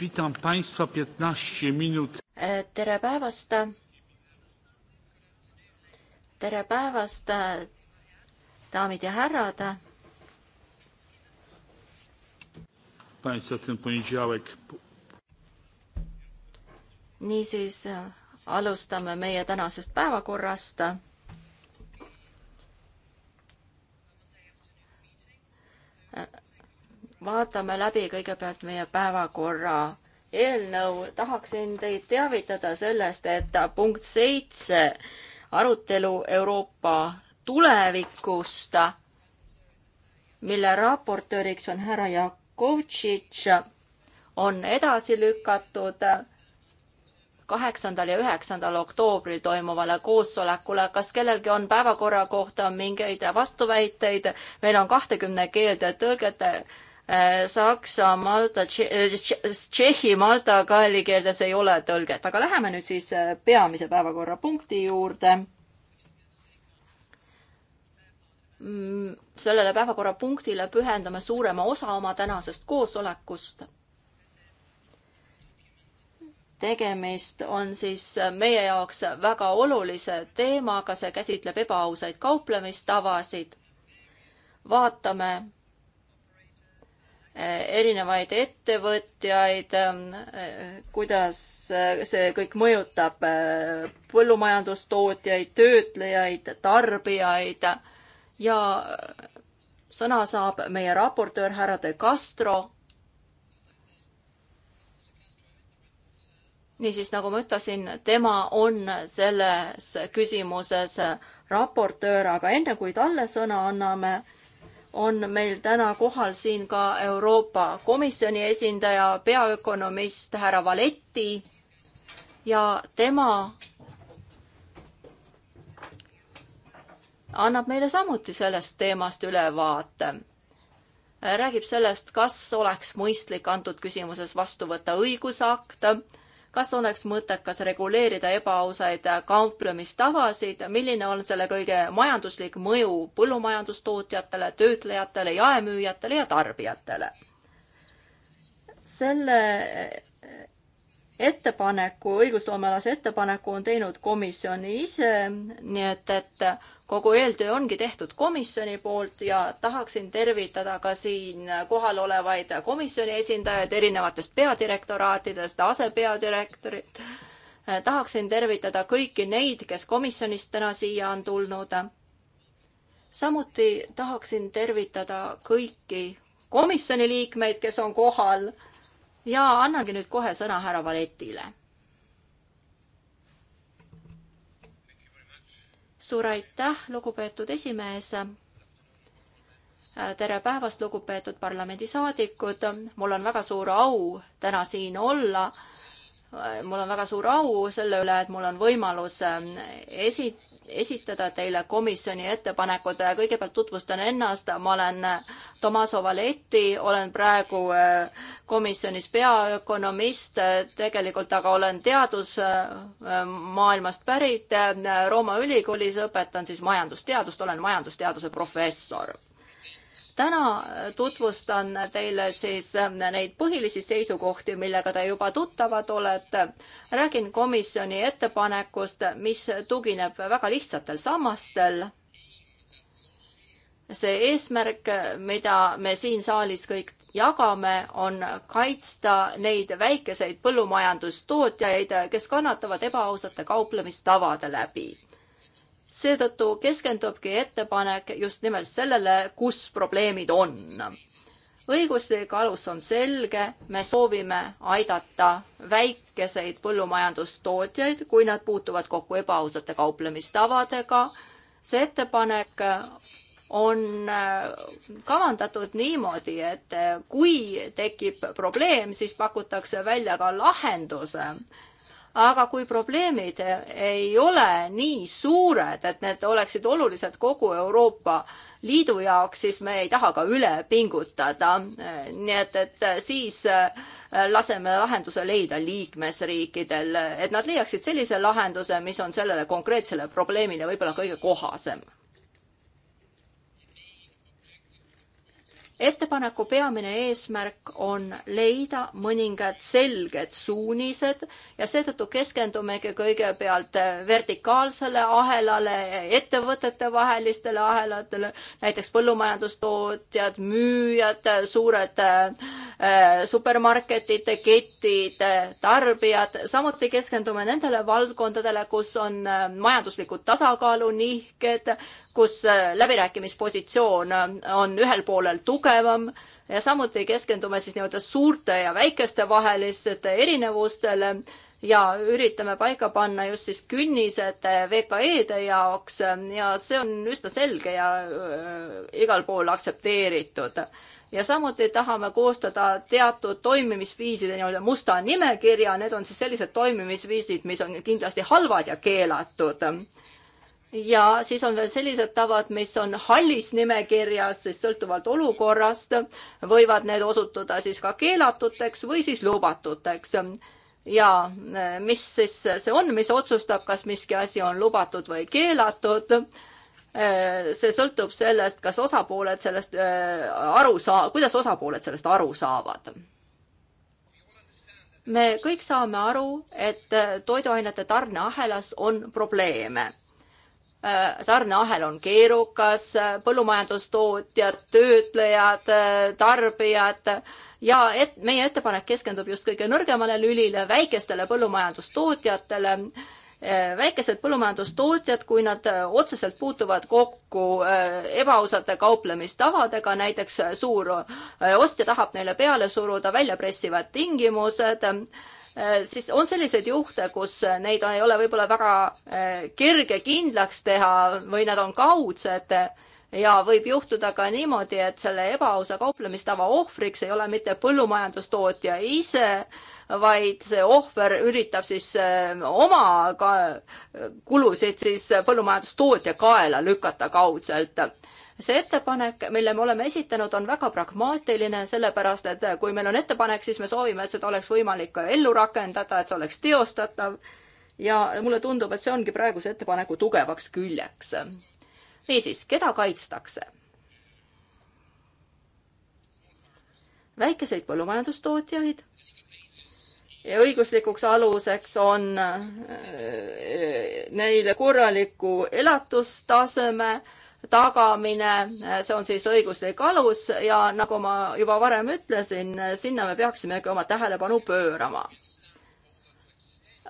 Witam Państwa 15 minut. E, tere päevast! Tere päevast, daamid ja härrad! Państwa ten poniedziałek. Niisiis alustame meie tänasest päevakorrast vaatame läbi kõigepealt meie päevakorra eelnõu. tahaksin teid teavitada sellest, et punkt seitse, arutelu Euroopa tulevikust, mille raportööriks on härra Jakovtšitš, on edasi lükatud kaheksandal ja üheksandal oktoobril toimuvale koosolekule. kas kellelgi on päevakorra kohta mingeid vastuväiteid? meil on kahtekümne keelde tõlget Äh, Saksa, Malta, äh, Tšehhi, Malta kaelikeeldes ei ole tõlget, aga läheme nüüd siis äh, peamise päevakorrapunkti juurde. Mm, sellele päevakorrapunktile pühendame suurema osa oma tänasest koosolekust. tegemist on siis meie jaoks väga olulise teemaga, see käsitleb ebaausaid kauplemistavasid. vaatame erinevaid ettevõtjaid, kuidas see kõik mõjutab äh, põllumajandustootjaid, töötlejaid, tarbijaid ja sõna saab meie raportöör härra De Castro. niisiis, nagu ma ütlesin, tema on selles küsimuses raportöör, aga enne kui talle sõna anname, on meil täna kohal siin ka Euroopa Komisjoni esindaja, peaökonomist härra Valetti ja tema annab meile samuti sellest teemast ülevaate. räägib sellest, kas oleks mõistlik antud küsimuses vastu võtta õigusakt kas oleks mõttekas reguleerida ebaausaid kauplemistavasid, milline on selle kõige majanduslik mõju põllumajandustootjatele, töötlejatele, jaemüüjatele ja tarbijatele? selle ettepaneku, õigusloomealase ettepaneku on teinud komisjon ise, nii et, et kogu eeltöö ongi tehtud komisjoni poolt ja tahaksin tervitada ka siin kohal olevaid komisjoni esindajaid erinevatest peadirektoraatidest, asepeadirektorit. tahaksin tervitada kõiki neid, kes komisjonist täna siia on tulnud. samuti tahaksin tervitada kõiki komisjoni liikmeid, kes on kohal ja annangi nüüd kohe sõna härra Valetile suur aitäh, lugupeetud esimees. tere päevast, lugupeetud parlamendisaadikud. mul on väga suur au täna siin olla. mul on väga suur au selle üle, et mul on võimalus esi-, esitada teile komisjoni ettepanekud. kõigepealt tutvustan ennast, ma olen Tomaso Valeti, olen praegu äh, komisjonis peaökonomist, tegelikult aga olen teadusmaailmast äh, pärit. Rooma ülikoolis õpetan siis majandusteadust, olen majandusteaduse professor täna äh, tutvustan teile siis äh, neid põhilisi seisukohti, millega te juba tuttavad olete. räägin komisjoni ettepanekust, mis tugineb väga lihtsatel sammastel. see eesmärk, mida me siin saalis kõik jagame, on kaitsta neid väikeseid põllumajandustootjaid, kes kannatavad ebaausate kauplemistavade läbi seetõttu keskendubki ettepanek just nimelt sellele, kus probleemid on. õiguslik alus on selge, me soovime aidata väikeseid põllumajandustootjaid, kui nad puutuvad kokku ebaausate kauplemistavadega. see ettepanek on äh, kavandatud niimoodi, et äh, kui tekib probleem, siis pakutakse välja ka lahenduse aga kui probleemid ei ole nii suured, et need oleksid olulised kogu Euroopa Liidu jaoks, siis me ei taha ka üle pingutada. nii et, et siis äh, laseme lahenduse leida liikmesriikidel, et nad leiaksid sellise lahenduse, mis on sellele konkreetsele probleemile võib-olla kõige kohasem ettepaneku peamine eesmärk on leida mõningad selged suunised ja seetõttu keskendumegi kõigepealt vertikaalsele ahelale, ettevõtetevahelistele ahelatele, näiteks põllumajandustootjad, müüjad, suured äh, supermarketite ketid, tarbijad, samuti keskendume nendele valdkondadele, kus on äh, majanduslikud tasakaalunihked, kus äh, läbirääkimispositsioon äh, on ühel poolel tugevam ja samuti keskendume siis nii-öelda suurte ja väikeste vahelistele erinevustele ja üritame paika panna just siis künnised äh, VKE-de jaoks ja see on üsna selge ja igal pool aktsepteeritud. ja samuti tahame koostada teatud toimimisviiside nii-öelda musta nimekirja, need on siis sellised toimimisviisid, mis on kindlasti halvad ja keelatud ja siis on veel sellised tavad, mis on hallis nimekirjas, sest sõltuvalt olukorrast võivad need osutuda siis ka keelatuteks või siis lubatuteks. ja e, mis siis see on, mis otsustab, kas miski asi on lubatud või keelatud? E, see sõltub sellest, kas osapooled sellest e, aru saa-, kuidas osapooled sellest aru saavad me kõik saame aru, et toiduainete tarneahelas on probleeme Äh, tarneahel on keerukas, põllumajandustootjad, töötlejad, äh, tarbijad äh, ja et meie ettepanek keskendub just kõige nõrgemale lülile, väikestele põllumajandustootjatele väikesed põllumajandustootjad, kui nad otseselt puutuvad kokku ebaausate kauplemistavadega, näiteks suur ostja tahab neile peale suruda väljapressivad tingimused Äh, siis on selliseid juhte, kus äh, neid ei ole võib-olla väga äh, kerge kindlaks teha või nad on kaudsed ja võib juhtuda ka niimoodi, et selle ebaausa kauplemistava ohvriks ei ole mitte põllumajandustootja ise, vaid see ohver üritab siis oma ka kulusid siis põllumajandustootja kaela lükata kaudselt see ettepanek, mille me oleme esitanud, on väga pragmaatiline, sellepärast et kui meil on ettepanek, siis me soovime, et seda oleks võimalik ellu rakendada, et see oleks teostatav. ja mulle tundub, et see ongi praeguse ettepaneku tugevaks küljeks. niisiis, keda kaitstakse? väikeseid põllumajandustootjaid ja õiguslikuks aluseks on äh, äh, neile korraliku elatustaseme tagamine, see on siis õiguslik alus ja nagu ma juba varem ütlesin, sinna me peaksimegi oma tähelepanu pöörama.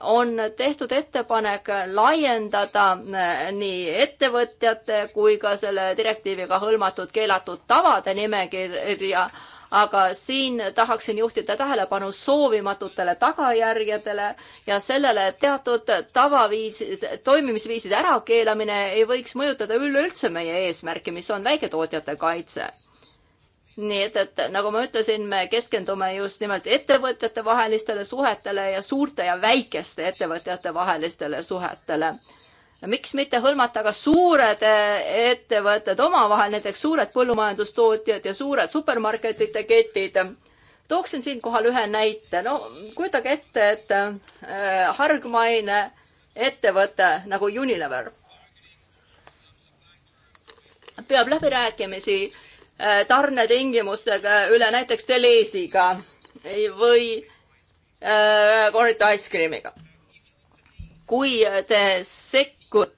on tehtud ettepanek laiendada eh, nii ettevõtjate kui ka selle direktiiviga hõlmatud keelatud tavade nimekirja aga siin tahaksin juhtida tähelepanu soovimatutele tagajärgedele ja sellele, et teatud tavaviis, toimimisviiside ärakeelamine ei võiks mõjutada üleüldse meie eesmärki, mis on väiketootjate kaitse nii et, et nagu ma ütlesin, me keskendume just nimelt ettevõtjate vahelistele suhetele ja suurte ja väikeste ettevõtjate vahelistele suhetele miks mitte hõlmata ka suured äh, ettevõtted omavahel, näiteks suured põllumajandustootjad ja suured supermarketite ketid. tooksin siinkohal ühe näite, no kujutage ette, et äh, hargmaine ettevõte nagu Unilever peab läbirääkimisi äh, tarnetingimustega üle näiteks Deleziga või äh, Corita Ice Creamiga kui te sek-, isikut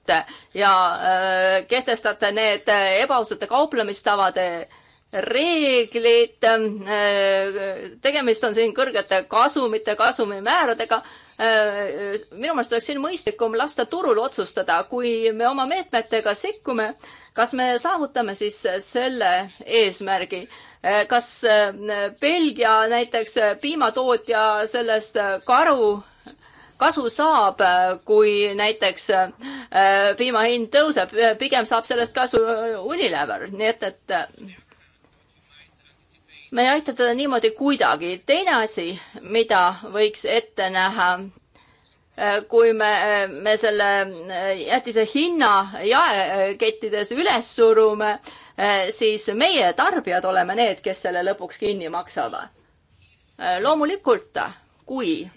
ja äh, kehtestate need äh, ebaausate kauplemistavade reeglid, äh, tegemist on siin kõrgete kasumite, kasumimääradega. minu meelest oleks siin mõistlikum lasta turul otsustada, kui me oma meetmetega sekkume, kas me saavutame siis selle eesmärgi, kas Belgia näiteks piimatootja sellest karu kasu saab, äh, kui näiteks äh, piima hind tõuseb, äh, pigem saab sellest kasu Unilever, nii et, et me ei aita teda niimoodi kuidagi. teine asi, mida võiks ette näha kui me, me selle jätise hinna jaekettides üles surume, siis meie tarbijad oleme need, kes selle lõpuks kinni maksavad. loomulikult, kui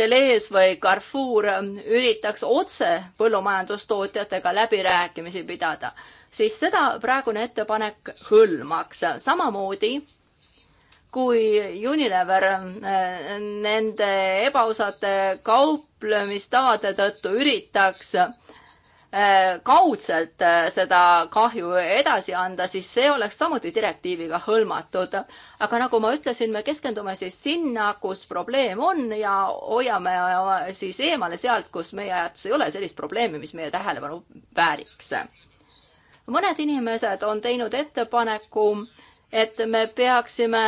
Deleuze või Carrefour üritaks otse põllumajandustootjatega läbirääkimisi pidada, siis seda praegune ettepanek hõlmaks. samamoodi kui Unilever äh, nende ebaausate kauplemistavade tõttu üritaks äh, Äh, kaudselt äh, seda kahju edasi anda, siis see oleks samuti direktiiviga hõlmatud. aga nagu ma ütlesin, me keskendume siis sinna, kus probleem on ja hoiame äh, siis eemale sealt, kus meie jaoks ei ole sellist probleemi, mis meie tähelepanu vääriks. mõned inimesed on teinud ettepaneku, et me peaksime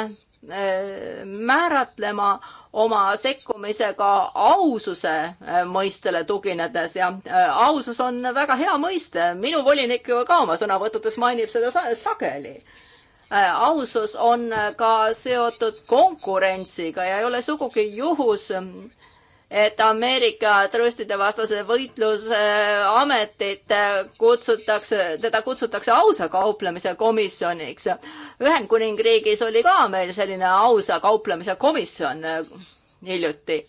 määratlema oma sekkumisega aususe äh, mõistele tuginedes ja äh, ausus on väga hea mõiste, minu volinik ju ka oma sõnavõttudes mainib seda sageli. Äh, ausus on ka seotud konkurentsiga ja ei ole sugugi juhus, et Ameerika trustide vastase võitluse äh, ametit äh, kutsutakse, teda kutsutakse ausa kauplemise komisjoniks. Ühendkuningriigis oli ka meil selline ausa kauplemise komisjon äh, hiljuti.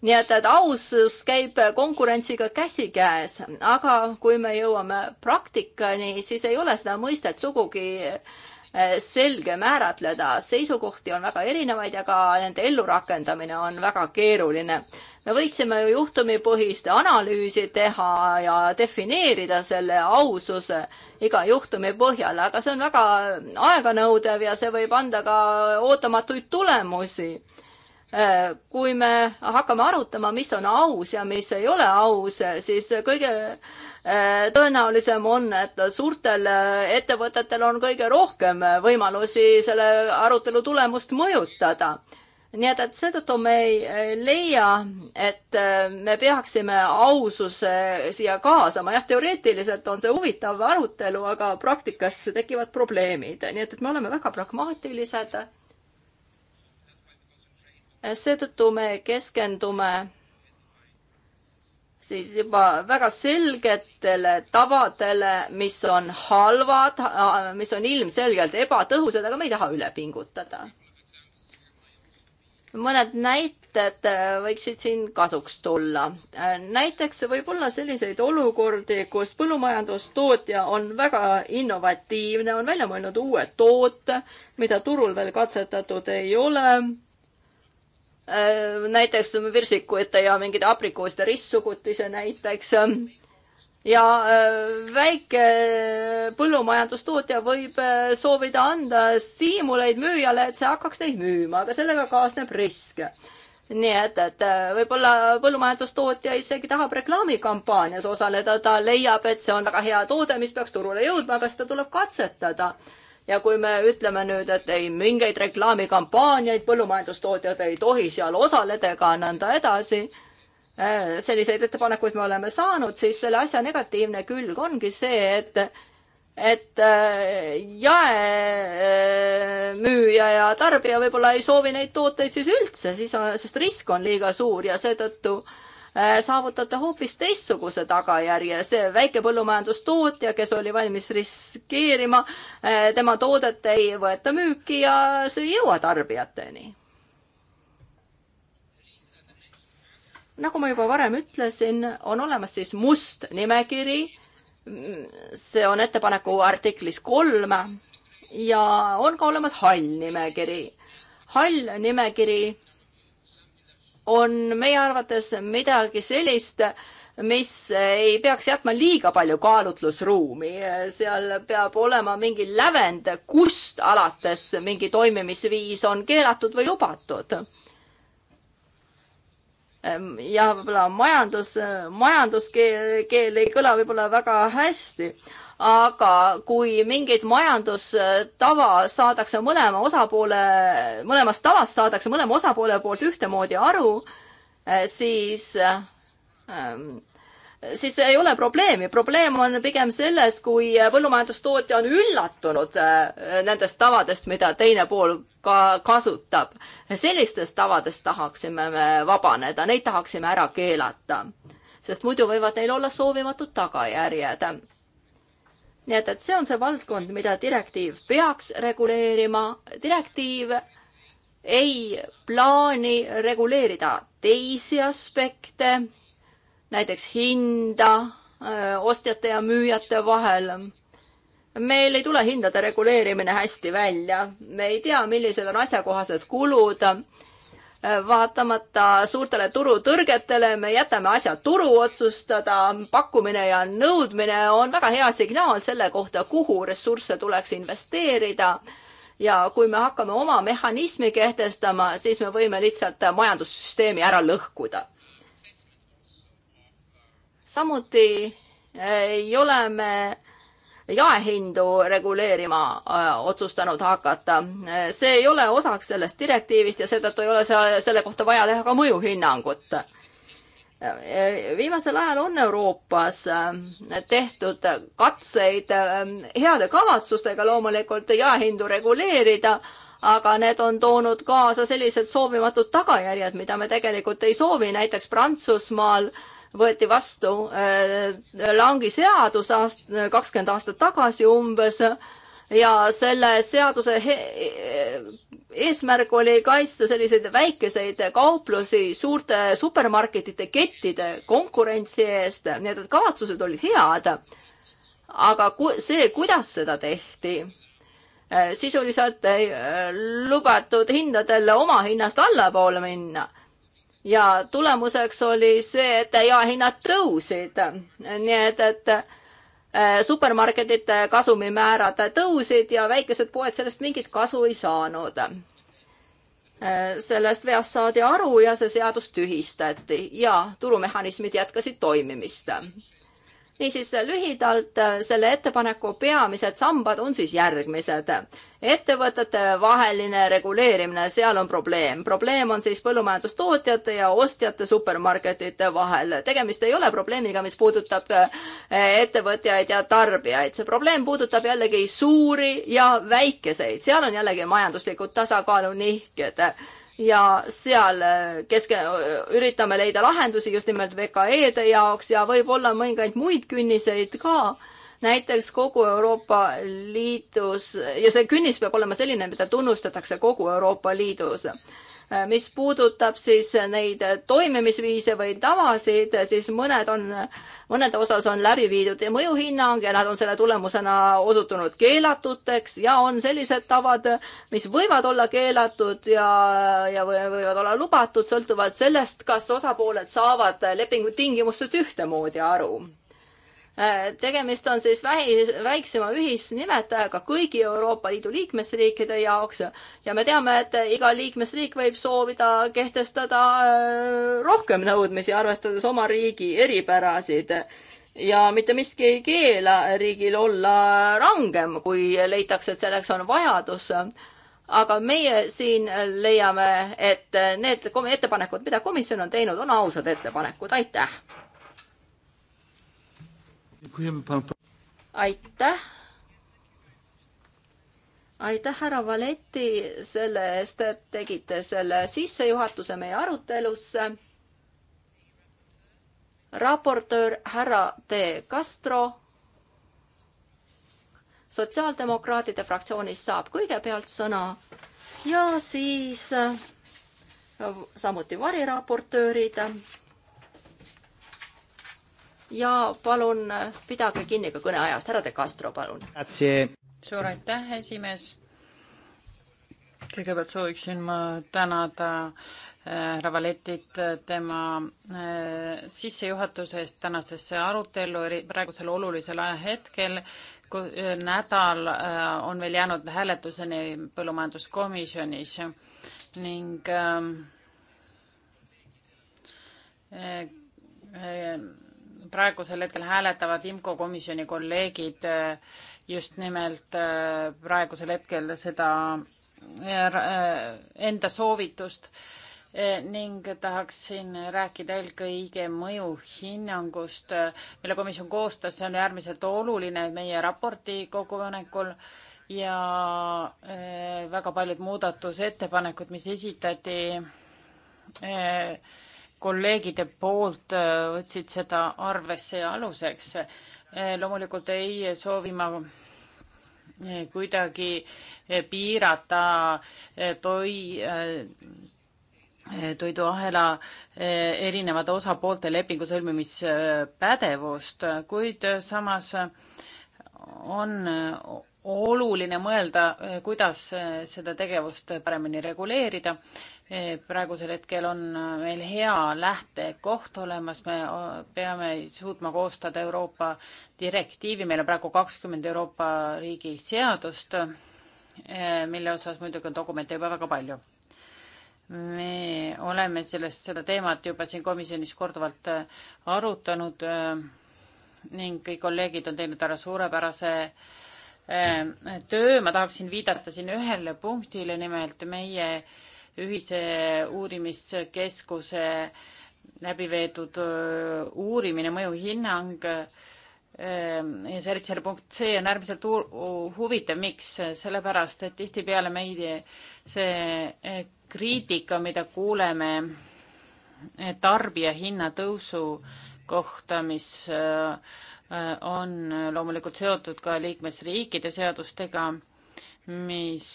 nii et, et ausus käib konkurentsiga käsikäes, aga kui me jõuame praktikani, siis ei ole seda mõistet sugugi Eh, selge määratleda. seisukohti on väga erinevaid ja ka nende ellurakendamine on väga keeruline. me võiksime ju juhtumipõhist analüüsi teha ja defineerida selle aususe iga juhtumi põhjal, aga see on väga aeganõudev ja see võib anda ka ootamatuid tulemusi eh, kui me hakkame arutama, mis on aus ja mis ei ole aus, siis kõige tõenäolisem on, et suurtel äh, ettevõtetel on kõige rohkem äh, võimalusi selle arutelu tulemust mõjutada. nii et, et seetõttu me ei leia, et äh, me peaksime aususe siia kaasama, jah, teoreetiliselt on see huvitav arutelu, aga praktikas tekivad probleemid, nii et, et me oleme väga pragmaatilised. seetõttu me keskendume siis juba väga selgetele tavadele, mis on halvad, mis on ilmselgelt ebatõhusad, aga me ei taha üle pingutada. mõned näited äh, võiksid siin kasuks tulla. Äh, näiteks võib olla selliseid olukordi, kus põllumajandustootja on väga innovatiivne, on välja mõelnud uue toote, mida turul veel katsetatud ei ole Äh, näiteks virsikute ja mingite aprikooside ristsugutise näiteks. ja äh, väike põllumajandustootja võib äh, soovida anda stiimuleid müüjale, et see hakkaks neid müüma, aga sellega kaasneb risk nii et, et võib-olla põllumajandustootja isegi tahab reklaamikampaanias osaleda, ta leiab, et see on väga hea toode, mis peaks turule jõudma, aga seda tuleb katsetada ja kui me ütleme nüüd, et ei mingeid reklaamikampaaniaid, põllumajandustootjad ei tohi seal osaleda ega nõnda edasi, eh, selliseid ettepanekuid me oleme saanud, siis selle asja negatiivne külg ongi see, et et eh, jaemüüja eh, ja tarbija võib-olla ei soovi neid tooteid siis üldse, siis, sest risk on liiga suur ja seetõttu äh, Äh, saavutate hoopis teistsuguse tagajärje. see väike põllumajandustootja, kes oli valmis riskeerima, äh, tema toodet ei võeta müüki ja see ei jõua tarbijateni. nagu ma juba varem ütlesin, on olemas siis must nimekiri. see on ettepaneku artiklis kolm ja on ka olemas hall nimekiri. hall nimekiri on meie arvates midagi sellist, mis ei peaks jätma liiga palju kaalutlusruumi, seal peab olema mingi lävend, kust alates mingi toimimisviis on keelatud või lubatud. Ehm, ja võib-olla majandus, majanduskeel ei kõla võib-olla väga hästi, aga kui mingit majandustava saadakse mõlema osapoole, mõlemast tavast saadakse mõlema osapoole poolt ühtemoodi aru, eh, siis ähm, siis ei ole probleemi. probleem on pigem selles, kui põllumajandustootja on üllatunud eh, nendest tavadest, mida teine pool ka kasutab. sellistest tavadest tahaksime me vabaneda, neid tahaksime ära keelata, sest muidu võivad neil olla soovimatud tagajärjed nii et, et see on see valdkond, mida direktiiv peaks reguleerima. direktiiv ei plaani reguleerida teisi aspekte, näiteks hinda äh, ostjate ja müüjate vahel meil ei tule hindade reguleerimine hästi välja, me ei tea, millised on asjakohased kulud Äh, vaatamata suurtele turutõrgetele me jätame asja turu otsustada, pakkumine ja nõudmine on väga hea signaal selle kohta, kuhu ressursse tuleks investeerida. ja kui me hakkame oma mehhanismi kehtestama, siis me võime lihtsalt majandussüsteemi ära lõhkuda. samuti äh, ei ole me jaehindu reguleerima äh, otsustanud hakata. see ei ole osaks sellest direktiivist ja seetõttu ei ole see, selle kohta vaja teha ka mõjuhinnangut äh, viimasel ajal on Euroopas äh, tehtud katseid heade kavatsustega loomulikult jaehindu reguleerida, aga need on toonud kaasa sellised soovimatud tagajärjed, mida me tegelikult ei soovi, näiteks Prantsusmaal äh, võeti vastu äh, langi seadus aast-, kakskümmend aastat tagasi umbes ja selle seaduse eesmärk oli kaitsta selliseid väikeseid kauplusi suurte supermarketite kettide konkurentsi eest, nii et kavatsused olid head. aga ku-, see, kuidas seda tehti, äh, sisuliselt ei äh, lubatud hindadel omahinnast allapoole minna ja tulemuseks oli see, et jaehinnad tõusid. nii et, et eh, supermarketite kasumimäärad tõusid ja väikesed poed sellest mingit kasu ei saanud. Eh, sellest veast saadi aru ja see seadus tühistati ja turumehhanismid jätkasid toimimist niisiis lühidalt äh, selle ettepaneku peamised sambad on siis järgmised. ettevõtete vaheline reguleerimine, seal on probleem. probleem on siis põllumajandustootjate ja ostjate supermarketite vahel. tegemist ei ole probleemiga, mis puudutab äh, ettevõtjaid ja tarbijaid. see probleem puudutab jällegi suuri ja väikeseid, seal on jällegi majanduslikud tasakaalunihked ja seal eh, keske, üritame leida lahendusi just nimelt VKE-de jaoks ja võib-olla mõningaid muid künniseid ka. näiteks kogu Euroopa Liidus ja see künnis peab olema selline, mida tunnustatakse kogu Euroopa Liidus eh, mis puudutab siis neid toimimisviise või tavasid, siis mõned on mõnede osas on läbi viidud mõjuhinnang ja nad on selle tulemusena osutunud keelatuteks ja on sellised tavad, mis võivad olla keelatud ja, ja võivad olla lubatud, sõltuvalt sellest, kas osapooled saavad lepingu tingimustest ühtemoodi aru Äh, tegemist on siis vähi, väiksema ühisnimetajaga kõigi Euroopa Liidu liikmesriikide jaoks ja me teame, et iga liikmesriik võib soovida kehtestada äh, rohkem nõudmisi, arvestades oma riigi eripärasid. ja mitte miski ei keela riigil olla rangem, kui leitakse, et selleks on vajadus aga meie siin leiame, et need ettepanekud, mida komisjon on teinud, on ausad ettepanekud, aitäh! aitäh. aitäh, härra Valeti, selle eest, et tegite selle sissejuhatuse meie arutelusse. raportöör härra De Castro sotsiaaldemokraatide fraktsioonist saab kõigepealt sõna ja siis samuti variraportöörid ja palun pidage kinni ka kõneajast, härra De Castro, palun. suur aitäh, esimees. kõigepealt sooviksin ma tänada äh, härra Valetit äh, tema äh, sissejuhatuse eest tänasesse arutellu praegusel olulisel ajahetkel, kui nädal on veel jäänud hääletuseni põllumajanduskomisjonis ning ähm, praegusel hetkel hääletavad IMCO komisjoni kolleegid eh, just nimelt eh, praegusel hetkel seda eh, enda soovitust ning tahaksin rääkida eelkõige mõjuhinnangust, mille komisjon koostas, see on äärmiselt oluline meie raporti kogupanekul ja väga paljud muudatusettepanekud, mis esitati, kolleegide poolt äh, võtsid seda arvesse ja aluseks. Äh, loomulikult ei soovi ma äh, kuidagi piirata toi, toiduahela erinevate osapoolte lepingu sõlmimispädevust, kuid samas on oluline mõelda, kuidas seda tegevust paremini reguleerida praegusel hetkel on meil hea lähtekoht olemas, me peame suutma koostada Euroopa direktiivi, meil on praegu kakskümmend Euroopa riigi seadust, eh, mille osas muidugi on dokumente juba väga palju. me oleme sellest, seda teemat juba siin komisjonis korduvalt eh, arutanud eh, ning kõik kolleegid on teinud ära suurepärase töö, ma tahaksin viidata siin ühele punktile, nimelt meie äh, ühise uurimiskeskuse läbi veetud uurimine, mõjuhinnang ja searcher punkt C on äärmiselt huvitav, miks, sellepärast et tihtipeale meid see e, kriitika, mida kuuleme e, tarbijahinna tõusu kohta, mis on loomulikult seotud ka liikmesriikide seadustega, mis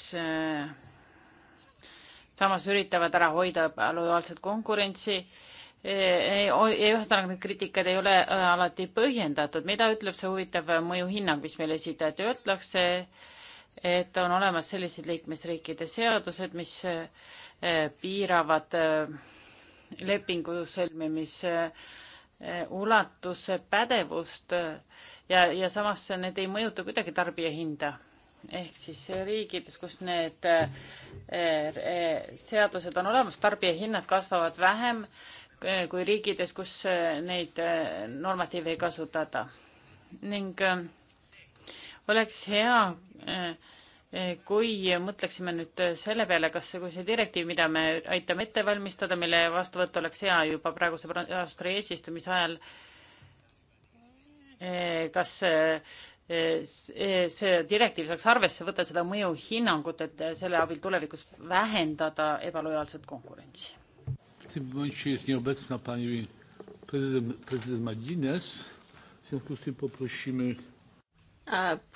samas üritavad ära hoida lojaalset konkurentsi. E, ühesõnaga, need kriitikad ei ole äh, alati põhjendatud. mida ütleb see huvitav mõjuhinnang, mis meile esitati? Öeldakse, et on olemas sellised liikmesriikide seadused, mis äh, piiravad äh, lepingu sõlmimise ulatuse pädevust ja, ja samas need ei mõjuta kuidagi tarbija hinda ehk siis riikides, kus need eh, eh, seadused on olemas, tarbijahinnad kasvavad vähem eh, kui riikides, kus neid normatiive ei kasutata. ning oleks hea, kui mõtleksime nüüd selle peale, kas, kui see direktiiv, mida me aitame ette valmistada, mille vastuvõtt oleks hea juba praeguse Austria eesistumise ajal, kas see direktiiv saaks arvesse võtta seda mõjuhinnangut, et selle abil tulevikus vähendada ebalojaalset konkurentsi.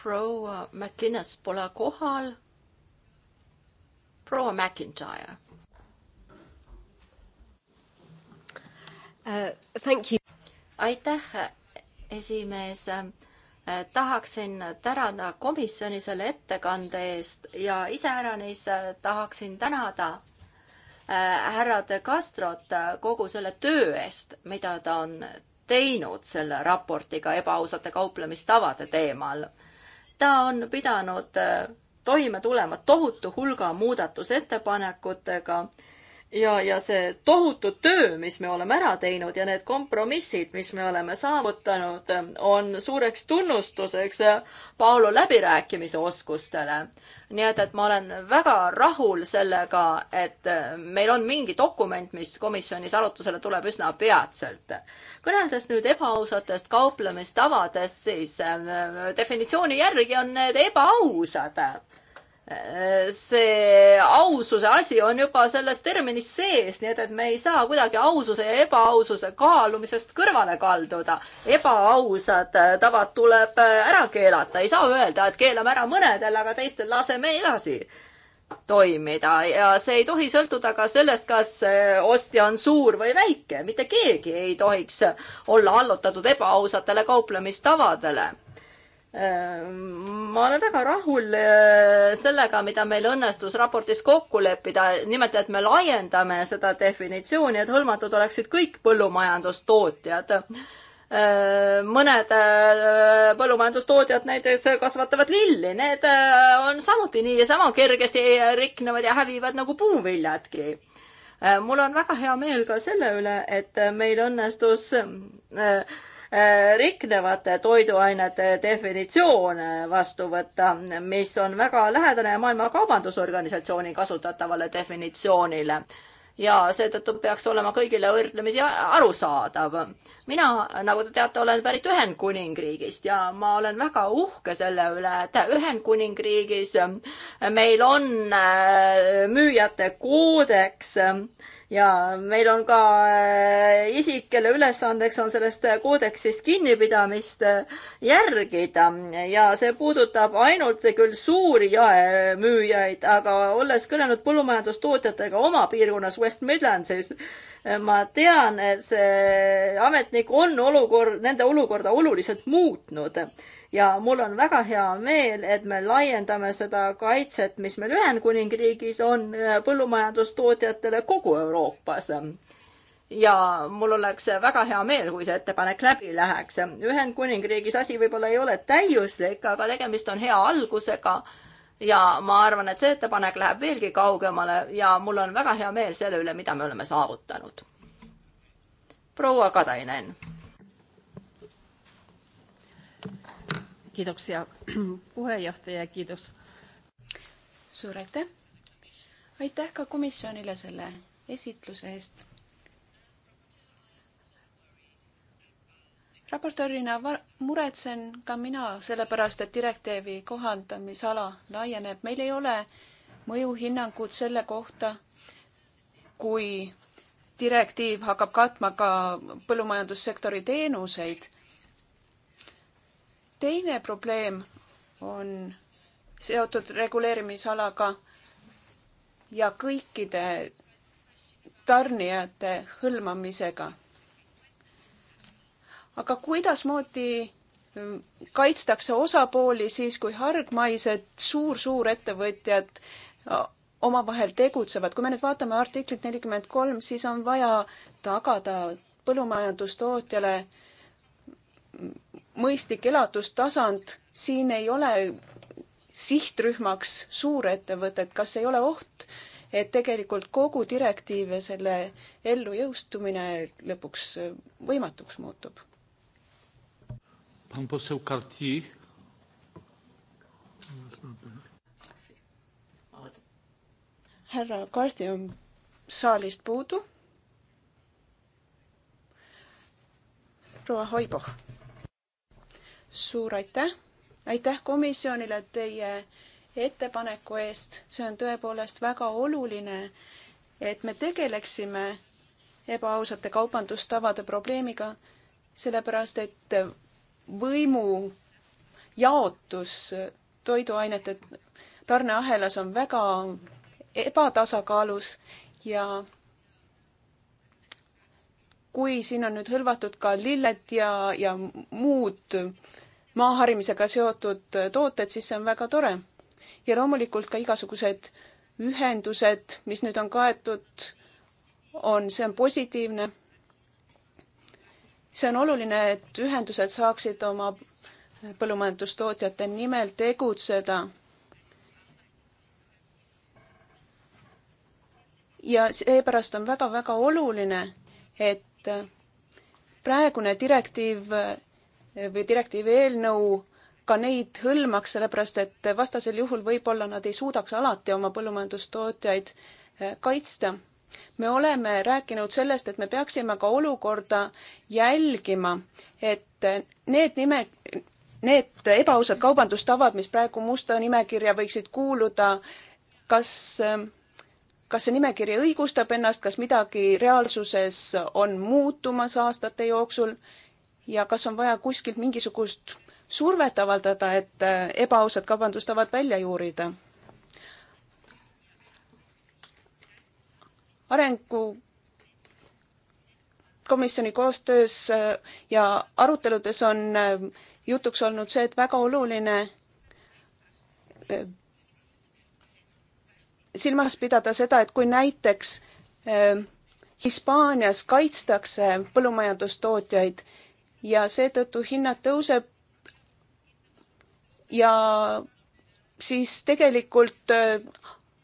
proua McInnes pole kohal. proua McIntyre uh,. aitäh, esimees Eh, tahaksin tänada komisjoni selle ettekande eest ja iseäranis eh, tahaksin tänada eh, härra De Castrot kogu selle töö eest, mida ta on teinud selle raportiga ebaausate kauplemistavade teemal. ta on pidanud toime tulema tohutu hulga muudatusettepanekutega ja, ja see tohutu töö, mis me oleme ära teinud ja need kompromissid, mis me oleme saavutanud, on suureks tunnustuseks Paolo läbirääkimise oskustele. nii et, et ma olen väga rahul sellega, et meil on mingi dokument, mis komisjonis arutusele tuleb üsna peatselt. kõneldes nüüd ebaausatest kauplemistavadest, siis äh, definitsiooni järgi on need ebaausad see aususe asi on juba selles terminis sees, nii et, et me ei saa kuidagi aususe ja ebaaususe kaalumisest kõrvale kalduda. ebaausad tavad tuleb ära keelata, ei saa öelda, et keelame ära mõnedel, aga teistel laseme edasi toimida ja see ei tohi sõltuda ka sellest, kas ostja on suur või väike, mitte keegi ei tohiks olla allutatud ebaausatele kauplemistavadele Ehm, ma olen väga rahul eh, sellega, mida meil õnnestus raportis kokku leppida, nimelt et me laiendame seda definitsiooni, et hõlmatud oleksid kõik põllumajandustootjad. Ehm, mõned eh, põllumajandustootjad näiteks kasvatavad lilli, need eh, on samuti niisama kergesti riknevad ja hävivad nagu puuviljadki ehm, mul on väga hea meel ka selle üle, et meil õnnestus Äh, riknevate toiduainete definitsioon vastu võtta, mis on väga lähedane Maailma Kaubandusorganisatsiooni kasutatavale definitsioonile ja seetõttu peaks olema kõigile võrdlemisi arusaadav. mina, nagu te teate, olen pärit Ühendkuningriigist ja ma olen väga uhke selle üle, et Ühendkuningriigis meil on äh, müüjate koodeks ja meil on ka äh, isik, kelle ülesandeks on sellest äh, koodeksist kinnipidamist äh, järgida ja see puudutab ainult küll suuri jaemüüjaid, aga olles kõnelenud põllumajandustootjatega oma piirkonnas West Midlandsis, ma tean, et see ametnik on olukord, nende olukorda oluliselt muutnud ja mul on väga hea meel, et me laiendame seda kaitset, mis meil Ühendkuningriigis on äh, põllumajandustootjatele kogu Euroopas. ja mul oleks väga hea meel, kui see ettepanek läbi läheks. Ühendkuningriigis asi võib-olla ei ole täiuslik, aga tegemist on hea algusega ja ma arvan, et see ettepanek läheb veelgi kaugemale ja mul on väga hea meel selle üle, mida me oleme saavutanud. proua Kadainen Kiitoksia puheenjohtaja ja kiitos. suur aitäh. aitäh ka komisjonile selle esitluse eest. raportöörina muretsen ka mina sellepärast, et direktiivi kohandamisala laieneb. meil ei ole mõjuhinnangut selle kohta, kui direktiiv hakkab katma ka põllumajandussektori teenuseid teine probleem on seotud reguleerimisalaga ja kõikide tarnijate hõlmamisega. aga kuidasmoodi mm, kaitstakse osapooli siis, kui hargmaised suur-suurettevõtjad omavahel tegutsevad, kui me nüüd vaatame artiklit nelikümmend kolm, siis on vaja tagada põllumajandustootjale äh, mõistlik elatustasand, siin ei ole sihtrühmaks suurettevõtted, kas ei ole oht, et tegelikult kogu direktiiv ja selle ellujõustumine lõpuks võimatuks muutub? härra Kardi on saalist puudu. proua Hoiboh suur aitäh, aitäh komisjonile teie ettepaneku eest, see on tõepoolest väga oluline, et me tegeleksime ebaausate kaubandustavade probleemiga, sellepärast et võimu jaotus toiduainete tarneahelas on väga ebatasakaalus ja kui siin on nüüd hõlvatud ka lilled ja, ja muud maaharimisega seotud tooted, siis see on väga tore. ja loomulikult ka igasugused ühendused, mis nüüd on kaetud, on, see on positiivne. see on oluline, et ühendused saaksid oma põllumajandustootjate nimel tegutseda ja seepärast on väga-väga oluline, et praegune direktiiv või direktiivi eelnõu ka neid hõlmaks, sellepärast et vastasel juhul võib-olla nad ei suudaks alati oma põllumajandustootjaid eh, kaitsta. me oleme rääkinud sellest, et me peaksime ka olukorda jälgima, et need nime, need ebaausad kaubandustavad, mis praegu musta nimekirja võiksid kuuluda, kas, kas see nimekiri õigustab ennast, kas midagi reaalsuses on muutumas aastate jooksul ja kas on vaja kuskilt mingisugust survet avaldada, et äh, ebaausad kaubandustavad välja juurida. arengukomisjoni koostöös äh, ja aruteludes on äh, jutuks olnud see, et väga oluline silmas pidada seda, et kui näiteks Hispaanias kaitstakse põllumajandustootjaid, ja seetõttu hinnad tõuseb ja siis tegelikult äh,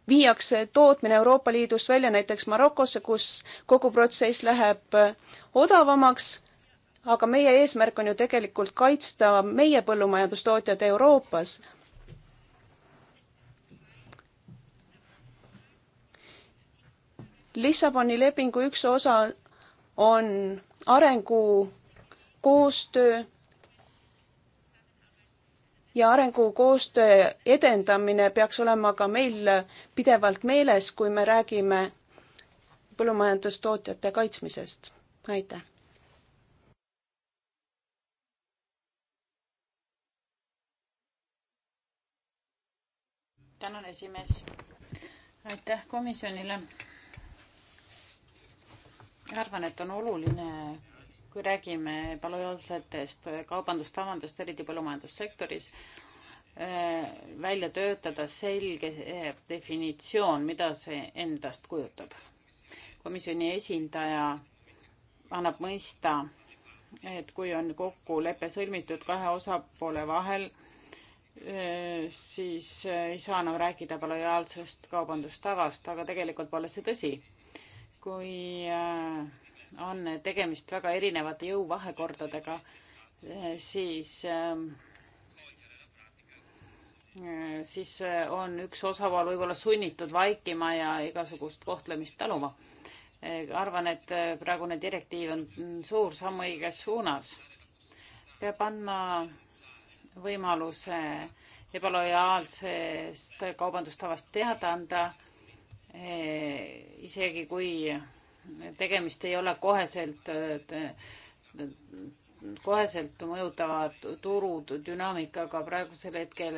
viiakse tootmine Euroopa Liidust välja näiteks Marokosse, kus kogu protsess läheb äh, odavamaks, aga meie eesmärk on ju tegelikult kaitsta meie põllumajandustootjad Euroopas. Lissaboni lepingu üks osa on arengu koostöö ja arengukoostöö edendamine peaks olema ka meil pidevalt meeles, kui me räägime põllumajandustootjate kaitsmisest. aitäh! tänan, esimees. aitäh komisjonile. arvan, et on oluline kui räägime palojaalsetest kaubandustavandust, eriti põllumajandussektoris, eh, välja töötada selge eh, definitsioon, mida see endast kujutab. komisjoni esindaja annab mõista, et kui on kokkulepe sõlmitud kahe osapoole vahel, eh, siis ei saa enam rääkida lojaalsest kaubandustavast, aga tegelikult pole see tõsi. kui äh, on tegemist väga erinevate jõuvahekordadega, eh, siis, ähm, eh, siis eh, on üks osapool võib-olla sunnitud vaikima ja igasugust kohtlemist taluma. arvan, et praegune direktiiv on suur samm õiges suunas. peab andma võimaluse ebalojaalsest kaubandustavast teada anda, isegi kui tegemist ei ole koheselt, koheselt mõjutava turudünaamikaga praegusel hetkel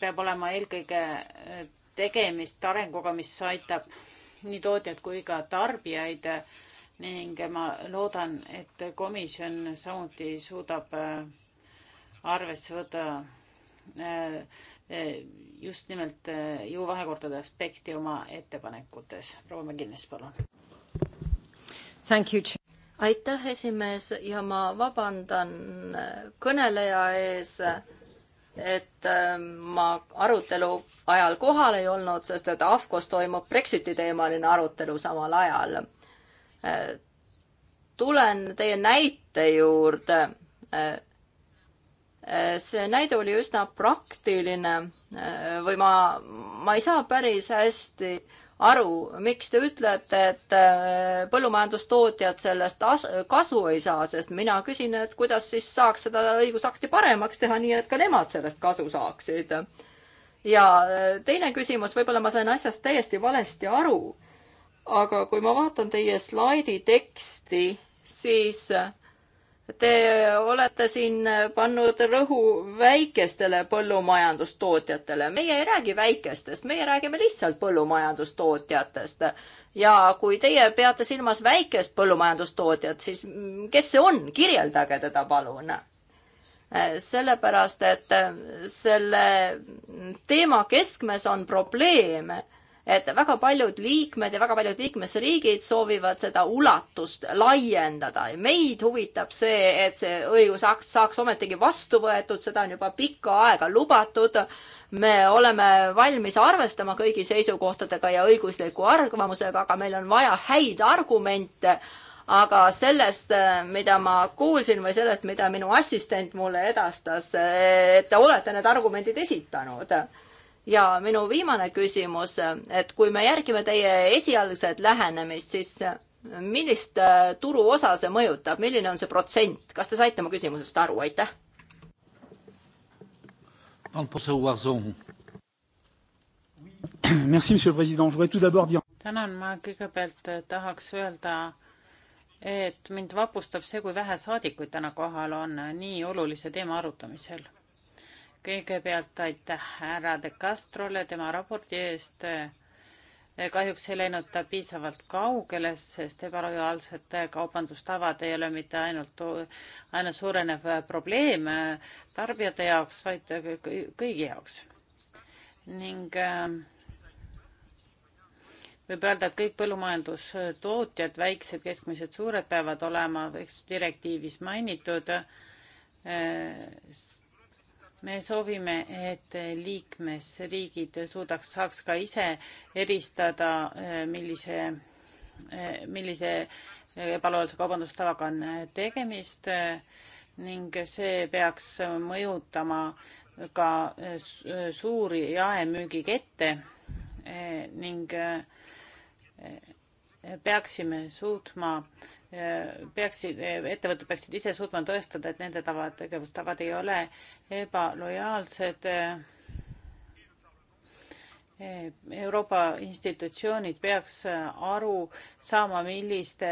peab olema eelkõige tegemist arenguga, mis aitab nii tootjad kui ka tarbijaid ning ma loodan, et komisjon samuti suudab arvesse võtta just nimelt eh, jõuvahekordade aspekti oma ettepanekutes. proua Mäkinis, palun. aitäh, esimees, ja ma vabandan eh, kõneleja ees, et eh, ma arutelu ajal kohal ei olnud, sest et AFCOs toimub Brexiti teemaline arutelu samal ajal. tulen teie näite juurde see näide oli üsna praktiline. Äh, või ma, ma ei saa päris hästi aru, miks te ütlete, et äh, põllumajandustootjad sellest kasu ei saa, sest mina küsin, et kuidas siis saaks seda õigusakti paremaks teha, nii et ka nemad sellest kasu saaksid. ja äh, teine küsimus, võib-olla ma sain asjast täiesti valesti aru, aga kui ma vaatan teie slaidi teksti, siis Te olete siin pannud rõhu väikestele põllumajandustootjatele. meie ei räägi väikestest, meie räägime lihtsalt põllumajandustootjatest. ja kui teie peate silmas väikest põllumajandustootjat, siis kes see on, kirjeldage teda palun sellepärast, et selle teema keskmes on probleem et väga paljud liikmed ja väga paljud liikmesriigid soovivad seda ulatust laiendada ja meid huvitab see, et see õigusakt saaks ometigi vastu võetud, seda on juba pikka aega lubatud. me oleme valmis arvestama kõigi seisukohtadega ja õigusliku arvamusega, aga meil on vaja häid argumente. aga sellest, mida ma kuulsin või sellest, mida minu assistent mulle edastas, et te olete need argumendid esitanud ja minu viimane küsimus, et kui me järgime teie esialgset lähenemist, siis millist äh, turuosa see mõjutab, milline on see protsent, kas te saite mu küsimusest aru, aitäh? tänan, ma kõigepealt äh, tahaks öelda, et mind vapustab see, kui vähe saadikuid täna kohal on äh, nii olulise teema arutamisel kõigepealt aitäh härra De Castrole tema raporti eest. kahjuks ei läinud ta piisavalt kaugele, sest ebalojaalsete kaubandustavade ei ole mitte ainult aina suurenev probleem tarbijate jaoks, vaid kõigi jaoks. ning äh, võib öelda, et kõik põllumajandustootjad, väiksed, keskmised, suured peavad olema, eks direktiivis mainitud äh, me soovime, et liikmesriigid suudaks, saaks ka ise eristada, eh, millise, eh, millise ebaloojalise kaubandustavaga on tegemist eh, ning see peaks mõjutama ka suuri jaemüügikette ning peaksime suutma peaksid, ettevõtted peaksid ise suutma tõestada, et nende tavad, tegevustavad ei ole ebalojaalsed. Euroopa institutsioonid peaks aru saama, milliste,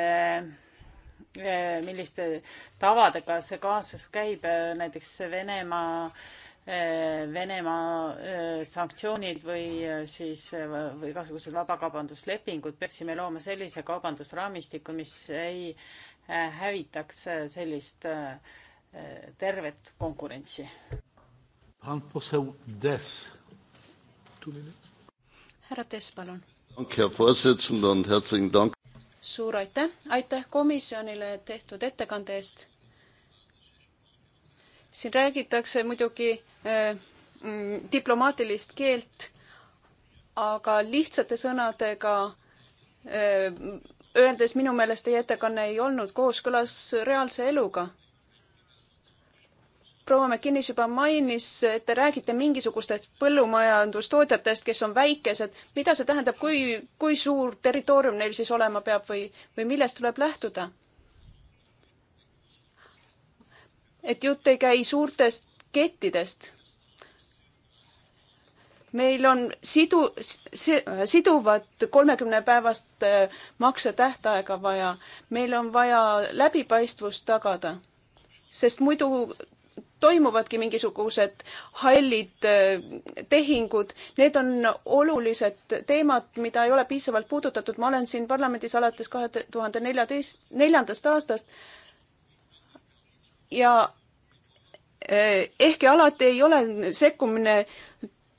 milliste tavadega see kaasas käib, näiteks Venemaa Eh, Venemaa eh, sanktsioonid või eh, siis või igasugused vabakaubanduslepingud, peaksime looma sellise kaubandusraamistiku, mis ei hävitaks sellist tervet konkurentsi. härra Tess, palun. suur aitäh, aitäh komisjonile tehtud ettekande eest siin räägitakse muidugi äh, mm, diplomaatilist keelt, aga lihtsate sõnadega äh, öeldes minu meelest teie ettekanne ei olnud kooskõlas reaalse eluga. proua McKinnis juba mainis, et te räägite mingisugustest põllumajandustootjatest, kes on väikesed. mida see tähendab, kui, kui suur territoorium neil siis olema peab või, või millest tuleb lähtuda? et jutt ei käi suurtest kettidest. meil on sidu, siduvat kolmekümnepäevast äh, maksetähtaega vaja, meil on vaja läbipaistvust tagada, sest muidu toimuvadki mingisugused hallid äh, tehingud, need on olulised teemad, mida ei ole piisavalt puudutatud, ma olen siin parlamendis alates kahe tuhande neljateist, neljandast aastast ja Äh, ehkki alati ei ole sekkumine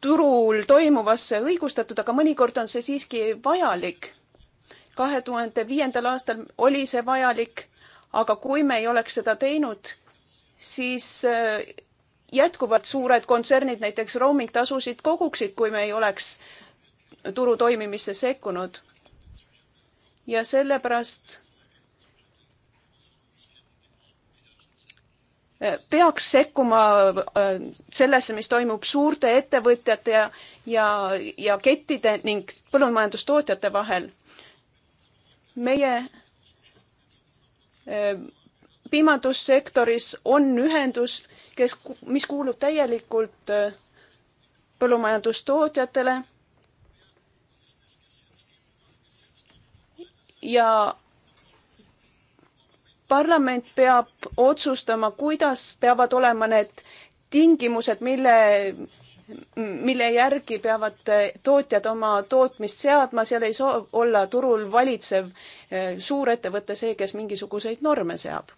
turul toimuvasse õigustatud, aga mõnikord on see siiski vajalik. kahe tuhande viiendal aastal oli see vajalik, aga kui me ei oleks seda teinud, siis äh, jätkuvalt suured kontsernid näiteks roaming tasusid koguksid, kui me ei oleks turu toimimisse sekkunud. ja sellepärast peaks sekkuma äh, sellesse, mis toimub suurte ettevõtjate ja, ja, ja kettide ning põllumajandustootjate vahel. meie äh, piimandussektoris on ühendus, kes, mis kuulub täielikult äh, põllumajandustootjatele ja parlament peab otsustama, kuidas peavad olema need tingimused, mille, mille järgi peavad tootjad oma tootmist seadma, seal ei saa olla turul valitsev eh, suurettevõte see, kes mingisuguseid norme seab.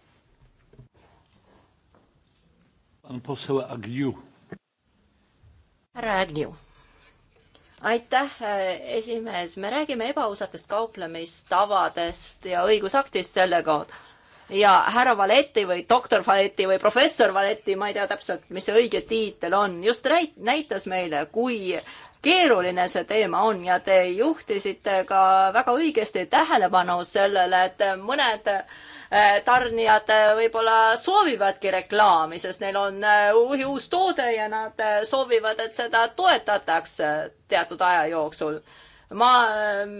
härra Agnew aitäh, eh, esimees, me räägime ebaausatest kauplemistavadest ja õigusaktist selle kohta ja härra Valetti või doktor Valetti või professor Valetti, ma ei tea täpselt, mis see õige tiitel on, just näitas meile, kui keeruline see teema on ja te juhtisite ka väga õigesti tähelepanu sellele, et mõned eh, tarnijad eh, võib-olla soovivadki reklaami, sest neil on eh, uus toode ja nad soovivad, et seda toetatakse teatud aja jooksul ma, ähm,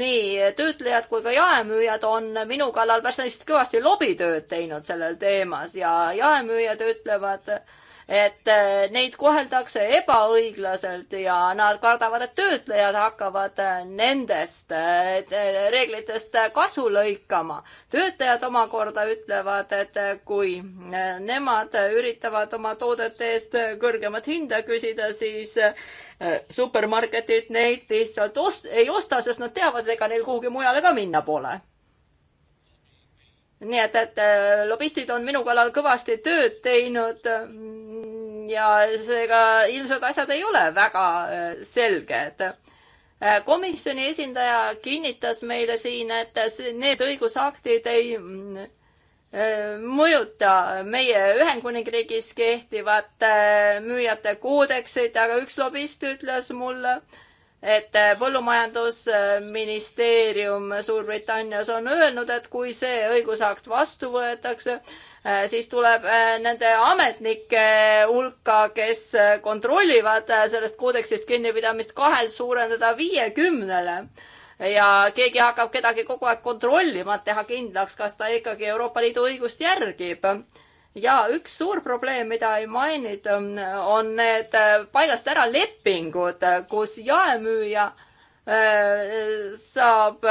nii töötlejad kui ka jaemüüjad on minu kallal päris kõvasti lobitööd teinud sellel teemas ja jaemüüjad ütlevad äh,, et eh, neid koheldakse ebaõiglaselt ja nad kardavad, et töötlejad hakkavad eh, nendest eh, reeglitest kasu lõikama. töötajad omakorda ütlevad, et kui nemad üritavad oma toodete eest kõrgemat hinda küsida, siis supermarketid neid lihtsalt ost-, ei osta, sest nad teavad, et ega neil kuhugi mujale ka minna pole nii et, et lobistid on minu kallal kõvasti tööd teinud ja seega ilmselt asjad ei ole väga äh, selged. Äh, komisjoni esindaja kinnitas meile siin, et need õigusaktid ei mm, äh, mõjuta meie Ühendkuningriigis kehtivat müüjate koodeksit, aga üks lobist ütles mulle, et äh, põllumajandusministeerium Suurbritannias on öelnud, et kui see õigusakt vastu võetakse, äh, siis tuleb äh, nende ametnike hulka, kes kontrollivad sellest koodeksist kinnipidamist, kahelt suurendada viiekümnele. ja keegi hakkab kedagi kogu aeg kontrollima, et teha kindlaks, kas ta ikkagi Euroopa Liidu õigust järgib ja üks suur probleem, mida ei mainida, on need äh, paigast ära lepingud, äh, kus jaemüüja äh, saab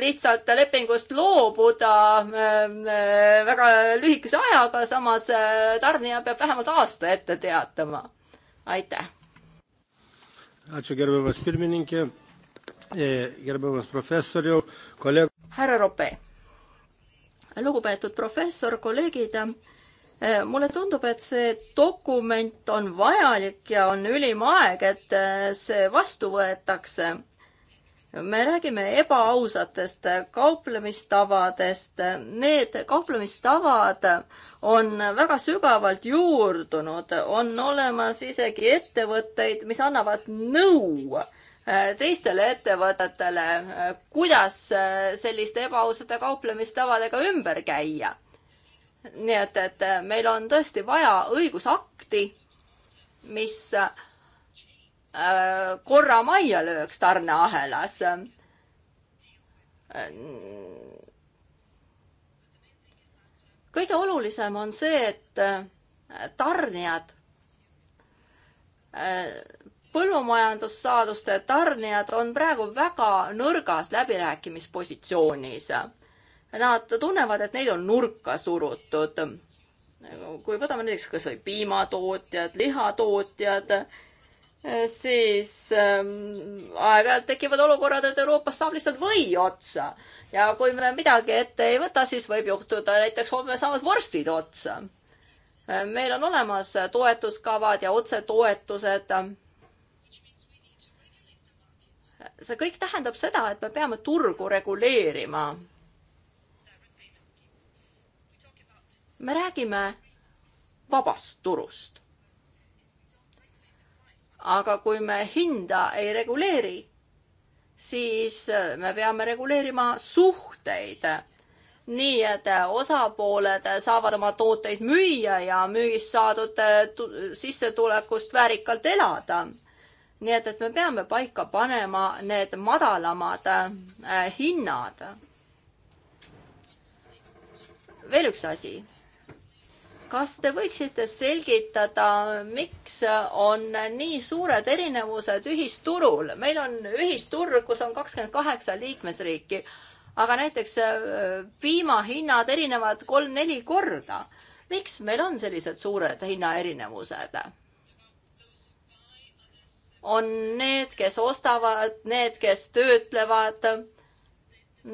lihtsalt lepingust loobuda väga lühikese ajaga, samas tarnija peab vähemalt aasta ette teatama. aitäh. E, härra Rope lugupeetud professor, kolleegid, eh, mulle tundub, et see dokument on vajalik ja on ülim aeg, et eh, see vastu võetakse. me räägime ebaausatest kauplemistavadest. Need kauplemistavad on väga sügavalt juurdunud, on olemas isegi ettevõtteid, mis annavad nõu Äh, teistele ettevõtetele, äh, kuidas äh, selliste ebaausate kauplemistavadega ümber käia. nii et, et meil on tõesti vaja õigusakti, mis korra majja lööks tarneahelas. kõige olulisem on see, et tarnijad põllumajandussaaduste tarnijad on praegu väga nõrgas läbirääkimispositsioonis. Nad tunnevad, et neid on nurka surutud. kui võtame näiteks kas või piimatootjad, lihatootjad, siis ähm, aeg-ajalt tekivad olukorrad, et Euroopas saab lihtsalt või otsa. ja kui me midagi ette ei võta, siis võib juhtuda näiteks homme saavad vorstid otsa. meil on olemas toetuskavad ja otsetoetused see kõik tähendab seda, et me peame turgu reguleerima. me räägime vabast turust. aga kui me hinda ei reguleeri, siis me peame reguleerima suhteid nii, et osapooled saavad oma tooteid müüa ja müügist saadud sissetulekust väärikalt elada nii et, et me peame paika panema need madalamad äh, hinnad. veel üks asi. kas te võiksite selgitada, miks on nii suured erinevused ühisturul? meil on ühisturg, kus on kakskümmend kaheksa liikmesriiki, aga näiteks äh, piimahinnad erinevad kolm-neli korda. miks meil on sellised suured hinnaerinevused? on need, kes ostavad, need, kes töötlevad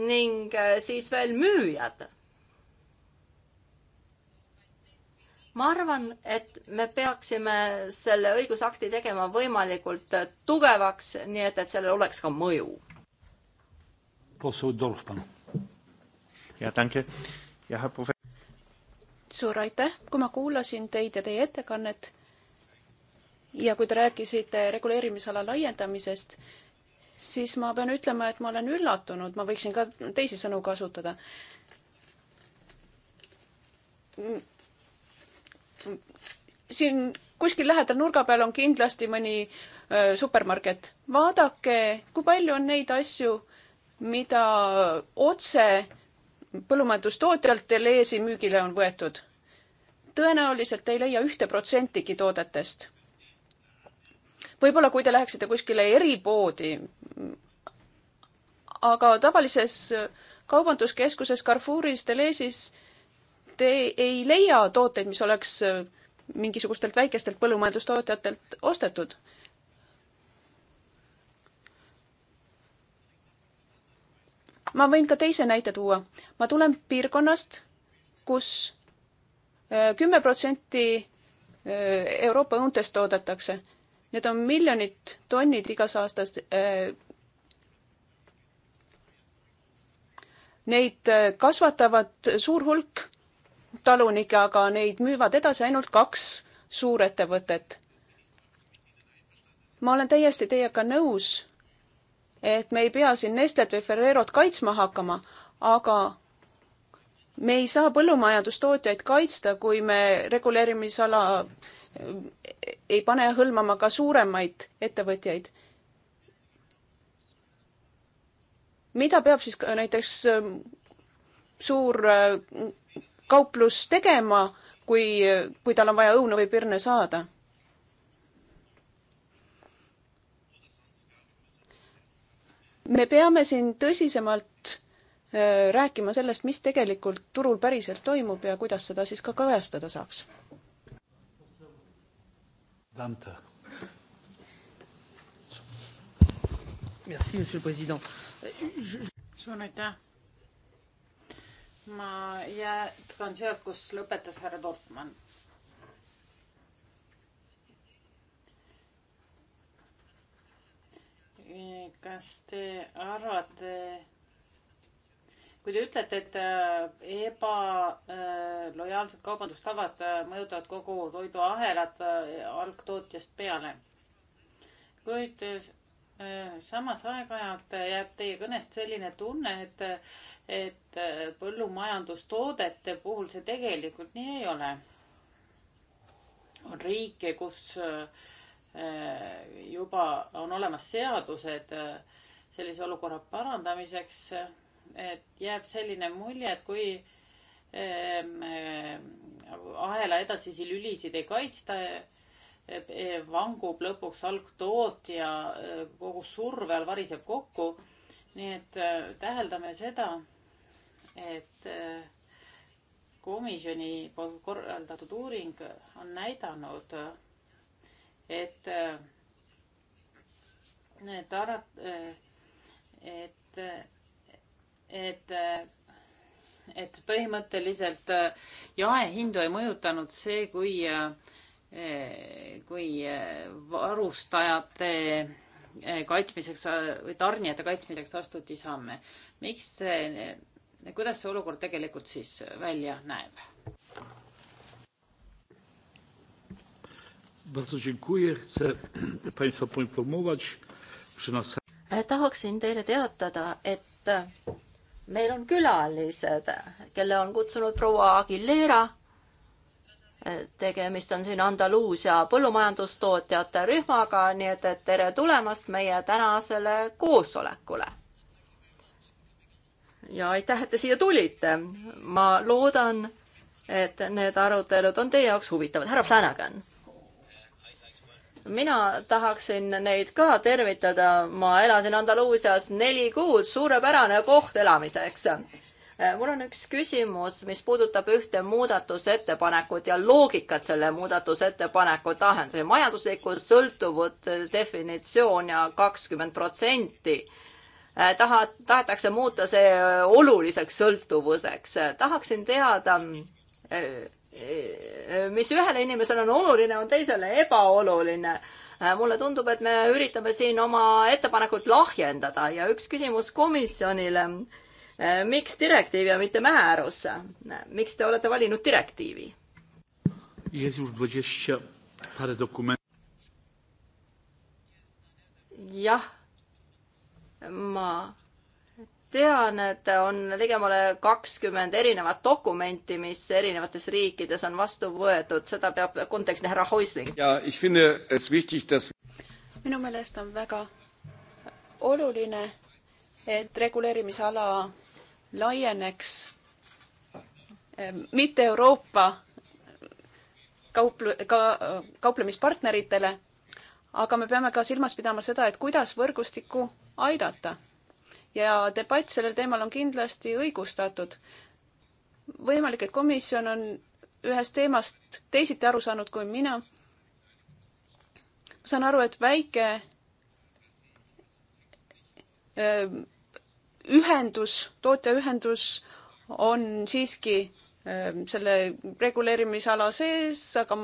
ning äh, siis veel müüjad. ma arvan, et me peaksime selle õigusakti tegema võimalikult tugevaks, nii et, et sellel oleks ka mõju. suur aitäh, kui ma kuulasin teid ja teie ettekannet ja kui te rääkisite reguleerimisala laiendamisest, siis ma pean ütlema, et ma olen üllatunud, ma võiksin ka teisi sõnu kasutada. siin kuskil lähedal nurga peal on kindlasti mõni supermarket. vaadake, kui palju on neid asju, mida otse põllumajandustootjalt Deleuze'i müügile on võetud. tõenäoliselt ei leia ühte protsentigi toodetest võib-olla kui te läheksite kuskile eripoodi, aga tavalises kaubanduskeskuses Carrefouris, Delesis te ei leia tooteid, mis oleks mingisugustelt väikestelt põllumajandustootjatelt ostetud. ma võin ka teise näite tuua. ma tulen piirkonnast kus, kus äh, kümme protsenti äh, Euroopa õuntest toodetakse Need on miljonid tonnid igas aastas äh, Neid äh, kasvatavad suur hulk talunikke, aga neid müüvad edasi ainult kaks suurettevõtet. ma olen täiesti teiega nõus, et me ei pea siin Nestlet või Ferrerot kaitsma hakkama, aga me ei saa põllumajandustootjaid kaitsta, kui me reguleerimisala ei pane hõlmama ka suuremaid ettevõtjaid. mida peab siis näiteks ähm, suur äh, kauplus tegema, kui, kui tal on vaja õunu või pirne saada? me peame siin tõsisemalt äh, rääkima sellest, mis tegelikult turul päriselt toimub ja kuidas seda siis ka kajastada saaks Dante. Merci, monsieur le president. suur aitäh. ma jätkan sealt, kus lõpetas härra Dorfmann. kas te arvate, kui te ütlete, et äh, ebalojaalsed äh, kaubandustavad äh, mõjutavad kogu toiduahelat algtootjast peale, kuid samas aeg-ajalt jääb teie kõnest selline tunne, et, et põllumajandustoodete puhul see tegelikult nii ei ole. on riike, kus juba on olemas seadused sellise olukorra parandamiseks et jääb selline mulje, et kui ahela edasisi lülisid ei kaitsta, vangub lõpuks algtootja, kogu surve all variseb kokku. nii et täheldame seda, et komisjoni poolt korraldatud uuring on näidanud, et need arat-, et, et et, et põhimõtteliselt äh, jaehindu ei mõjutanud see, kui, äh, kui äh, varustajate kaitsmiseks või tarnijate kaitsmiseks astuti samme. miks see, kuidas see olukord tegelikult siis välja näeb? tahaksin teile teatada, et meil on külalised, kelle on kutsunud proua Aguilera. tegemist on siin Andaluusia põllumajandustootjate rühmaga, nii et, et tere tulemast meie tänasele koosolekule. ja aitäh, et te siia tulite. ma loodan, et need arutelud on teie jaoks huvitavad. härra Flanagan mina tahaksin neid ka tervitada, ma elasin Andaluusias neli kuud, suurepärane koht elamiseks. Äh, mul on üks küsimus, mis puudutab ühte muudatusettepanekut ja loogikat selle muudatusettepaneku taha, see majandusliku sõltuvuse definitsioon ja kakskümmend protsenti äh, tahad, tahetakse muuta see äh, oluliseks sõltuvuseks. tahaksin teada, mis ühele inimesele on oluline, on teisele ebaoluline. mulle tundub, et me üritame siin oma ettepanekut lahjendada ja üks küsimus komisjonile. miks direktiiv ja mitte määrus? miks te olete valinud direktiivi? jah, ma tean, et on ligemale kakskümmend erinevat dokumenti, mis erinevates riikides on vastu võetud, seda peab konteksti härra Häusling. Dass... minu meelest on väga oluline, et reguleerimisala laieneks eh, mitte Euroopa kaupl-, ka-, kauplemispartneritele, aga me peame ka silmas pidama seda, et kuidas võrgustikku aidata ja debatt sellel teemal on kindlasti õigustatud. võimalik, et komisjon on ühest teemast teisiti aru saanud kui mina. ma saan aru, et väike ähm, ühendus, tootjaühendus on siiski ähm, selle reguleerimisala sees, aga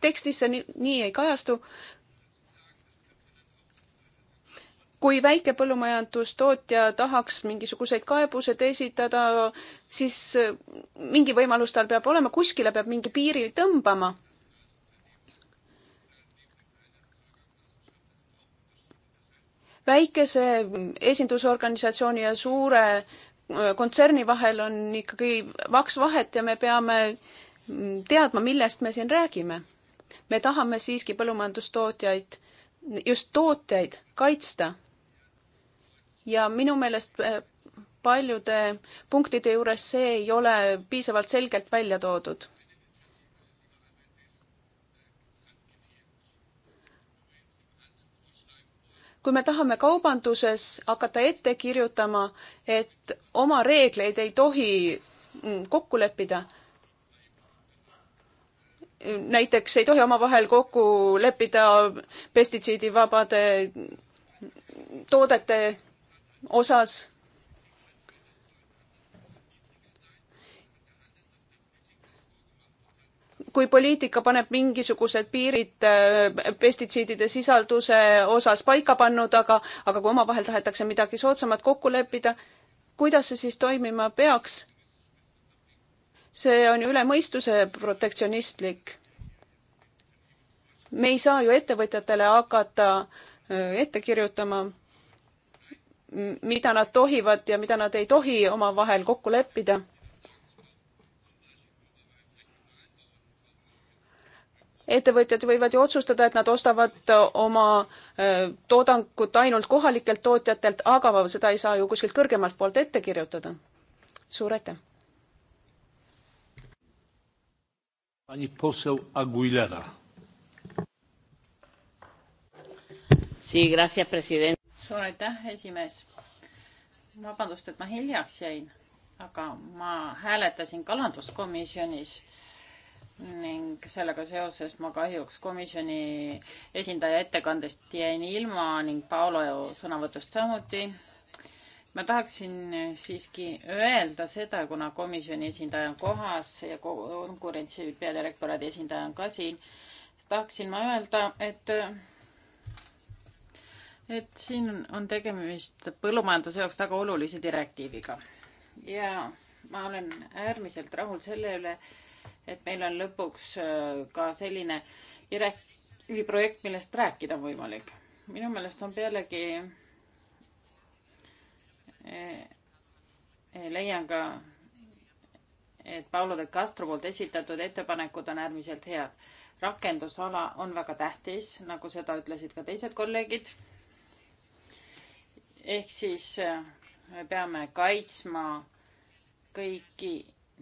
tekstis see nii, nii ei kajastu. kui väike põllumajandustootja tahaks mingisuguseid kaebused esitada, siis äh, mingi võimalus tal peab olema, kuskile peab mingi piiri tõmbama. väikese esindusorganisatsiooni ja suure äh, kontserni vahel on ikkagi vaks vahet ja me peame mm, teadma, millest me siin räägime. me tahame siiski põllumajandustootjaid, just tootjaid kaitsta ja minu meelest äh, paljude punktide juures see ei ole piisavalt selgelt välja toodud kui me tahame kaubanduses hakata ette kirjutama, et oma reegleid ei tohi mm, kokku leppida, näiteks ei tohi omavahel kokku leppida pestitsiidivabade toodete osas kui poliitika paneb mingisugused piirid äh, pestitsiidide sisalduse osas paika pannud, aga, aga kui omavahel tahetakse midagi soodsamat kokku leppida, kuidas see siis toimima peaks? see on ju üle mõistuse protektsionistlik. me ei saa ju ettevõtjatele hakata äh, ette kirjutama mida nad tohivad ja mida nad ei tohi omavahel kokku leppida. ettevõtjad võivad ju otsustada, et nad ostavad oma äh, toodangut ainult kohalikelt tootjatelt, aga seda ei saa ju kuskilt kõrgemalt poolt ette kirjutada. suur aitäh! Pani poseł Aguilera. Sí, gracias, presidente suur aitäh, esimees. vabandust, et ma hiljaks jäin, aga ma hääletasin kalanduskomisjonis ning sellega seoses ma kahjuks komisjoni esindaja ettekandest jäin ilma ning Paolo sõnavõtust samuti. ma tahaksin siiski öelda seda, kuna komisjoni esindaja on kohas ja konkurentsi peadirektoraadi esindaja on ka siin, tahaksin ma öelda, et et siin on, on tegemist põllumajanduse jaoks väga olulise direktiiviga ja ma olen äärmiselt rahul selle üle, et meil on lõpuks äh, ka selline direktiivi projekt, millest rääkida on võimalik. minu meelest on pealegi, äh, äh, leian ka, et Paolo de Castro poolt esitatud ettepanekud on äärmiselt head. rakendusala on väga tähtis, nagu seda ütlesid ka teised kolleegid ehk siis äh, me peame kaitsma kõiki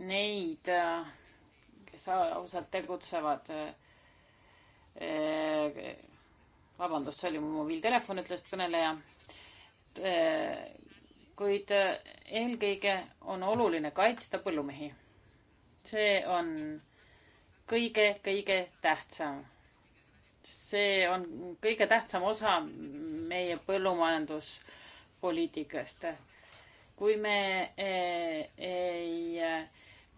neid, äh, kes ausalt tegutsevad. Äh, vabandust, see oli mu mobiiltelefon, ütles kõneleja. kuid eelkõige on oluline kaitsta põllumehi. see on kõige-kõige tähtsam. see on kõige tähtsam osa meie põllumajandus majanduspoliitikast. kui me eh, ei,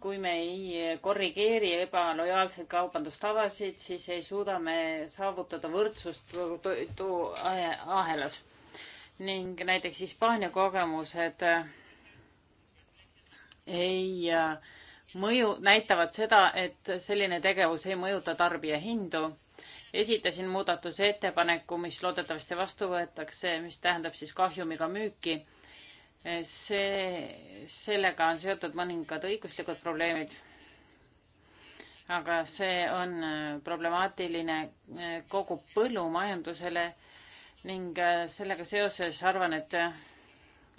kui me ei korrigeeri ebalojaalseid kaubandustavasid, siis ei suuda me saavutada võrdsust toiduahelas ning näiteks Hispaania kogemused eh, ei eh, mõju, näitavad seda, et selline tegevus ei mõjuta tarbijahindu esitasin muudatusettepaneku, mis loodetavasti vastu võetakse, mis tähendab siis kahjumiga müüki. see, sellega on seotud mõningad õiguslikud probleemid. aga see on äh, problemaatiline äh, kogu põllumajandusele ning äh, sellega seoses arvan, et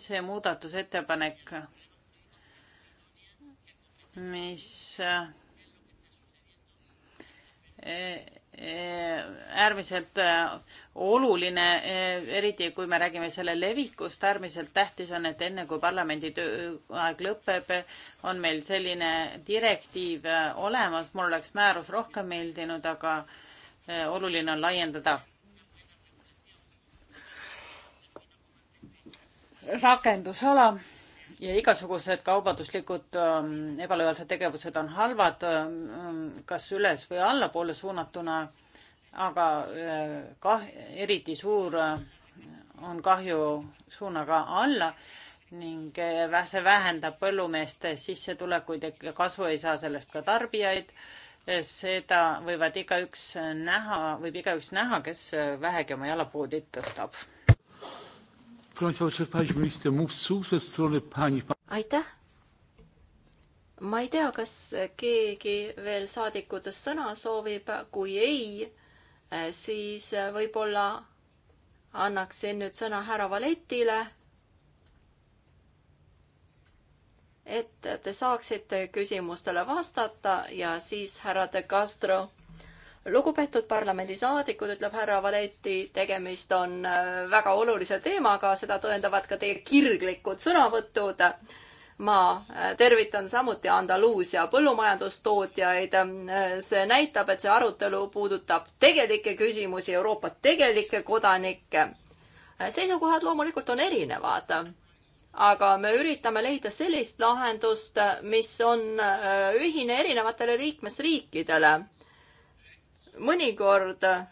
see muudatusettepanek, mis Eh, äärmiselt eh, oluline, eh, eriti kui me räägime selle levikust, äärmiselt tähtis on, et enne kui parlamendi tööaeg lõpeb, on meil selline direktiiv olemas. mul oleks määrus rohkem meeldinud, aga oluline on laiendada. rakendusala ja igasugused kaubanduslikud ähm, ebalojaalsed tegevused on halvad, ähm, ähm, kas üles või allapoole suunatuna, aga äh, kah-, eriti suur äh, on kahju suunaga alla ning äh, see vähendab põllumeeste sissetulekuid ja kasu ei saa sellest ka tarbijaid. seda võivad igaüks näha, võib igaüks näha, kes vähegi oma jalapuud tõstab aitäh. ma ei tea, kas keegi veel saadikutest sõna soovib, kui ei, siis võib-olla annaksin nüüd sõna härra Valetile et te saaksite küsimustele vastata ja siis härra De Castro lugupeetud parlamendisaadikud, ütleb härra Valeti, tegemist on äh, väga olulise teemaga, seda tõendavad ka teie kirglikud sõnavõtud. ma äh, tervitan samuti Andaluusia põllumajandustootjaid. Äh, see näitab, et see arutelu puudutab tegelikke küsimusi, Euroopa tegelikke kodanikke. seisukohad loomulikult on erinevad aga me üritame leida sellist lahendust, mis on ühine erinevatele liikmesriikidele mõnikord äh,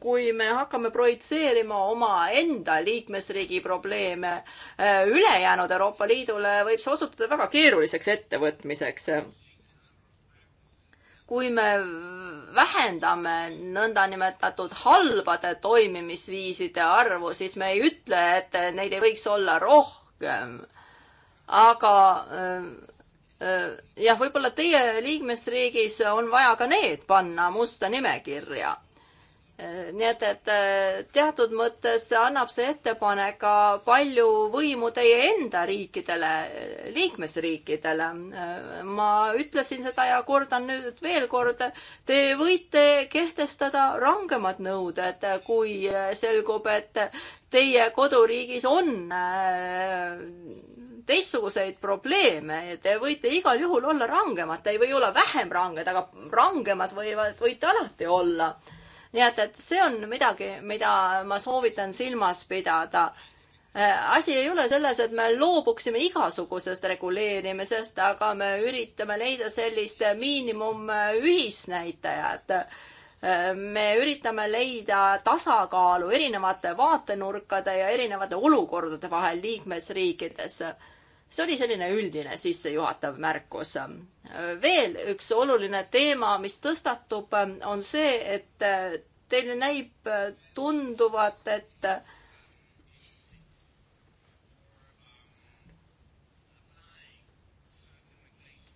kui me hakkame projitseerima omaenda liikmesriigi probleeme äh, ülejäänud Euroopa Liidule, võib see osutuda väga keeruliseks ettevõtmiseks. kui me vähendame nõndanimetatud halbade toimimisviiside arvu, siis me ei ütle, et neid ei võiks olla rohkem. aga äh, Äh, jah, võib-olla teie liikmesriigis on vaja ka need panna musta nimekirja. Äh, nii et, et äh, teatud mõttes annab see ettepanek ka palju võimu teie enda riikidele, liikmesriikidele. ma ütlesin seda ja kordan nüüd veel kord. Te võite kehtestada rangemad nõuded, kui selgub, et teie koduriigis on teistsuguseid probleeme, te võite igal juhul olla rangemad, te ei või olla vähem ranged, aga rangemad võivad, võite alati olla. nii et, et see on midagi, mida ma soovitan silmas pidada. Äh, asi ei ole selles, et me loobuksime igasugusest reguleerimisest, aga me üritame leida sellist miinimum äh, ühisnäitajat me üritame leida tasakaalu erinevate vaatenurkade ja erinevate olukordade vahel liikmesriikides. see oli selline üldine sissejuhatav märkus. veel üks oluline teema, mis tõstatub, on see, et teile näib tunduvat, et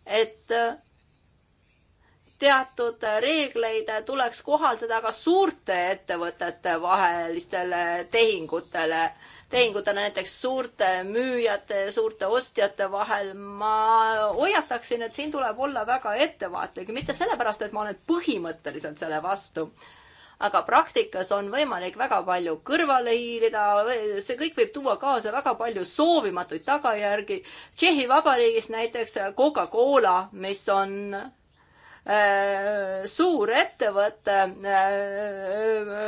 et teatud reegleid tuleks kohaldada ka suurte ettevõtete vahelistele tehingutele, tehingutele näiteks suurte müüjate, suurte ostjate vahel. ma hoiataksin, et siin tuleb olla väga ettevaatlik, mitte sellepärast, et ma olen põhimõtteliselt selle vastu, aga praktikas on võimalik väga palju kõrvale hiilida, see kõik võib tuua kaasa väga palju soovimatuid tagajärgi. Tšehhi Vabariigis näiteks Coca-Cola, mis on Äh, suurettevõte äh,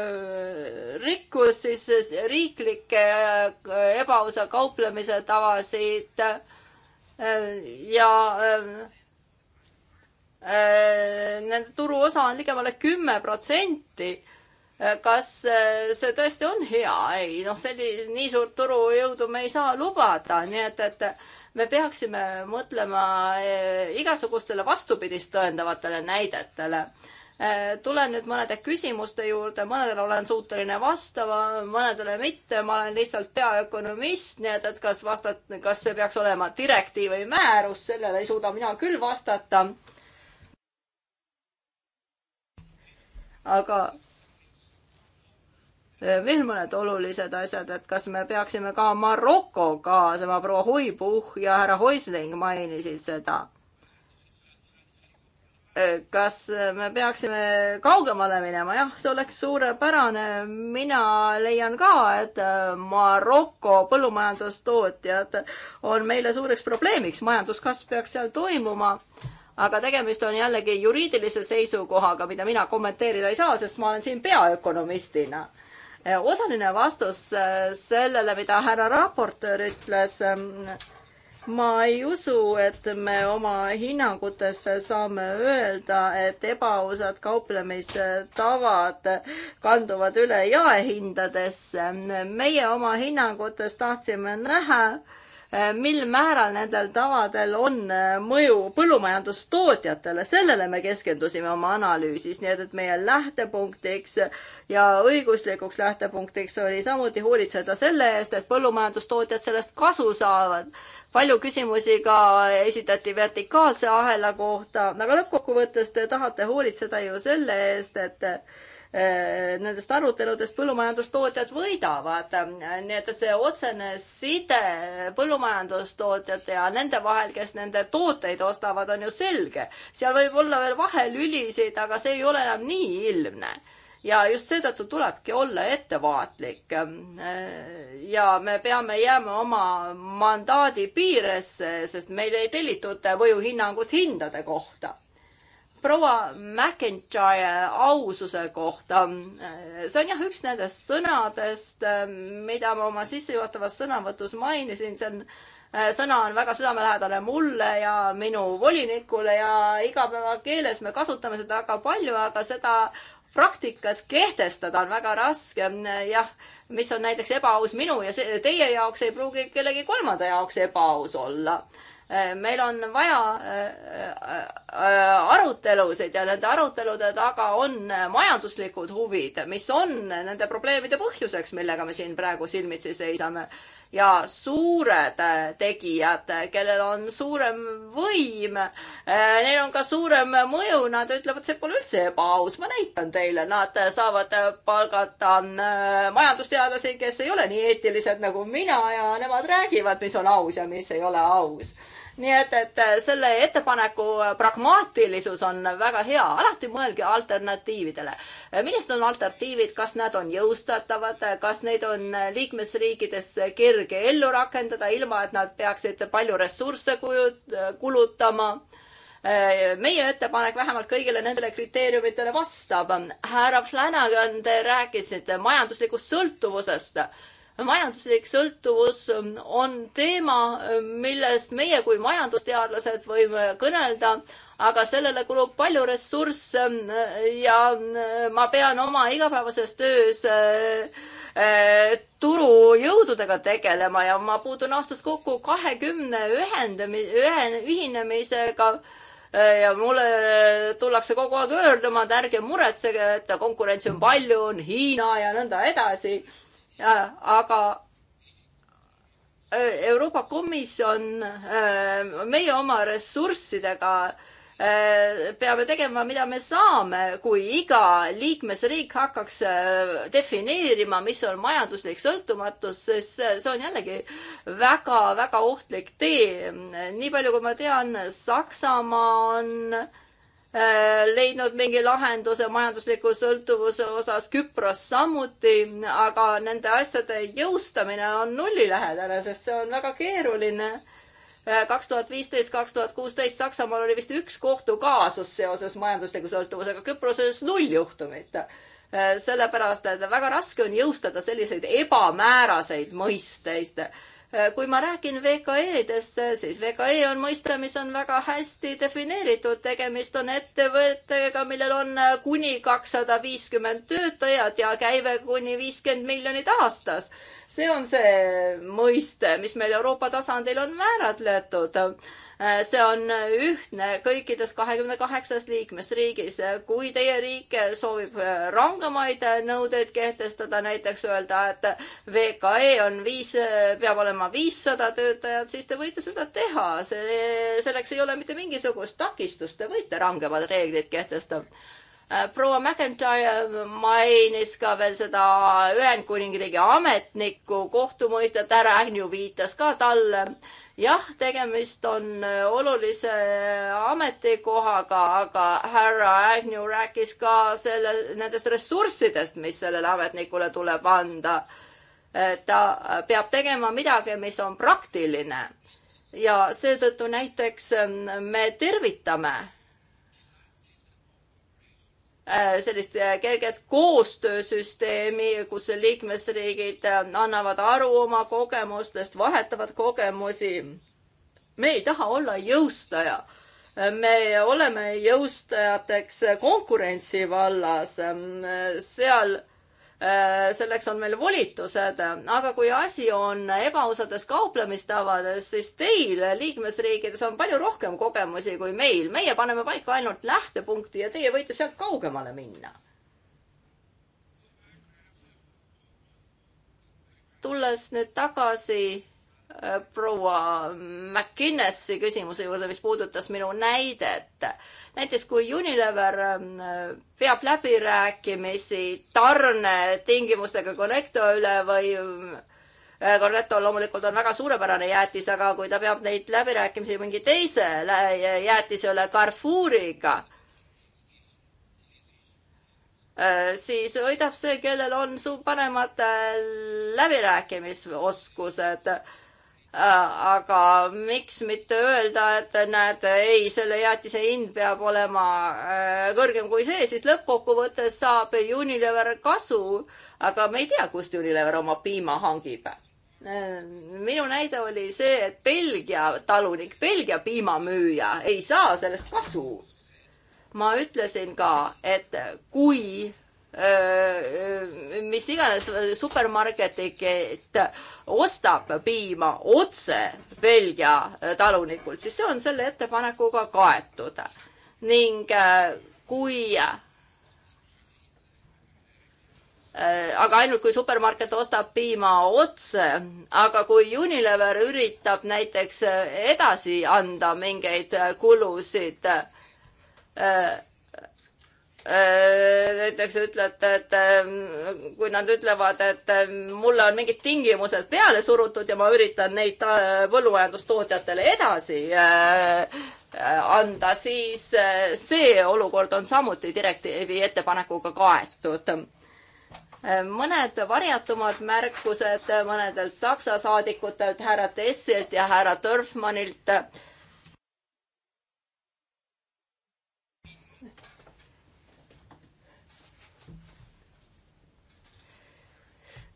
rikkus siis riiklikke äh, ebaausa kauplemise tavasid ja nende turuosa on ligemale kümme protsenti kas see tõesti on hea? ei noh, sellist, nii suurt turujõudu me ei saa lubada, nii et, et me peaksime mõtlema eh, igasugustele vastupidist tõendavatele näidetele. Eh, tulen nüüd mõnede küsimuste juurde, mõnedele olen suuteline vastama, mõnedele mitte, ma olen lihtsalt peaökonomist, nii et, et kas vastat-, kas see peaks olema direktiiv või määrus, sellele ei suuda mina küll vastata. aga Äh, veel mõned olulised asjad, et kas me peaksime ka Maroko kaasama, proua Hoibuh ja härra Hoisling mainisid seda. Äh, kas me peaksime kaugemale minema, jah, see oleks suurepärane, mina leian ka, et äh, Maroko põllumajandustootjad on meile suureks probleemiks, majanduskasv peaks seal toimuma aga tegemist on jällegi juriidilise seisukohaga, mida mina kommenteerida ei saa, sest ma olen siin peaökonomistina Äh, osaline vastus äh, sellele, mida härra raportöör ütles. Ähm, ma ei usu, et me oma hinnangutes saame öelda, et ebaausad kauplemistavad kanduvad üle jaehindadesse. meie oma hinnangutes tahtsime näha, Äh, mil määral nendel tavadel on äh, mõju põllumajandustootjatele, sellele me keskendusime oma analüüsis, nii et, et meie lähtepunktiks ja õiguslikuks lähtepunktiks oli samuti hoolitseda selle eest, et põllumajandustootjad sellest kasu saavad. palju küsimusi ka esitati vertikaalse ahela kohta, aga lõppkokkuvõttes te tahate hoolitseda ju selle eest, et Äh, nendest aruteludest põllumajandustootjad võidavad. nii et, et see otsene side põllumajandustootjate ja nende vahel, kes nende tooteid ostavad, on ju selge. seal võib olla veel vahelülisid, aga see ei ole enam nii ilmne ja just seetõttu tulebki olla ettevaatlik. Äh, ja me peame jääma oma mandaadi piiresse, sest meile ei tellitud mõjuhinnangut hindade kohta proua McIntyre aususe kohta. see on jah üks nendest sõnadest, mida ma oma sissejuhatavas sõnavõtus mainisin, see on, äh, sõna on väga südamelähedane mulle ja minu volinikule ja igapäevakeeles me kasutame seda väga palju, aga seda praktikas kehtestada on väga raske. jah, mis on näiteks ebaaus minu ja see, teie jaoks ei pruugi kellegi kolmanda jaoks ebaaus olla Äh, meil on vaja äh, äh, arutelusid ja nende arutelude taga on majanduslikud huvid, mis on nende probleemide põhjuseks, millega me siin praegu silmitsi seisame. ja suured tegijad, kellel on suurem võim, neil on ka suurem mõju, nad ütlevad, see pole üldse ebaaus, ma näitan teile, nad saavad palgata majandusteadlasi, kes ei ole nii eetilised nagu mina ja nemad räägivad, mis on aus ja mis ei ole aus aus nii et, et äh, selle ettepaneku äh, pragmaatilisus on väga hea, alati mõelge alternatiividele. Äh, millised on alternatiivid, kas nad on jõustatavad, kas neid on liikmesriikides kerge ellu rakendada, ilma et nad peaksid palju ressursse kujut-, kulutama? meie ettepanek vähemalt kõigile nendele kriteeriumitele vastab. härra Flanagan, te rääkisite majanduslikust sõltuvusest majanduslik sõltuvus ähm, on teema, ähm, millest meie kui majandusteadlased võime kõnelda, aga sellele kulub palju ressursse äh, ja äh, ma pean oma igapäevases töös äh, turujõududega tegelema ja ma puutun aastas kokku kahekümne ühendami-, ühen-, ühinemisega ja mulle tullakse kogu aeg öelduma, et ärge muretsege, et konkurentsi on palju, on Hiina ja nõnda edasi aga äh, Euroopa Komisjon äh, meie oma ressurssidega äh, peame tegema, mida me saame, kui iga liikmesriik hakkaks defineerima, mis on majanduslik sõltumatus, siis see on jällegi väga-väga ohtlik tee. nii palju, kui ma tean, Saksamaa on Äh, leidnud mingi lahenduse majandusliku sõltuvuse osas, Küpros samuti, aga nende asjade jõustamine on nullilähedane, sest see on väga keeruline. Äh, kaks tuhat viisteist, kaks tuhat kuusteist Saksamaal oli vist üks kohtukaasus seoses majandusliku sõltuvusega, Küproses null juhtumit. Äh, sellepärast, et väga raske on jõustada selliseid ebamääraseid mõisteid Äh, kui ma räägin VKE-dest, äh, siis VKE on mõiste, mis on väga hästi defineeritud, tegemist on ettevõttega, millel on äh, kuni kakssada viiskümmend töötajat ja käive kuni viiskümmend miljonit aastas. see on see mõiste, mis meil Euroopa tasandil on määratletud Äh, see on äh, ühtne kõikides kahekümne kaheksas liikmesriigis. Äh, kui teie riik soovib rangemaid nõudeid kehtestada, näiteks öelda, et VKE on viis, peab olema viissada töötajat, siis te võite seda teha. see, selleks ei ole mitte mingisugust takistust, te võite rangemad reeglid kehtestada Äh, proua McIntyre mainis ka veel seda Ühendkuningriigi ametnikku kohtumõistet, härra Agnew viitas ka talle. jah, tegemist on äh, olulise äh, ametikohaga, aga härra Agnew rääkis ka selle, nendest ressurssidest, mis sellele ametnikule tuleb anda. ta peab tegema midagi, mis on praktiline ja seetõttu näiteks ähm, me tervitame Äh, sellist äh, kerget koostöösüsteemi, kus liikmesriigid äh, annavad aru oma kogemustest, vahetavad kogemusi. me ei taha olla jõustaja. me oleme jõustajateks konkurentsi vallas, seal Äh, selleks on meil volitused, aga kui asi on ebaausades kauplemistavades, siis teil liikmesriikides on palju rohkem kogemusi kui meil. meie paneme paika ainult lähtepunkti ja teie võite sealt kaugemale minna. tulles nüüd tagasi proua McInnesi küsimuse juurde, mis puudutas minu näidet. näiteks kui Unilever ähm, peab läbirääkimisi tarnetingimustega Connecto üle või äh, Cornetto loomulikult on väga suurepärane jäätis, aga kui ta peab neid läbirääkimisi mingi teise jäätise üle Carrefouriga, äh, siis võidab see, kellel on su paremad äh, läbirääkimisoskused Äh, aga miks mitte öelda, et näed, ei, selle jäätise hind peab olema äh, kõrgem kui see, siis lõppkokkuvõttes saab Unilever kasu, aga me ei tea, kust Unilever oma piima hangib. Äh, minu näide oli see, et Belgia talunik, Belgia piimamüüja ei saa sellest kasu. ma ütlesin ka, et kui Äh, äh, mis iganes äh, supermarketikett ostab piima otse Belgia talunikult, siis see on selle ettepanekuga kaetud. ning kui aga ainult kui supermarket ostab piima otse, aga kui Unilever üritab näiteks edasi anda mingeid kulusid äh, Äh, näiteks ütlete, et äh, kui nad ütlevad, et äh, mulle on mingid tingimused peale surutud ja ma üritan neid põllumajandustootjatele edasi anda, siis see olukord on samuti direktiivi ettepanekuga kaetud mõned varjatumad märkused mõnedelt Saksa saadikutelt, härra Tessilt ja härra Dörfmanilt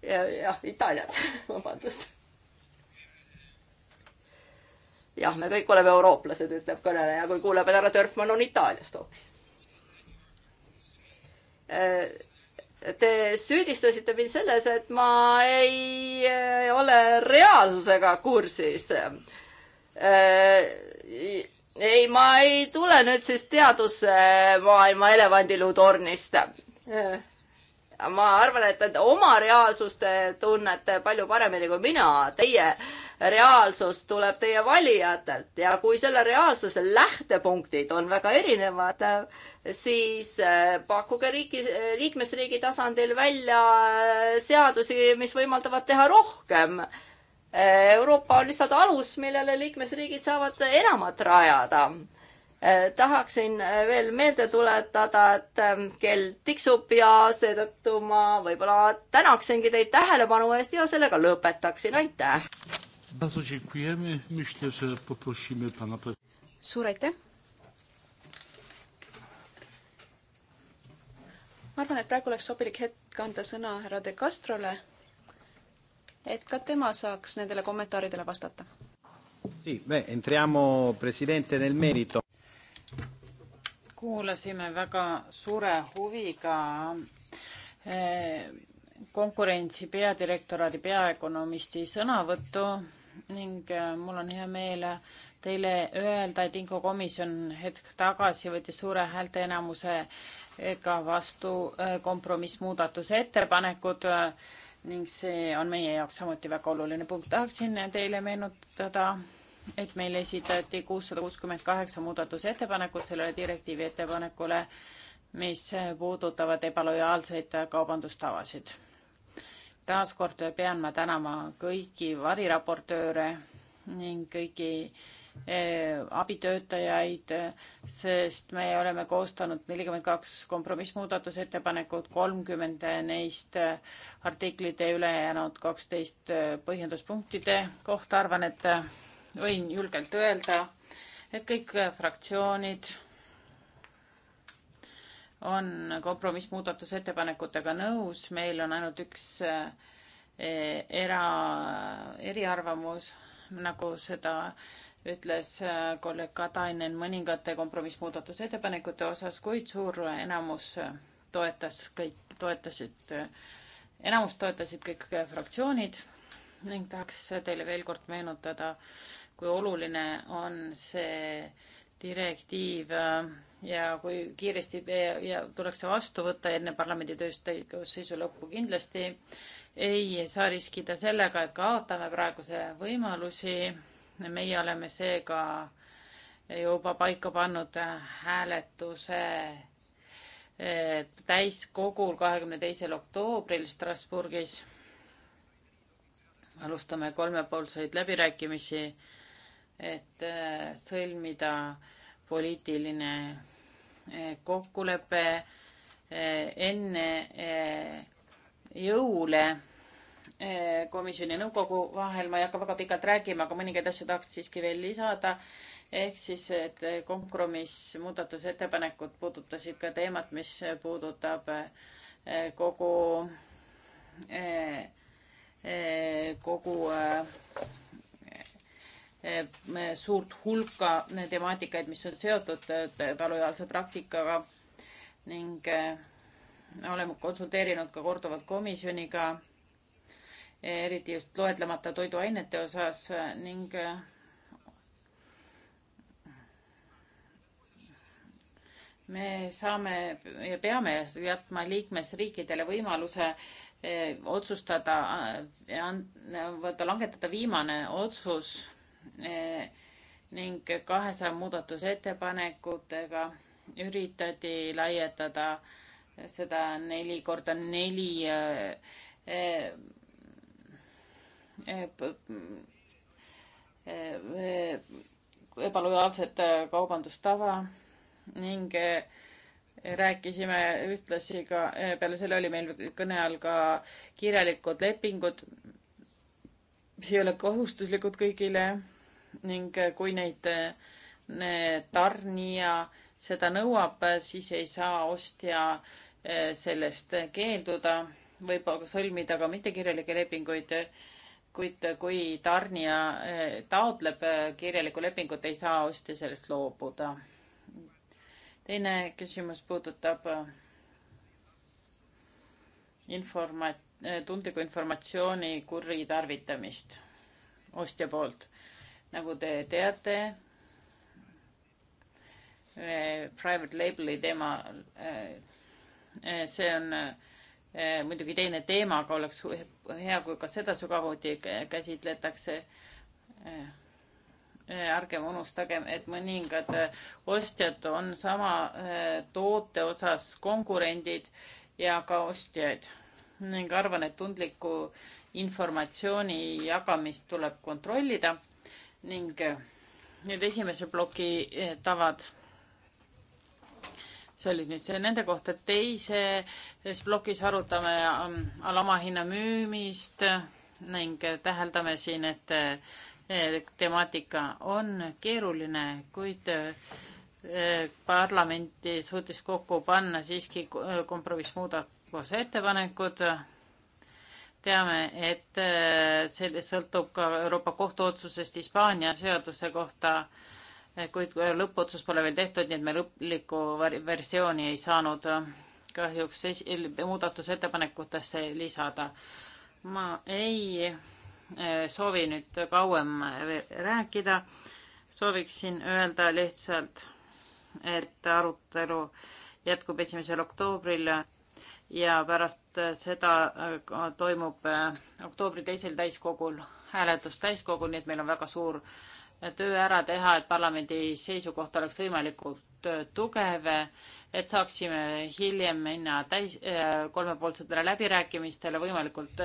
jah, Itaaliat, vabandust. jah, me kõik oleme eurooplased, ütleb kõneleja, kui kuuleb, et härra Dörfmann on Itaaliast hoopis. Äh, te süüdistasite mind selles, et ma ei äh, ole reaalsusega kursis. Äh, ei, ma ei tule nüüd siis teadusmaailma elevandiluutornist ma arvan, et, et oma reaalsust te tunnete palju paremini kui mina. Teie reaalsus tuleb teie valijatelt ja kui selle reaalsuse lähtepunktid on väga erinevad, siis äh, pakkuge riigi, liikmesriigi tasandil välja äh, seadusi, mis võimaldavad teha rohkem. Äh, Euroopa on lihtsalt alus, millele liikmesriigid saavad enamat rajada Eh, tahaksin eh, veel meelde tuletada, et eh, kell tiksub ja seetõttu ma võib-olla tänaksingi teid tähelepanu eest ja sellega lõpetaksin, aitäh! suur aitäh! ma arvan, et praegu oleks sobilik hetk anda sõna härra De Castrole, et ka tema saaks nendele kommentaaridele vastata. Sì, beh, entriamo Presidente nel merito kuulasime väga suure huviga eh, konkurentsi peadirektoraadi peaökonomisti sõnavõttu ning eh, mul on hea meel teile öelda, et Inko komisjon hetk tagasi võttis suure häälteenamusega eh, vastu kompromissmuudatuse ettepanekud ning see on meie jaoks samuti väga oluline punkt. tahaksin teile meenutada et meile esitati kuussada kuuskümmend kaheksa muudatusettepanekut sellele direktiivi ettepanekule, mis puudutavad ebalojaalseid kaubandustavasid. taaskord pean ma tänama kõiki variraportööre ning kõiki eh, abitöötajaid, sest me oleme koostanud nelikümmend kaks kompromissmuudatusettepanekut, kolmkümmend neist artiklite ülejäänud kaksteist põhjenduspunktide kohta, arvan, et võin julgelt öelda, et kõik fraktsioonid on kompromissmuudatusettepanekutega nõus, meil on ainult üks e, era, eriarvamus, nagu seda ütles e, kolleeg Katainen mõningate kompromissmuudatusettepanekute osas, kuid suur enamus toetas kõik, toetasid, enamus toetasid kõik fraktsioonid ning tahaks teile veel kord meenutada, kui oluline on see direktiiv äh, ja kui kiiresti ja tuleks see vastu võtta enne parlamendi tööseisu lõppu kindlasti ei saa riskida sellega, et kaotame praeguse võimalusi. meie oleme seega juba paika pannud hääletuse äh, täiskogul kahekümne teisel oktoobril Strasbourgis. alustame kolmepoolseid läbirääkimisi et äh, sõlmida poliitiline äh, kokkulepe äh, enne jõule komisjoni ja nõukogu vahel, ma ei hakka väga pikalt rääkima, aga mõningaid asju tahaks siiski veel lisada. ehk siis, et kompromiss, muudatusettepanekud puudutasid ka teemat, mis puudutab kogu, kogu Eh, suurt hulka temaatikaid, mis on seotud talujaalse praktikaga ning eh, oleme konsulteerinud ka korduvalt komisjoniga, eh, eriti just loetlemata toiduainete osas ning me saame ja peame jätma liikmesriikidele võimaluse otsustada, võtta, langetada viimane otsus Eh, ning kahesaja muudatusettepanekutega üritati laiendada seda neli korda neli eh, eh, ebalojaalset kaubandustava ning rääkisime ühtlasi ka, peale selle oli meil kõne all ka kirjalikud lepingud, mis ei ole kohustuslikud kõigile ning eh, kui neid tarnija seda nõuab, siis ei saa ostja eh, sellest keelduda, võib aga sõlmida ka mittekirjalikke lepinguid, kuid kui tarnija eh, taotleb kirjalikku lepingut, ei saa ostja sellest loobuda. teine küsimus puudutab informa-, tundliku informatsiooni kuritarvitamist ostja poolt nagu te teate, eh, private label'i teema, eh, eh, see on muidugi teine teema, aga oleks hea, kui ka seda sügavuti käsitletakse ärgem unustagem, et mõningad ostjad on sama toote osas konkurendid ja ka ostjaid ning arvan, et tundliku informatsiooni jagamist tuleb kontrollida ning eh, nüüd esimese ploki eh, tavad. see oli nüüd see nende kohta, teises plokis arutame mm, alamahinna müümist ning eh, täheldame siin, et temaatika on keeruline, kuid parlamenti suutis kokku panna siiski kompromissmuudatuse ettepanekud teame, et äh, see sõltub ka Euroopa Kohtu otsusest Hispaania seaduse kohta, äh, kuid äh, lõppotsus pole veel tehtud, nii et me lõplikku versiooni ei saanud kahjuks muudatusettepanekutesse lisada. ma ei soovi nüüd kauem rääkida, sooviksin öelda lihtsalt, et arutelu jätkub esimesel oktoobril ja pärast äh, seda äh, toimub äh, oktoobri teisel täiskogul hääletus täiskogul, nii et meil on väga suur töö ära teha, et parlamendi seisukoht oleks võimalikult tugev, et saaksime hiljem minna täis, kolmepoolsetele läbirääkimistele võimalikult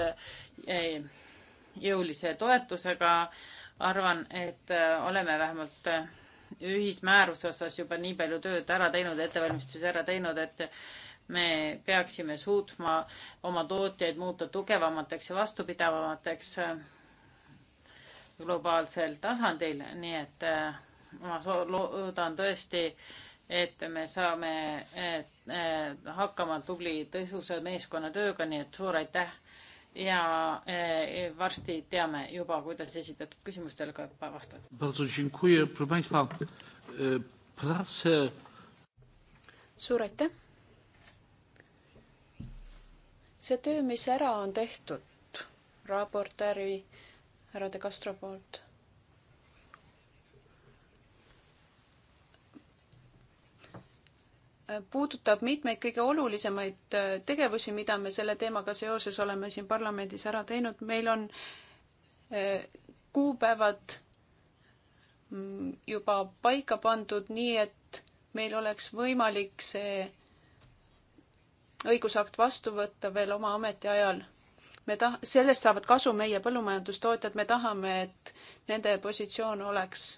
jõulise toetusega. arvan, et oleme vähemalt ühismääruse osas juba nii palju tööd ära teinud, ettevalmistusi ära teinud, et me peaksime suutma oma tootjaid muuta tugevamateks ja vastupidavamateks äh, globaalsel tasandil, nii et äh, ma loodan tõesti, et me saame et, et, äh, hakkama tubli tõsuse meeskonnatööga, nii et suur aitäh ja e, varsti teame juba, kuidas esitatud küsimustele ka vastata. E, suur aitäh! see töö, mis ära on tehtud raportööri härra De Castro poolt, puudutab mitmeid kõige olulisemaid äh, tegevusi, mida me selle teemaga seoses oleme siin parlamendis ära teinud. meil on äh, kuupäevad mm, juba paika pandud, nii et meil oleks võimalik see õigusakt vastu võtta veel oma ametiajal. me tah-, sellest saavad kasu meie põllumajandustootjad, me tahame, et nende positsioon oleks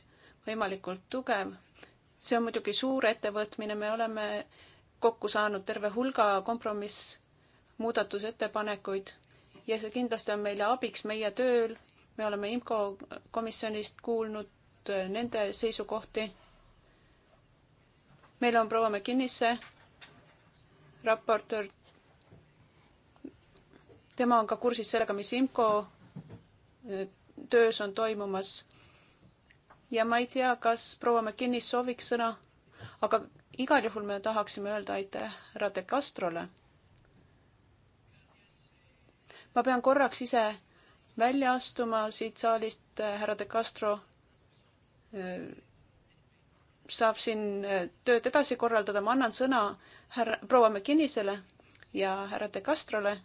võimalikult tugev. see on muidugi suur ettevõtmine, me oleme kokku saanud terve hulga kompromiss muudatusettepanekuid ja see kindlasti on meile abiks meie tööl. me oleme IMCO komisjonist kuulnud äh, nende seisukohti. meil on proua McKinnise raportöör, tema on ka kursis sellega, mis IMCO äh, töös on toimumas. ja ma ei tea, kas proua McKinney sooviks sõna, aga igal juhul me tahaksime öelda aitäh härra De Castrole. ma pean korraks ise välja astuma siit saalist, äh, härra De Castro äh, saab siin äh, tööd edasi korraldada, ma annan sõna härra, proua McKinnisele ja härra De Castrole.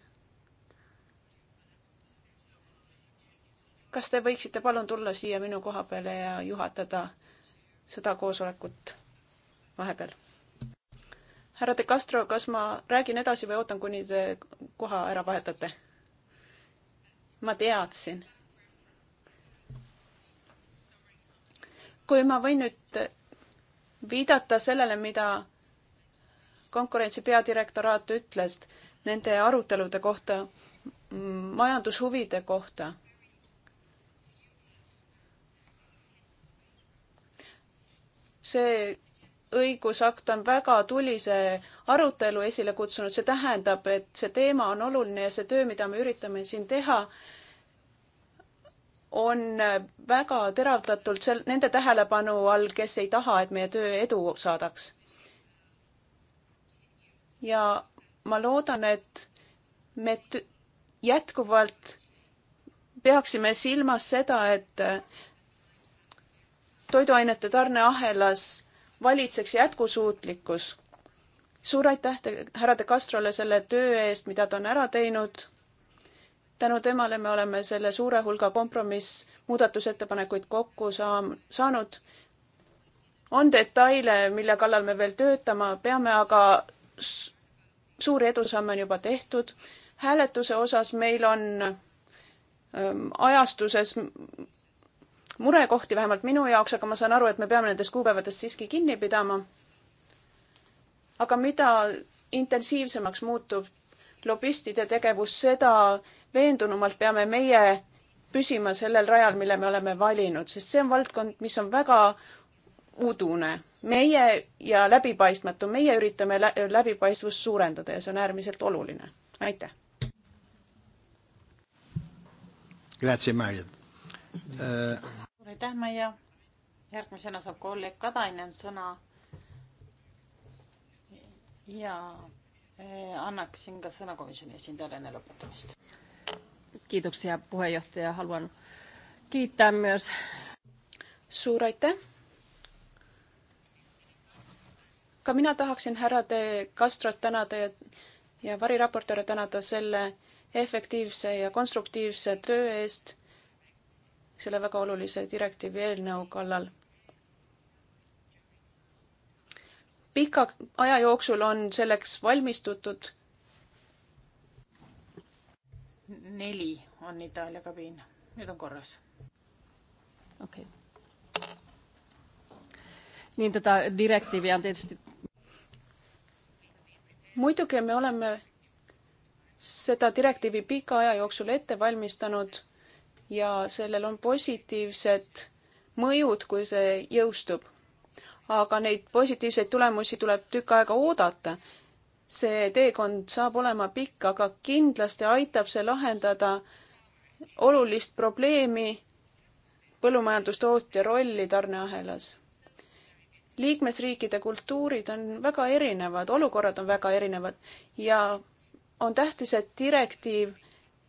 kas te võiksite palun tulla siia minu koha peale ja juhatada seda koosolekut vahepeal? härra De Castro, kas ma räägin edasi või ootan, kuni te koha ära vahetate? ma teadsin. kui ma võin nüüd viidata sellele, mida konkurentsi peadirektoraat ütles nende arutelude kohta, majandushuvide kohta. see õigusakt on väga tulise arutelu esile kutsunud, see tähendab, et see teema on oluline ja see töö, mida me üritame siin teha, on väga teravdatult sel-, nende tähelepanu all, kes ei taha, et meie töö edu saadaks. ja ma loodan, et me jätkuvalt peaksime silmas seda, et toiduainete tarneahelas valitseks jätkusuutlikkus. suur aitäh härra De Castrole selle töö eest, mida ta on ära teinud tänu temale me oleme selle suure hulga kompromiss muudatusettepanekuid kokku saam-, saanud. on detaile, mille kallal me veel töötama peame, aga suuri edusamme on juba tehtud. hääletuse osas meil on ähm, ajastuses murekohti, vähemalt minu jaoks, aga ma saan aru, et me peame nendest kuupäevadest siiski kinni pidama. aga mida intensiivsemaks muutub lobistide tegevus, seda veendunumalt peame meie püsima sellel rajal, mille me oleme valinud, sest see on valdkond, mis on väga udune. meie ja läbipaistmatu, meie üritame lä läbipaistvust suurendada ja see on äärmiselt oluline. aitäh. Grazie, Mariann äh.... suur aitäh, Maia. järgmisena saab kolleeg Kadainen sõna. ja äh, annaksin ka sõna komisjoni esindajale enne lõpetamist Kiitoksia puheenjohtaja. Haluan kiittää myös. Suur aitäh! ka mina tahaksin härra De Castrot tänada ja, ja variraportööre tänada selle efektiivse ja konstruktiivse töö eest selle väga olulise direktiivi eelnõu kallal. pika aja jooksul on selleks valmistutud neli on Itaalia kabiin, nüüd on korras. okei okay.. niin tätä direktiiviä on tietysti... Muidugi me olemme seda direktiivi pika aja jooksul ette valmistanud ja sellel on positiivsed mõjud, kui see jõustub. aga neid positiivseid tulemusi tuleb tükk aega oodata see teekond saab olema pikk, aga kindlasti aitab see lahendada olulist probleemi põllumajandustootja rolli tarneahelas. liikmesriikide kultuurid on väga erinevad, olukorrad on väga erinevad ja on tähtis, et direktiiv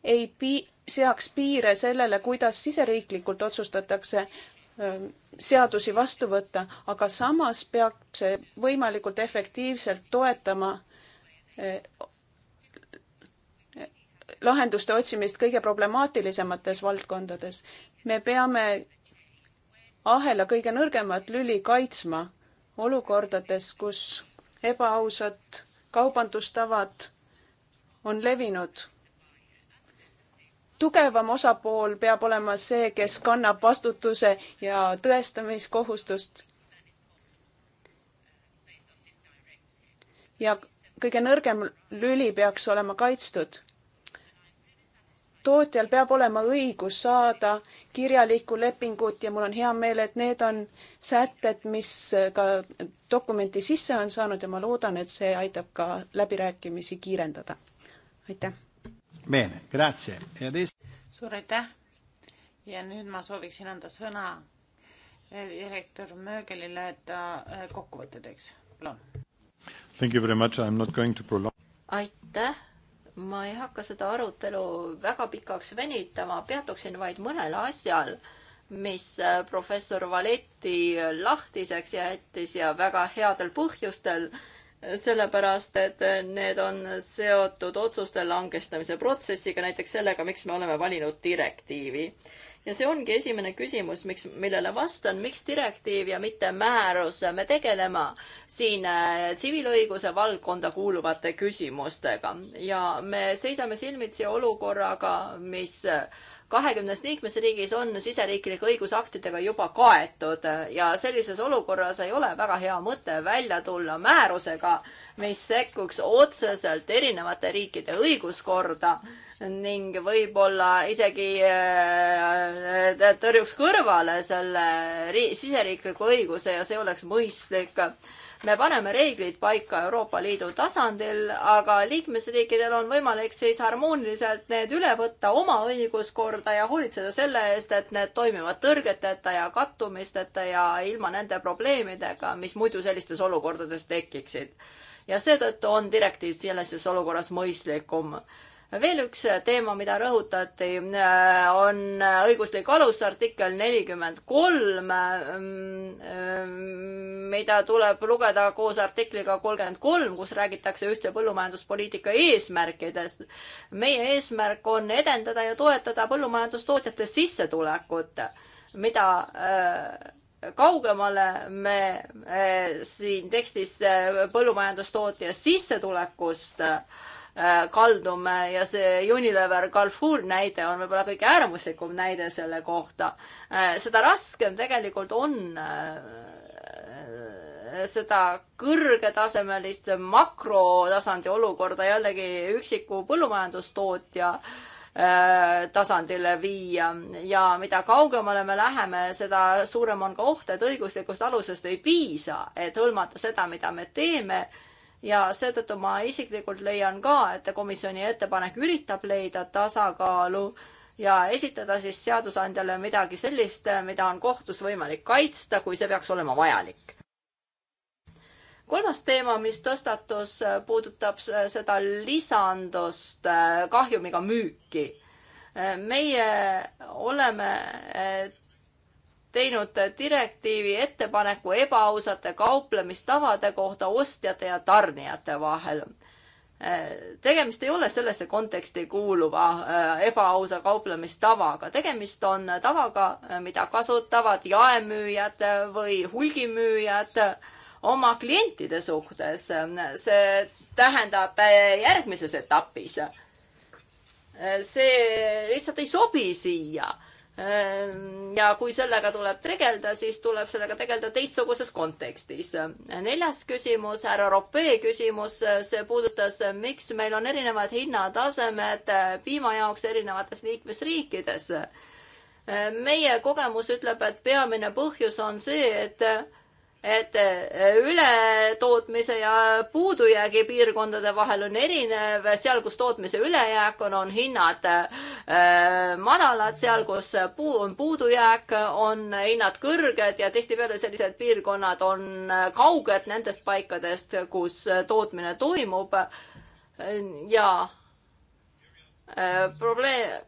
ei pii-, seaks piire sellele, kuidas siseriiklikult otsustatakse seadusi vastu võtta, aga samas peab see võimalikult efektiivselt toetama lahenduste otsimist kõige problemaatilisemates valdkondades. me peame ahela kõige nõrgemat lüli kaitsma olukordades, kus ebaausad kaubandustavad on levinud. tugevam osapool peab olema see, kes kannab vastutuse ja tõestamiskohustust. ja kõige nõrgem lüli peaks olema kaitstud. tootjal peab olema õigus saada kirjalikku lepingut ja mul on hea meel, et need on sätted, mis ka dokumenti sisse on saanud ja ma loodan, et see aitab ka läbirääkimisi kiirendada. aitäh! Bene, grazie. E adesso... Suur aitäh! ja nüüd ma sooviksin anda sõna eh, direktor Möögelile, et ta eh, kokkuvõtte teeks. palun aitäh, ma ei hakka seda arutelu väga pikaks venitama, peatuksin vaid mõnel asjal, mis äh, professor Valetti lahtiseks jättis ja väga headel põhjustel sellepärast et need on seotud otsuste langestamise protsessiga, näiteks sellega, miks me oleme valinud direktiivi. ja see ongi esimene küsimus, miks, millele vastan, miks direktiiv ja mitte määrus, me tegeleme siin äh, tsiviilõiguse valdkonda kuuluvate küsimustega ja me seisame silmitsi olukorraga, mis äh, kahekümnes liikmesriigis on siseriiklike õigusaktidega juba kaetud ja sellises olukorras ei ole väga hea mõte välja tulla määrusega, mis sekkuks otseselt erinevate riikide õiguskorda ning võib-olla isegi äh, tõrjuks kõrvale selle siseriikliku õiguse ja see oleks mõistlik me paneme reeglid paika Euroopa Liidu tasandil, aga liikmesriikidel on võimalik siis harmooniliselt need üle võtta oma õiguskorda ja hoolitseda selle eest, et need toimivad tõrgeteta ja kattumisteta ja ilma nende probleemidega, mis muidu sellistes olukordades tekiksid. ja seetõttu on direktiiv selles olukorras mõistlikum veel üks teema, mida rõhutati, äh, on õiguslik alus, artikkel nelikümmend kolm, mm, mm, mida tuleb lugeda koos artikliga kolmkümmend kolm, kus räägitakse ühtse põllumajanduspoliitika eesmärkidest. meie eesmärk on edendada ja toetada põllumajandustootjate sissetulekut, mida äh, kaugemale me äh, siin tekstis põllumajandustootja sissetulekust äh, Äh, kaldume ja see Unilever Carrefour näide on võib-olla kõige äärmuslikum näide selle kohta. Äh, seda raskem tegelikult on äh, seda kõrgetasemelist makrotasandi olukorda jällegi üksiku põllumajandustootja tasandile viia ja mida kaugemale me läheme, seda suurem on ka oht, et õiguslikust alusest ei piisa, et hõlmata seda, mida me teeme ja seetõttu ma isiklikult leian ka, et komisjoni ettepanek üritab leida tasakaalu ja esitada siis seadusandjale midagi sellist, mida on kohtus võimalik kaitsta, kui see peaks olema vajalik. kolmas teema, mis tõstatus, puudutab seda lisandust kahjumiga müüki meie oleme teinud direktiivi ettepaneku ebaausate kauplemistavade kohta ostjate ja tarnijate vahel. tegemist ei ole sellesse konteksti kuuluva äh, ebaausa kauplemistavaga, tegemist on tavaga, äh, mida kasutavad jaemüüjad või hulgimüüjad oma klientide suhtes. see tähendab äh, järgmises etapis see lihtsalt ei sobi siia Ehm, ja kui sellega tuleb tegeleda, siis tuleb sellega tegeleda teistsuguses kontekstis. neljas küsimus, härra Ropee küsimus, see puudutas, miks meil on erinevad hinnatasemed piima jaoks erinevates liikmesriikides. meie kogemus ütleb, et peamine põhjus on see, et et eh, ületootmise ja puudujäägi piirkondade vahel on erinev, seal, kus tootmise ülejääk on, on hinnad eh, madalad, seal, kus puu on puudujääk, on hinnad kõrged ja tihtipeale sellised piirkonnad on eh, kauged nendest paikadest, kus tootmine toimub. ja probleem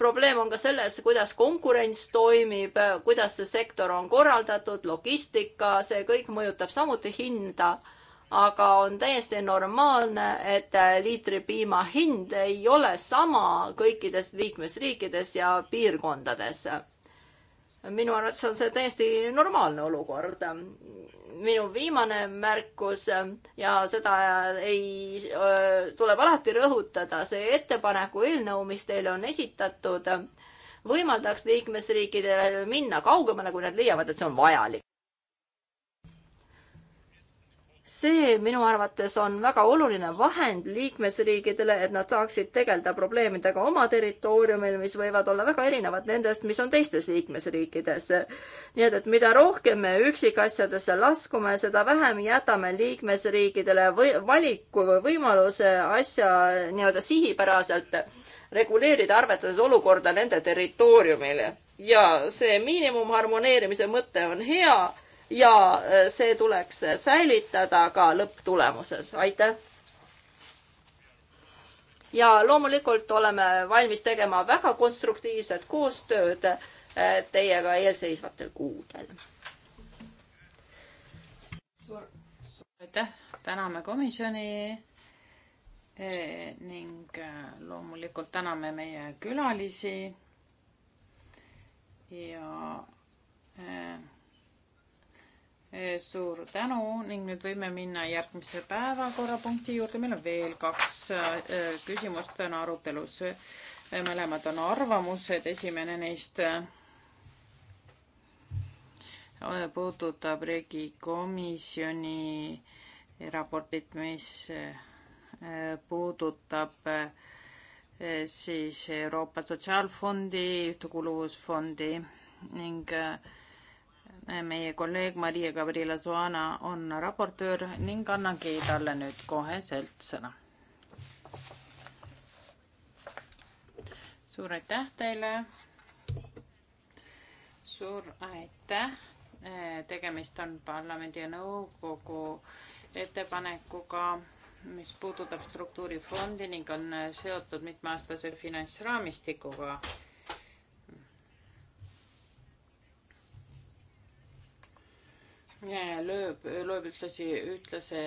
probleem on ka selles, kuidas konkurents toimib, kuidas see sektor on korraldatud, logistika, see kõik mõjutab samuti hinda. aga on täiesti normaalne, et liitri piima hind ei ole sama kõikides liikmesriikides ja piirkondades. minu arvates on see täiesti normaalne olukord minu viimane märkus äh, ja seda äh, ei, äh, tuleb alati rõhutada, see ettepaneku eelnõu, mis teile on esitatud, võimaldaks liikmesriikidele minna kaugemale, kui nad leiavad, et see on vajalik see minu arvates on väga oluline vahend liikmesriigidele, et nad saaksid tegeleda probleemidega oma territooriumil, mis võivad olla väga erinevad nendest, mis on teistes liikmesriikides. nii et, et mida rohkem me üksikasjadesse laskume, seda vähem jätame liikmesriikidele või valiku või võimaluse asja nii-öelda sihipäraselt reguleerida, arvestades olukorda nende territooriumil. ja see miinimumharmoneerimise mõte on hea ja äh, see tuleks säilitada ka lõpptulemuses, aitäh! ja loomulikult oleme valmis tegema väga konstruktiivset koostööd äh, teiega eelseisvatel kuudel. suur aitäh, täname komisjoni e, ning äh, loomulikult täname meie külalisi ja e, Eh, suur tänu ning nüüd võime minna järgmise päevakorrapunkti juurde. meil on veel kaks eh, küsimust täna arutelus. Eh, mõlemad on arvamused, esimene neist puudutab riigikomisjoni raportit, mis puudutab siis Euroopa Sotsiaalfondi, Ühtekuuluvusfondi ning äh, meie kolleeg Maria Gabriela Zuana on raportöör ning annangi talle nüüd koheselt sõna. suur aitäh teile. suur aitäh. tegemist on parlamendi ja nõukogu ettepanekuga, mis puudutab struktuurifondi ning on seotud mitmeaastase finantsraamistikuga lööb, lööb ühtlasi ühtlase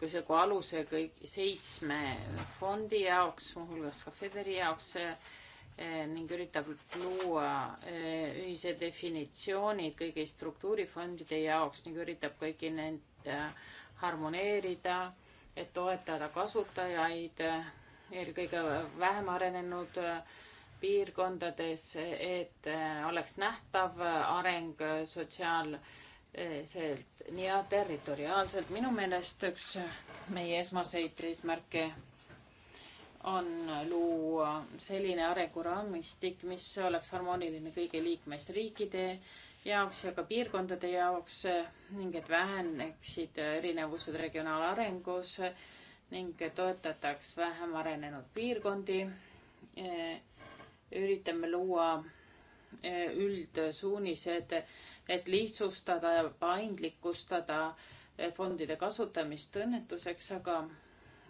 kõisegu aluse kõik seitsme fondi jaoks, muuhulgas ka Federi jaoks eh, ning üritab luua eh, ühise definitsiooni kõigi struktuurifondide jaoks ning üritab kõiki neid eh, harmoneerida, et toetada kasutajaid eelkõige vähem arenenud piirkondades, et oleks nähtav areng sotsiaal- sealt ja territoriaalselt. minu meelest üks meie esmaseid eesmärke on luua selline arenguraamistik, mis oleks harmooniline kõigi liikmesriikide jaoks ja ka piirkondade jaoks ning et väheneksid erinevused regionaalarengus ning toetataks vähem arenenud piirkondi. üritame luua üldsuunised, et lihtsustada ja paindlikustada fondide kasutamist õnnetuseks, aga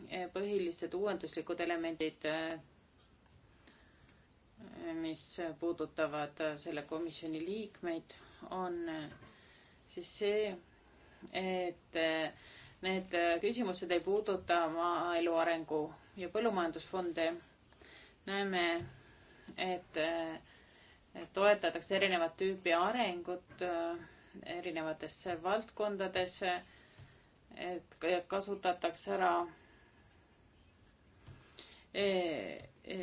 eh, põhilised uuenduslikud elemendid, eh, mis puudutavad selle komisjoni liikmeid, on eh, siis see, et need küsimused ei puuduta maaelu arengu ja põllumajandusfonde. näeme, et äh, toetatakse erinevat tüüpi arengut äh, erinevates valdkondades, et kasutatakse ära e, e,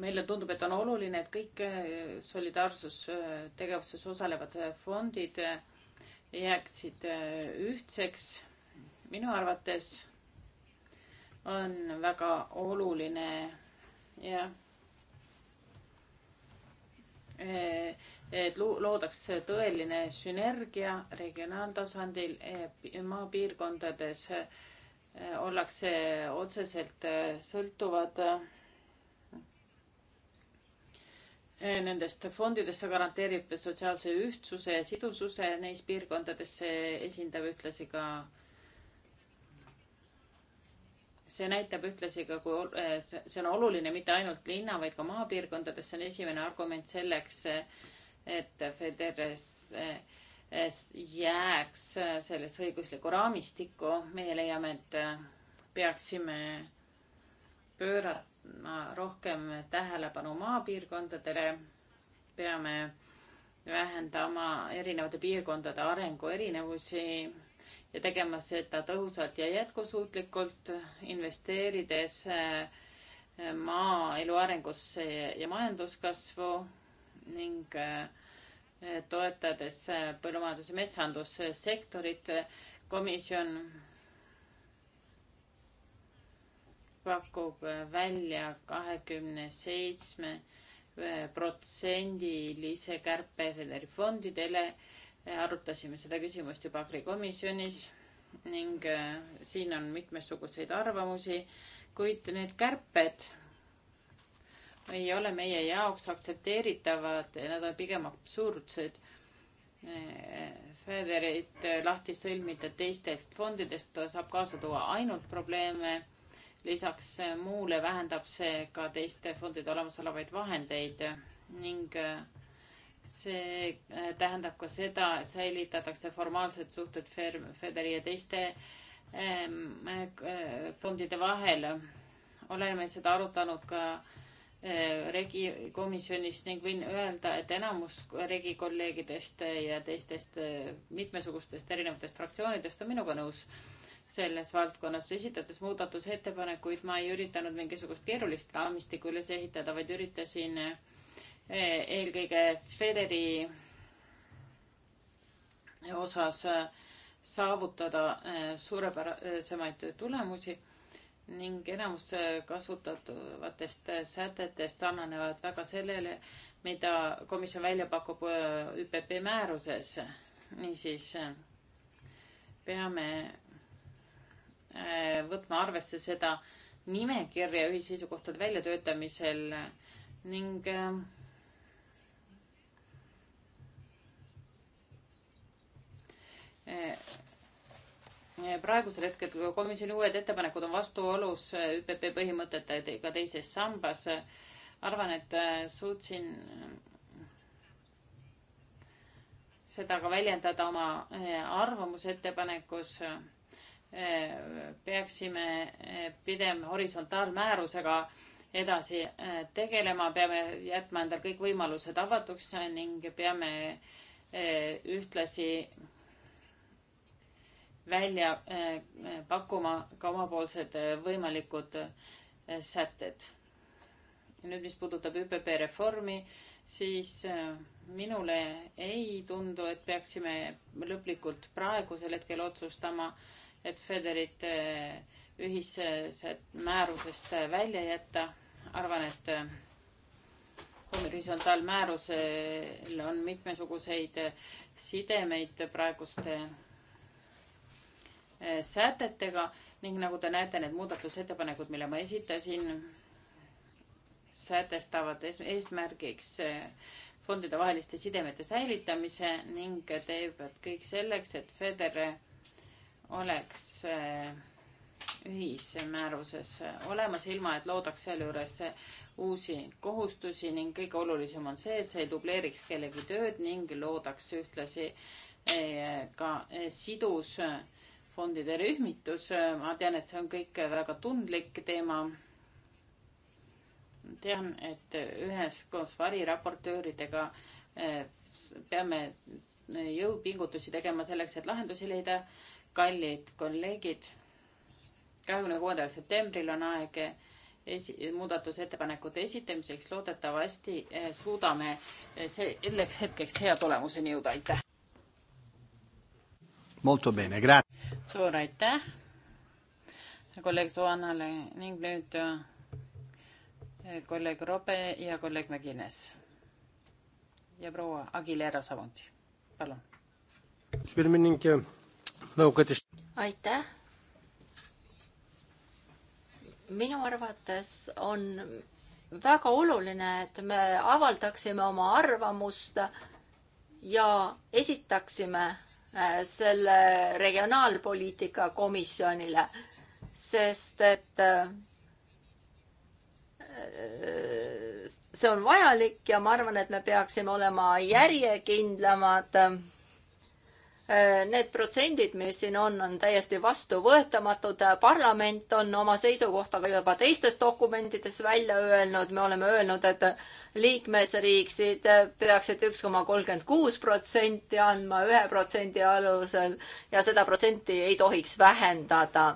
meile tundub, et on oluline, et kõik äh, solidaarsustegevuses äh, osalevad fondid jääksid ühtseks. minu arvates on väga oluline jah Eh, et loodaks tõeline sünergia regionaaltasandil eh, maapiirkondades eh, ollakse otseselt sõltuvad nendest fondidest, see garanteerib sotsiaalse ühtsuse ja sidususe neis piirkondades, see esindab ühtlasi ka see näitab ühtlasi ka, kui eh, see on oluline mitte ainult linna, vaid ka maapiirkondades, see on esimene argument selleks, et Federes eh, jääks sellesse õiguslikku raamistikku. meie leiame, et eh, peaksime pöörama rohkem tähelepanu maapiirkondadele, peame vähendama erinevate piirkondade arengu erinevusi ja tegema seda tõhusalt ja jätkusuutlikult, investeerides eh, maaelu arengusse ja majanduskasvu ning eh, toetades eh, põllumajandus- ja metsandussektorit. komisjon pakub välja kahekümne seitsme protsendilise kärpe fondidele me arutasime seda küsimust juba agrikomisjonis ning äh, siin on mitmesuguseid arvamusi, kuid need kärped ei ole meie jaoks aktsepteeritavad ja nad on pigem absurdsed. Äh, Federit lahti sõlmida teistest fondidest saab kaasa tuua ainult probleeme. lisaks muule vähendab see ka teiste fondide olemasolevaid vahendeid ning äh, see äh, tähendab ka seda, et säilitatakse formaalsed suhted Federi ja teiste ähm, äh, fondide vahel. oleme seda arutanud ka äh, regi komisjonis ning võin öelda, et enamus regi kolleegidest ja teistest mitmesugustest erinevatest fraktsioonidest on minuga nõus selles valdkonnas. esitades muudatusettepanekuid, ma ei üritanud mingisugust keerulist raamistikku üles ehitada, vaid üritasin äh, Eh, eelkõige Federi osas eh, saavutada eh, suurepärasemaid tulemusi ning enamus kasutatavatest sätetest annanevad väga sellele, mida komisjon välja pakub ÜPP määruses. niisiis peame võtma arvesse seda nimekirja ühisseisukohtade väljatöötamisel ning äh, Eh, praegusel hetkel komisjoni uued ettepanekud on vastuolus eh, ÜPP põhimõtetega teises sambas. Eh, arvan, et suutsin seda ka väljendada oma arvamusettepanekus. peaksime pigem horisontaalmäärusega edasi tegelema, peame jätma endal kõik võimalused avatuks ning peame ühtlasi välja äh, pakkuma ka omapoolsed äh, võimalikud äh, sätted. nüüd, mis puudutab ÜPP reformi, siis minule ei tundu, et peaksime lõplikult praegusel hetkel otsustama, et Federit ühisest määrusest välja jätta. arvan, et horisontaalmäärusel on mitmesuguseid sidemeid praeguste Eh, sätetega ning nagu te näete, need muudatusettepanekud, mille ma esitasin, sätestavad eesmärgiks eh, fondide vaheliste sidemete säilitamise ning teevad kõik selleks, et FEDER oleks eh, ühismääruses olemas, ilma et loodaks sealjuures uusi kohustusi ning kõige olulisem on see, et see ei dubleeriks kellegi tööd ning loodaks ühtlasi ka sidus fondide rühmitus, ma tean, et see on kõik väga tundlik teema. tean, et üheskoos variraportööridega eh, peame jõupingutusi tegema selleks, et lahendusi leida. kallid kolleegid, kahekümne kuuendal septembril on aeg esi-, muudatusettepanekute esitamiseks, loodetavasti eh, suudame eh, selleks hetkeks hea tulemuseni jõuda, aitäh! Molto bene, gra-. suur aitäh kolleeg Suanale ning nüüd eh, kolleeg Robe ja kolleeg Mägines. ja proua Aguilera samuti, palun. aitäh. minu arvates on väga oluline, et me avaldaksime oma arvamust ja esitaksime Äh, selle regionaalpoliitika komisjonile, sest et äh, äh, see on vajalik ja ma arvan, et me peaksime olema järjekindlamad Äh, need protsendid, mis siin on, on täiesti vastuvõetamatud. Äh, parlament on oma seisukohta ka juba teistes dokumentides välja öelnud. me oleme öelnud, et liikmesriigid äh, peaksid üks koma kolmkümmend kuus protsenti andma ühe protsendi alusel ja seda protsenti ei tohiks vähendada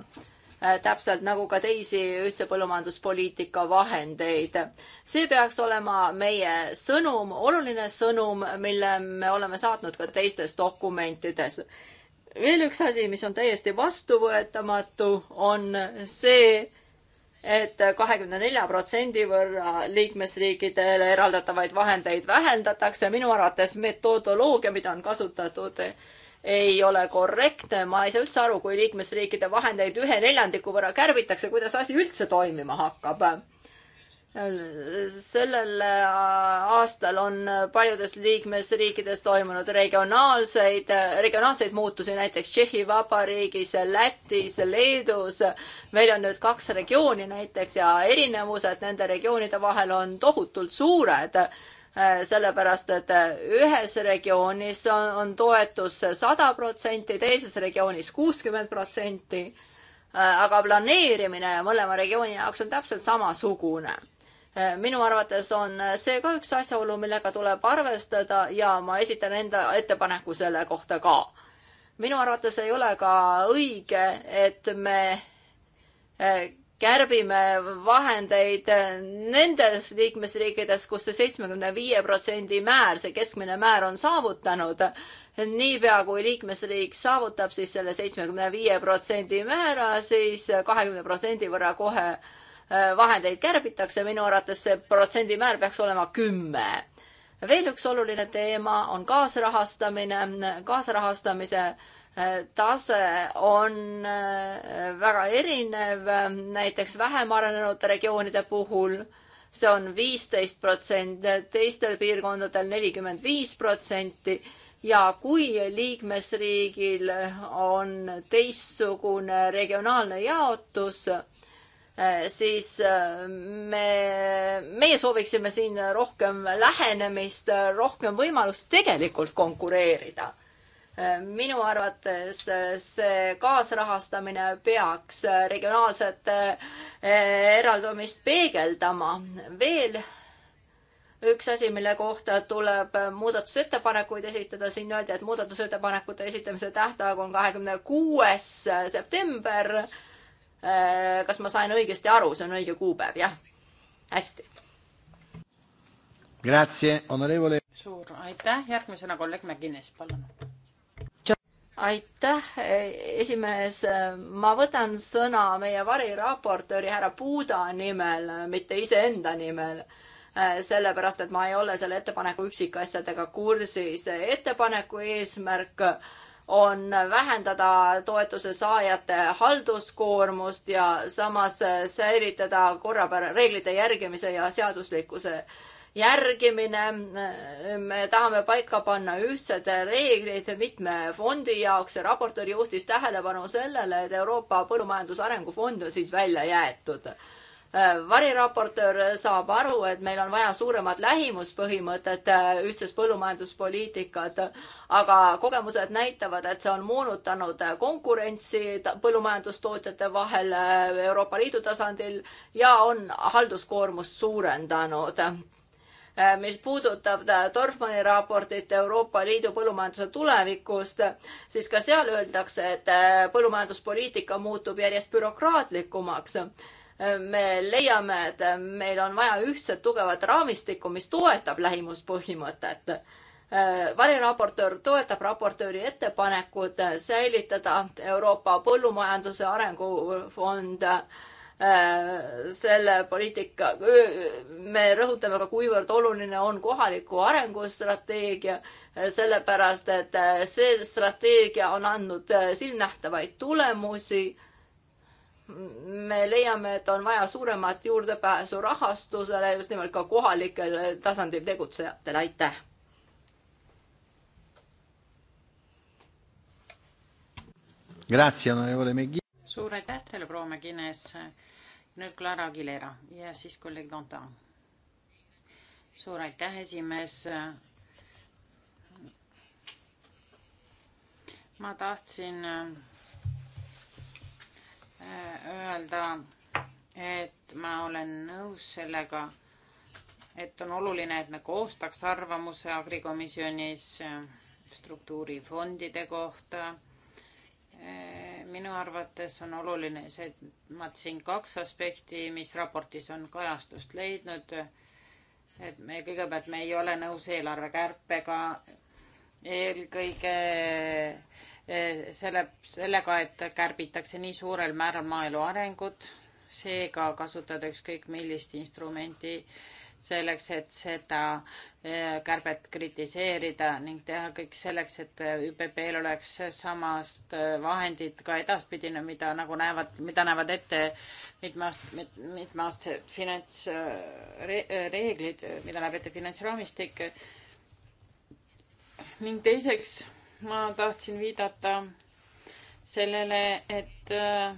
Äh, täpselt nagu ka teisi ühtse põllumajanduspoliitika vahendeid. see peaks olema meie sõnum, oluline sõnum, mille me oleme saatnud ka teistes dokumentides. veel üks asi, mis on täiesti vastuvõetamatu, on see, et kahekümne nelja protsendi võrra liikmesriikidele eraldatavaid vahendeid vähendatakse. minu arvates metodoloogia, mida on kasutatud, ei ole korrektne. ma ei saa üldse aru, kui liikmesriikide vahendeid ühe neljandiku võrra kärbitakse, kuidas asi üldse toimima hakkab sellel äh, aastal on paljudes liikmesriikides toimunud regionaalseid, regionaalseid muutusi, näiteks Tšehhi Vabariigis, Lätis, Leedus. meil on nüüd kaks regiooni näiteks ja erinevused nende regioonide vahel on tohutult suured äh, sellepärast, et ühes regioonis on, on toetus sada protsenti, teises regioonis kuuskümmend protsenti. Äh, aga planeerimine mõlema regiooni jaoks on täpselt samasugune Eh, minu arvates on eh, see ka üks asjaolu, millega tuleb arvestada ja ma esitan enda ettepaneku selle kohta ka. minu arvates ei ole ka õige, et me eh, kärbime vahendeid nendes liikmesriikides, kus see seitsmekümne viie protsendi määr, see keskmine määr on saavutanud. niipea kui liikmesriik saavutab siis selle seitsmekümne viie protsendi määra, siis kahekümne protsendi võrra kohe äh, Äh, vahendeid kärbitakse, minu arvates see protsendimäär peaks olema kümme. veel üks oluline teema on kaasrahastamine, kaasrahastamise äh, tase on äh, väga erinev, näiteks vähem arenenud regioonide puhul see on viisteist protsenti, teistel piirkondadel nelikümmend viis protsenti ja kui liikmesriigil on teistsugune regionaalne jaotus, Äh, siis äh, me, meie sooviksime siin rohkem lähenemist, äh, rohkem võimalust tegelikult konkureerida. minu arvates see kaasrahastamine peaks regionaalset eraldumist peegeldama. veel üks asi, mille kohta tuleb muudatusettepanekuid esitada, siin öeldi, et muudatusettepanekute esitamise tähtaeg on kahekümne kuues september Äh, kas ma sain õigesti aru, see on õige kuupäev, jah? hästi. Grazie, onorevole. suur aitäh, järgmisena kolleeg Mäkinis, palun. aitäh, esimees, ma võtan sõna meie variraportööri härra Puuda nimel, mitte iseenda nimel äh, sellepärast et ma ei ole selle ettepaneku üksikasjadega kursis. ettepaneku eesmärk on vähendada toetuse saajate halduskoormust ja samas säilitada korrapära-, reeglite järgimise ja seaduslikkuse järgimine. me tahame paika panna ühtsed reeglid mitme fondi jaoks ja raportöör juhtis tähelepanu sellele, et Euroopa Põllumajandusarengu Fond on siit välja jäetud Äh, variraportöör saab aru, et meil on vaja suuremat lähimuspõhimõtet äh, ühtses põllumajanduspoliitikat, aga kogemused näitavad, et see on moonutanud äh, konkurentsi põllumajandustootjate vahel Euroopa Liidu tasandil ja on halduskoormust suurendanud mis puudutab Dorfmanni raportit Euroopa Liidu põllumajanduse tulevikust, siis ka seal öeldakse, et põllumajanduspoliitika muutub järjest bürokraatlikumaks me leiame, et meil on vaja ühtset tugevat raamistikku, mis toetab lähimuspõhimõtet. variraportöör toetab raportööri ettepanekut säilitada Euroopa Põllumajanduse Arengufond äh, selle poliitika, me rõhutame ka, kuivõrd oluline on kohaliku arengustrateegia, sellepärast et see strateegia on andnud silmnähtavaid tulemusi me leiame, et on vaja suuremat juurdepääsu rahastusele just nimelt ka kohalikel tasandil tegutsejatel, aitäh. suur aitäh teile, proua Mäkines. nüüd Clara Aguilera ja siis kolleeg Danton. suur aitäh, esimees. ma tahtsin öelda, et ma olen nõus sellega, et on oluline, et me koostaks arvamuse agrikomisjonis struktuurifondide kohta. minu arvates on oluline see, et ma siin kaks aspekti, mis raportis on kajastust leidnud. et me kõigepealt, me ei ole nõus eelarvekärpega. eelkõige äh, Eh, selle, sellega, et kärbitakse nii suurel määral maaelu arengut, seega kasutada ükskõik millist instrumenti selleks, et seda eh, kärbet kritiseerida ning teha kõik selleks, et eh, ÜPP-l oleks samast vahendid ka edaspidine, mida nagu näevad, mida näevad ette mitmeaast-, mitmeaastased finantsreeglid, mida näeb ette finantsraamistik. ning teiseks ma tahtsin viidata sellele, et äh,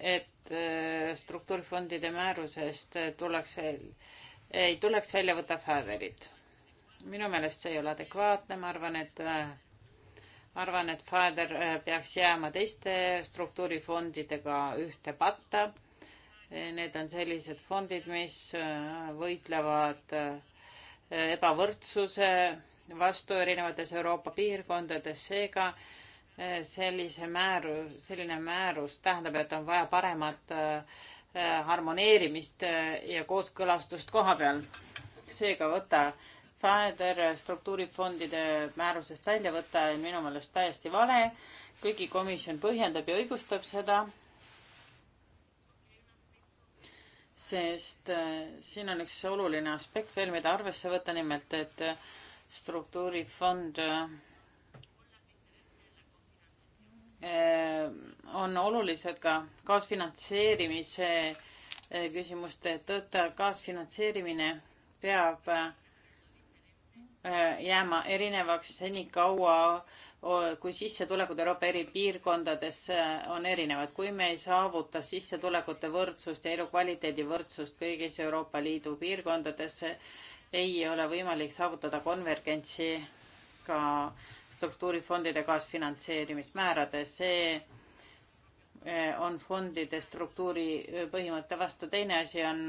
et äh, struktuurifondide määrusest tuleks, ei tuleks välja võtta Fäverit. minu meelest see ei ole adekvaatne, ma arvan, et äh, arvan, et Fäver peaks jääma teiste struktuurifondidega ühte patta. Need on sellised fondid, mis võitlevad äh, ebavõrdsuse vastu erinevates Euroopa piirkondades, seega eh, sellise määrus, selline määrus tähendab, et on vaja paremat eh, harmoneerimist eh, ja kooskõlastust koha peal. seega võta FAEDER struktuurifondide määrusest välja võtta on minu meelest täiesti vale, kuigi komisjon põhjendab ja õigustab seda sest äh, siin on üks oluline aspekt veel, mida arvesse võtta, nimelt et äh, struktuurifond äh, on olulised ka kaasfinantseerimise küsimuste tõttu. kaasfinantseerimine peab jääma erinevaks senikaua, kui sissetulekud Euroopa eri piirkondades on erinevad. kui me ei saavuta sissetulekute võrdsust ja elukvaliteedi võrdsust kõigis Euroopa Liidu piirkondades, ei ole võimalik saavutada konvergentsi ka struktuurifondide kaasfinantseerimismäärades. see on fondide struktuuri põhimõtte vastu. teine asi on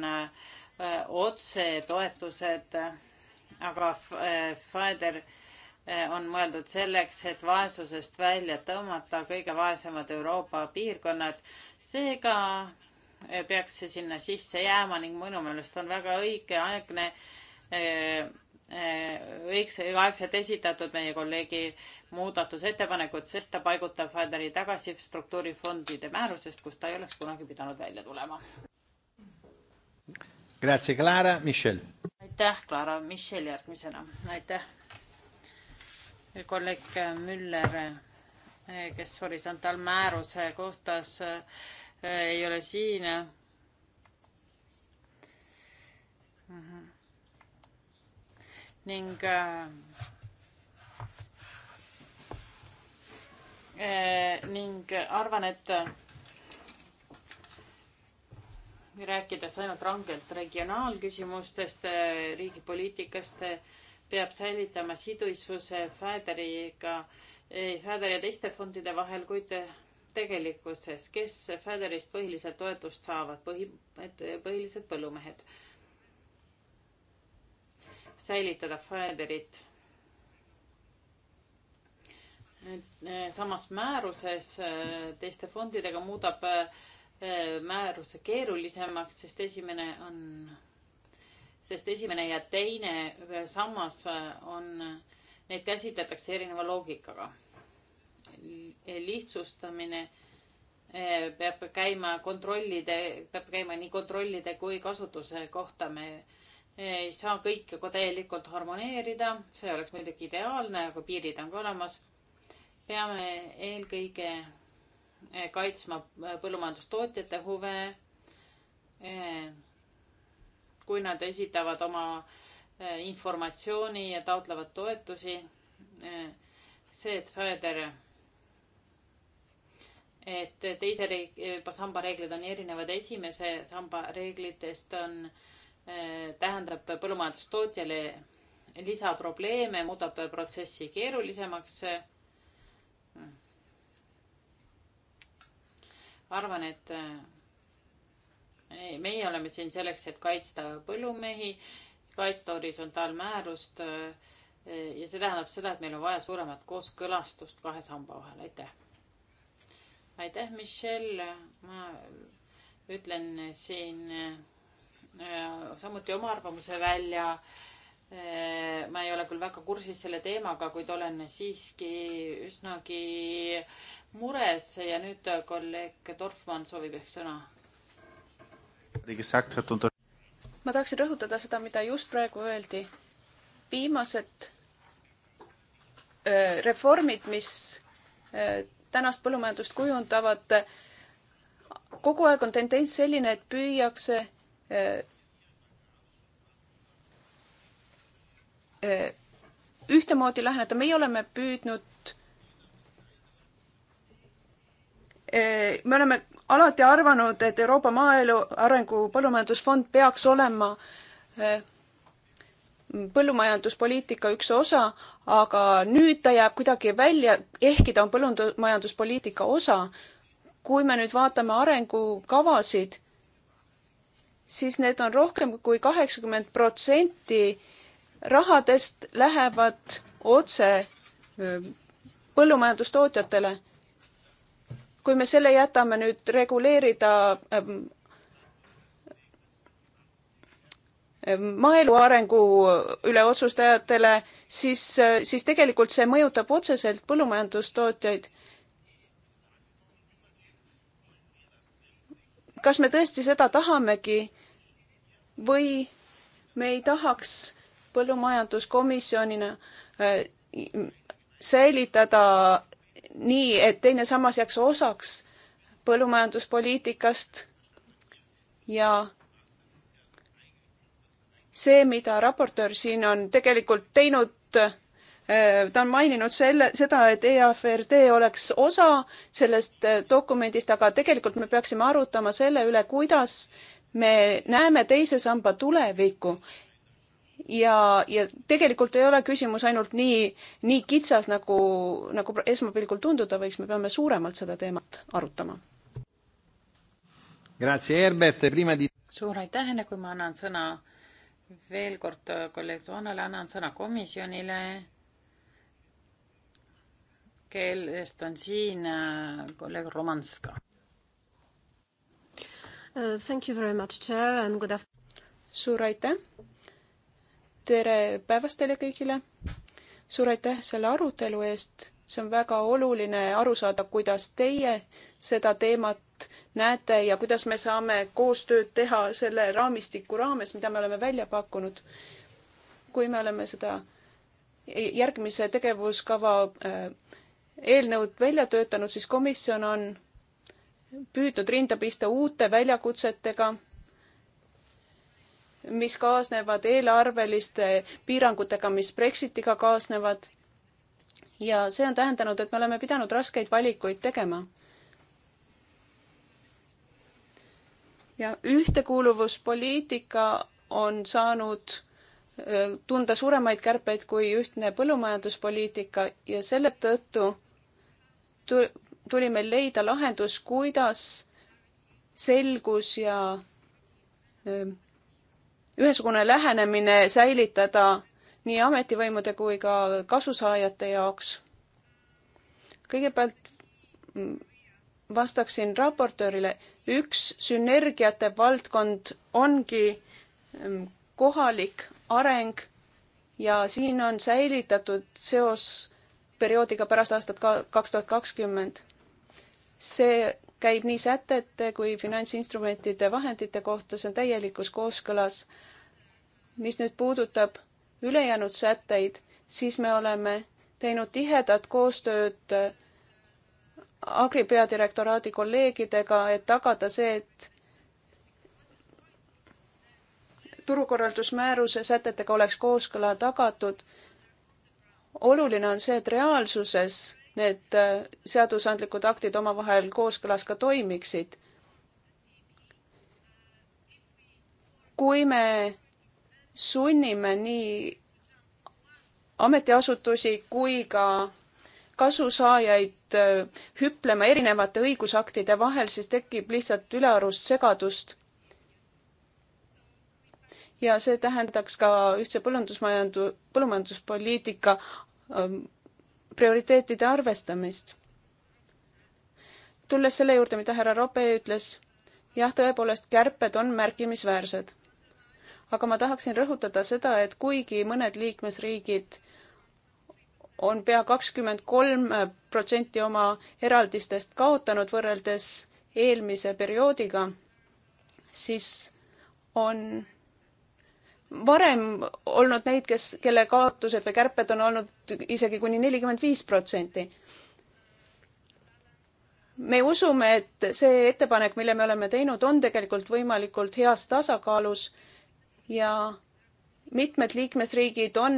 otsetoetused, aga FADER äh, Eh, on mõeldud selleks, et vaesusest välja tõmmata kõige vaesemad Euroopa piirkonnad. seega eh, peaks see sinna sisse jääma ning minu meelest on väga õigeaegne eh, õigeaegselt esitatud meie kolleegi muudatusettepanekud, sest ta paigutab Federi tagasi struktuurifondide määrusest, kust ta ei oleks kunagi pidanud välja tulema. Grazie, Clara, Michel. aitäh, Clara, Michel järgmisena, aitäh kolleeg Müller, kes horisontaalmääruse koostas, ei ole siin. ning ning arvan, et rääkides ainult rangelt regionaalküsimustest, riigi poliitikast, peab säilitama sidususe Federiga, Federi ja teiste fondide vahel, kuid tegelikkuses, kes Federist põhiliselt toetust saavad, põhi, põhiliselt põllumehed. säilitada Federit. samas määruses äh, teiste fondidega muudab äh, määruse keerulisemaks, sest esimene on sest esimene ja teine sammas äh, on, neid käsitletakse erineva loogikaga. lihtsustamine äh, peab käima kontrollide, peab käima nii kontrollide kui kasutuse kohta. me äh, ei saa kõike ka täielikult harmoneerida, see oleks muidugi ideaalne, aga piirid on ka olemas. peame eelkõige kaitsma põllumajandustootjate huve kui nad esitavad oma eh, informatsiooni ja taotlevad toetusi. Eh, see, et Föder, et teise eh, samba reeglid on erinevad esimese samba reeglitest, on, tähendab põllumajandustootjale lisaprobleeme, muudab protsessi keerulisemaks. arvan, et meie oleme siin selleks, et kaitsta põllumehi, kaitsta horisontaalmäärust eh, ja see tähendab seda, et meil on vaja suuremat kooskõlastust kahe samba vahel, aitäh. aitäh, Michelle, ma ütlen siin eh, samuti oma arvamuse välja. Eh, ma ei ole küll väga kursis selle teemaga, kuid olen siiski üsnagi mures ja nüüd kolleeg Dorfmann soovib ehk sõna ma tahaksin rõhutada seda, mida just praegu öeldi. viimased äh, reformid, mis äh, tänast põllumajandust kujundavad, kogu aeg on tendents selline, et püüakse äh, ühtemoodi läheneda, meie oleme püüdnud, me oleme alati arvanud, et Euroopa Maaelu Arengu Põllumajandusfond peaks olema eh, põllumajanduspoliitika üks osa, aga nüüd ta jääb kuidagi välja, ehkki ta on põllumajanduspoliitika osa. kui me nüüd vaatame arengukavasid, siis need on rohkem kui kaheksakümmend protsenti rahadest lähevad otse eh, põllumajandustootjatele kui me selle jätame nüüd reguleerida ähm, ähm maaelu arengu üle otsustajatele, siis, äh, siis tegelikult see mõjutab otseselt põllumajandustootjaid. kas me tõesti seda tahamegi või me ei tahaks põllumajanduskomisjonina äh, säilitada nii, et teine sammas jääks osaks põllumajanduspoliitikast ja see, mida raportöör siin on tegelikult teinud, äh, ta on maininud selle, seda, et EAFRD oleks osa sellest äh, dokumendist, aga tegelikult me peaksime arutama selle üle, kuidas me näeme teise samba tulevikku, ja, ja tegelikult ei ole küsimus ainult nii, nii kitsas, nagu, nagu esmapilgul tunduda võiks, me peame suuremalt seda teemat arutama. Di... suur aitäh, enne kui ma annan sõna veel kord kolleeg Soonele, annan sõna komisjonile, kellest on siin äh, kolleeg Romanska uh,. Thank you very much, chair and good afternoon. suur aitäh tere päevast teile kõigile. suur aitäh selle arutelu eest, see on väga oluline aru saada, kuidas teie seda teemat näete ja kuidas me saame koostööd teha selle raamistiku raames, mida me oleme välja pakkunud. kui me oleme seda järgmise tegevuskava äh, eelnõud välja töötanud, siis komisjon on püüdnud rinda pista uute väljakutsetega mis kaasnevad eelarveliste piirangutega, mis Brexitiga kaasnevad. ja see on tähendanud, et me oleme pidanud raskeid valikuid tegema. ja ühtekuuluvuspoliitika on saanud äh, tunda suuremaid kärpeid kui ühtne põllumajanduspoliitika ja selle tõttu tuli meil leida lahendus, kuidas selgus ja äh, ühesugune lähenemine säilitada nii ametivõimude kui ka kasusaajate jaoks. kõigepealt vastaksin raportöörile, üks sünergiate valdkond ongi kohalik areng ja siin on säilitatud seos perioodiga pärast aastat kaks tuhat kakskümmend. see käib nii sätete kui finantsinstrumentide vahendite kohta, see on täielikus kooskõlas. mis nüüd puudutab ülejäänud sätteid, siis me oleme teinud tihedat koostööd Agri peadirektoraadi kolleegidega, et tagada see, et turukorraldusmääruse sätetega oleks kooskõla tagatud. oluline on see, et reaalsuses need äh, seadusandlikud aktid omavahel kooskõlas ka toimiksid. kui me sunnime nii ametiasutusi kui ka kasusaajaid äh, hüplema erinevate õigusaktide vahel, siis tekib lihtsalt ülearust segadust. ja see tähendaks ka ühtse põllundusmajandu-, põllumajanduspoliitika ähm, prioriteetide arvestamist. tulles selle juurde, mida härra Rope ütles, jah, tõepoolest, kärped on märkimisväärsed. aga ma tahaksin rõhutada seda, et kuigi mõned liikmesriigid on pea kakskümmend kolm protsenti oma eraldistest kaotanud võrreldes eelmise perioodiga, siis on varem olnud neid, kes, kelle kaotused või kärped on olnud isegi kuni nelikümmend viis protsenti. me usume, et see ettepanek, mille me oleme teinud, on tegelikult võimalikult heas tasakaalus ja mitmed liikmesriigid on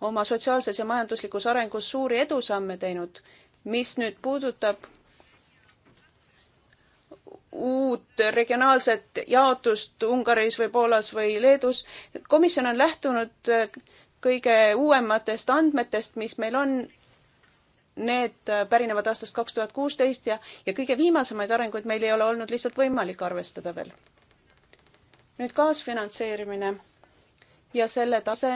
oma sotsiaalses ja majanduslikus arengus suuri edusamme teinud. mis nüüd puudutab uut regionaalset jaotust Ungaris või Poolas või Leedus. komisjon on lähtunud äh, kõige uuematest andmetest, mis meil on. Need äh, pärinevad aastast kaks tuhat kuusteist ja, ja kõige viimasemaid arenguid meil ei ole olnud lihtsalt võimalik arvestada veel. nüüd kaasfinantseerimine ja selle tase.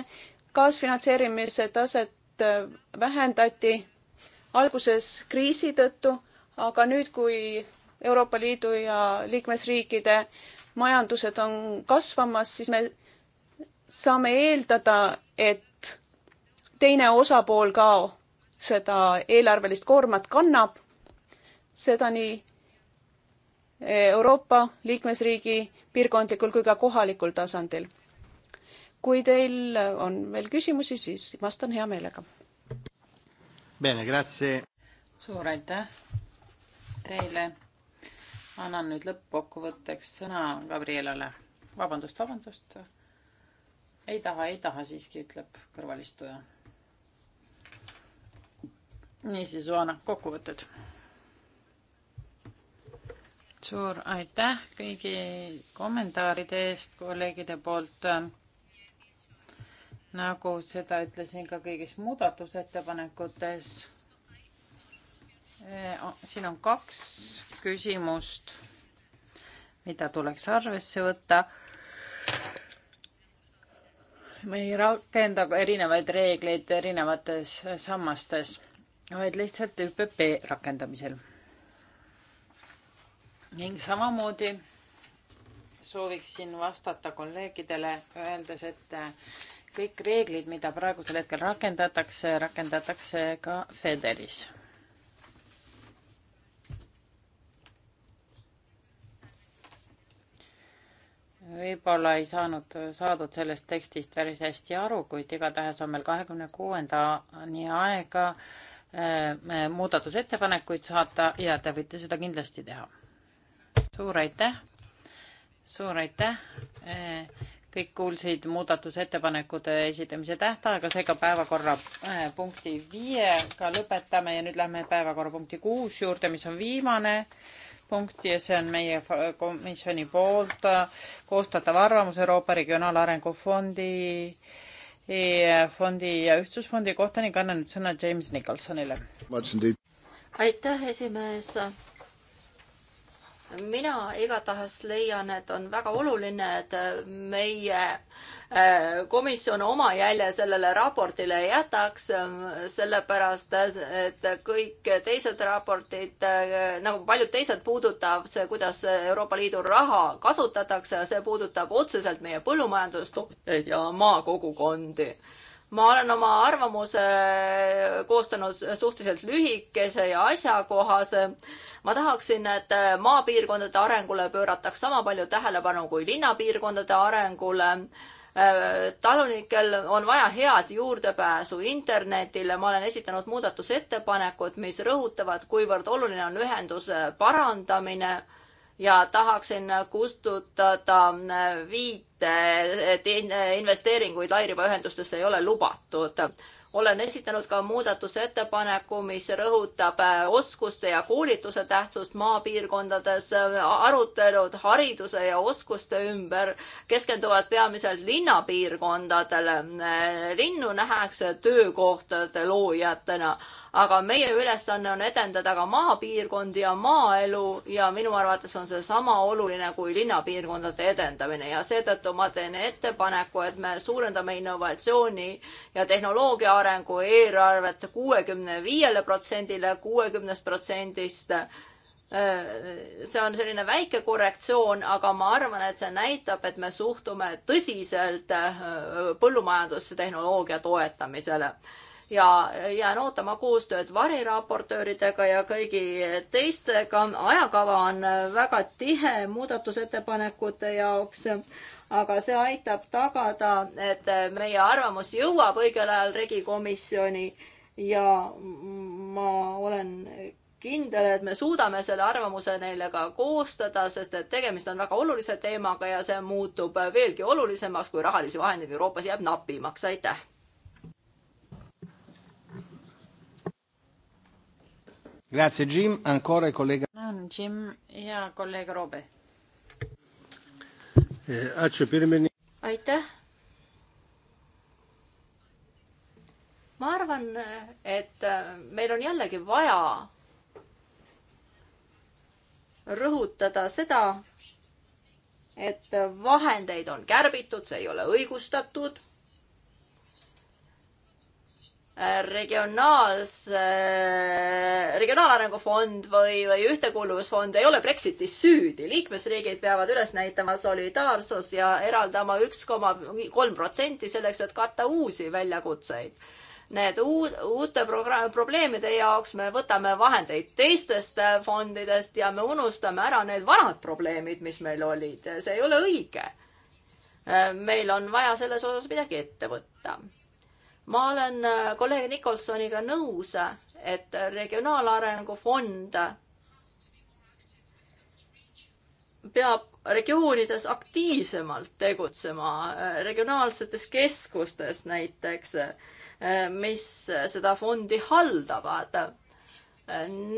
kaasfinantseerimise taset äh, vähendati alguses kriisi tõttu, aga nüüd, kui Euroopa Liidu ja liikmesriikide majandused on kasvamas, siis me saame eeldada, et teine osapool ka seda eelarvelist koormat kannab, seda nii eh, Euroopa liikmesriigi piirkondlikul kui ka kohalikul tasandil. kui teil on veel küsimusi, siis vastan hea meelega. Bene, grazie. suur aitäh teile annan nüüd lõppkokkuvõtteks sõna Gabrielale. vabandust, vabandust. ei taha, ei taha siiski, ütleb kõrvalistuja. niisiis, Joana, kokkuvõtted. suur aitäh kõigi kommentaaride eest kolleegide poolt. nagu seda ütlesin ka kõigis muudatusettepanekutes Eh, siin on kaks küsimust, mida tuleks arvesse võtta. me ei rakenda erinevaid reegleid erinevates sammastes, vaid lihtsalt ÜPP rakendamisel. ning samamoodi sooviksin vastata kolleegidele, öeldes, et eh, kõik reeglid, mida praegusel hetkel rakendatakse, rakendatakse ka Federis võib-olla ei saanud, saadud sellest tekstist päris hästi aru, kuid igatahes on meil kahekümne kuuendani aega äh, muudatusettepanekuid saata ja te võite seda kindlasti teha. suur aitäh, suur aitäh. Äh, kõik kuulsid muudatusettepanekute esitamise tähtaega, seega päevakorrapunkti viiega lõpetame ja nüüd lähme päevakorrapunkti kuus juurde, mis on viimane punkti ja see on meie komisjoni poolt äh, koostatav arvamus Euroopa Regionaalarengu Fondi e, fondi ja Ühtsusfondi kohta ning annan nüüd sõna James Nicholsonile. aitäh, esimees mina igatahes leian, et on väga oluline, et meie äh, komisjon oma jälje sellele raportile jätaks, ähm, sellepärast et kõik teised raportid, äh, nagu paljud teised, puudutab see, kuidas Euroopa Liidu raha kasutatakse ja see puudutab otseselt meie põllumajandustootjaid ja maakogukondi ma olen oma arvamuse koostanud suhteliselt lühikese ja asjakohase. ma tahaksin, et maapiirkondade arengule pöörataks sama palju tähelepanu kui linnapiirkondade arengule. talunikel on vaja head juurdepääsu internetile, ma olen esitanud muudatusettepanekud, mis rõhutavad, kuivõrd oluline on ühenduse parandamine ja tahaksin kustutada viit et investeeringuid lairibaühendustesse ei ole lubatud olen esitanud ka muudatusettepaneku, mis rõhutab äh, oskuste ja koolituse tähtsust maapiirkondades. arutelud hariduse ja oskuste ümber keskenduvad peamiselt linnapiirkondadele. Äh, linnu nähakse töökohtade loojatena, aga meie ülesanne on edendada ka maapiirkondi ja maaelu ja minu arvates on see sama oluline kui linnapiirkondade edendamine ja seetõttu ma teen ettepaneku, et me suurendame innovatsiooni ja tehnoloogia arengu eelarvet kuuekümne viiele protsendile, kuuekümnest protsendist see on selline väike korrektsioon, aga ma arvan, et see näitab, et me suhtume tõsiselt äh, põllumajandustehnoloogia toetamisele ja jään ootama koostööd variraportööridega ja kõigi teistega. ajakava on väga tihe muudatusettepanekute jaoks, aga see aitab tagada, et meie arvamus jõuab õigel ajal regikomisjoni ja ma olen kindel, et me suudame selle arvamuse neile ka koostada, sest et tegemist on väga olulise teemaga ja see muutub veelgi olulisemaks, kui rahalisi vahendeid Euroopas jääb napimaks. aitäh! Grazie, Jim. Ancora kolleeg. tänan, Jim ja kolleeg Roobe. Eh, aitäh. ma arvan, et eh, meil on jällegi vaja rõhutada seda, et vahendeid on kärbitud, see ei ole õigustatud regionaalse, äh, regionaalarengu fond või, või ühtekuuluvusfond ei ole Brexitis süüdi. liikmesriigid peavad üles näitama solidaarsus ja eraldama üks koma kolm protsenti selleks, et katta uusi väljakutseid. Need uud, uute probleemide jaoks me võtame vahendeid teistest fondidest ja me unustame ära need vanad probleemid, mis meil olid. see ei ole õige. Äh, meil on vaja selles osas midagi ette võtta ma olen äh, kolleeg Nikolsoniga nõus, et Regionaalarengu Fond peab regioonides aktiivsemalt tegutsema, äh, regionaalsetes keskustes näiteks, äh, mis seda fondi haldavad.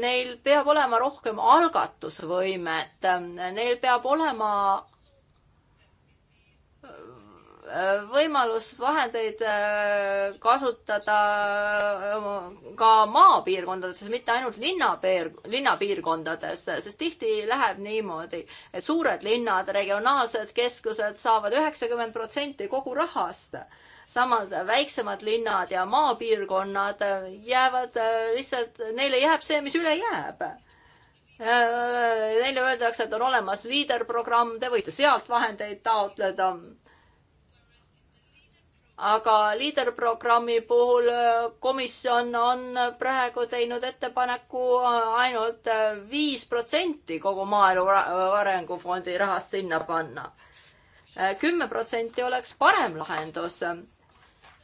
Neil peab olema rohkem algatusvõimet, neil peab olema võimalus vahendeid äh, kasutada äh, ka maapiirkondades, mitte ainult linnapiir, linnapiirkondades, sest tihti läheb niimoodi, et suured linnad, regionaalsed keskused saavad üheksakümmend protsenti kogu rahast. samas väiksemad linnad ja maapiirkonnad jäävad äh, lihtsalt, neile jääb see, mis üle jääb Neile öeldakse, et on olemas liiderprogramm, te võite sealt vahendeid taotleda aga liiderprogrammi puhul äh, komisjon on äh, praegu teinud ettepaneku äh, ainult viis protsenti kogu maaelu arengufondi rahast sinna panna. kümme protsenti oleks parem lahendus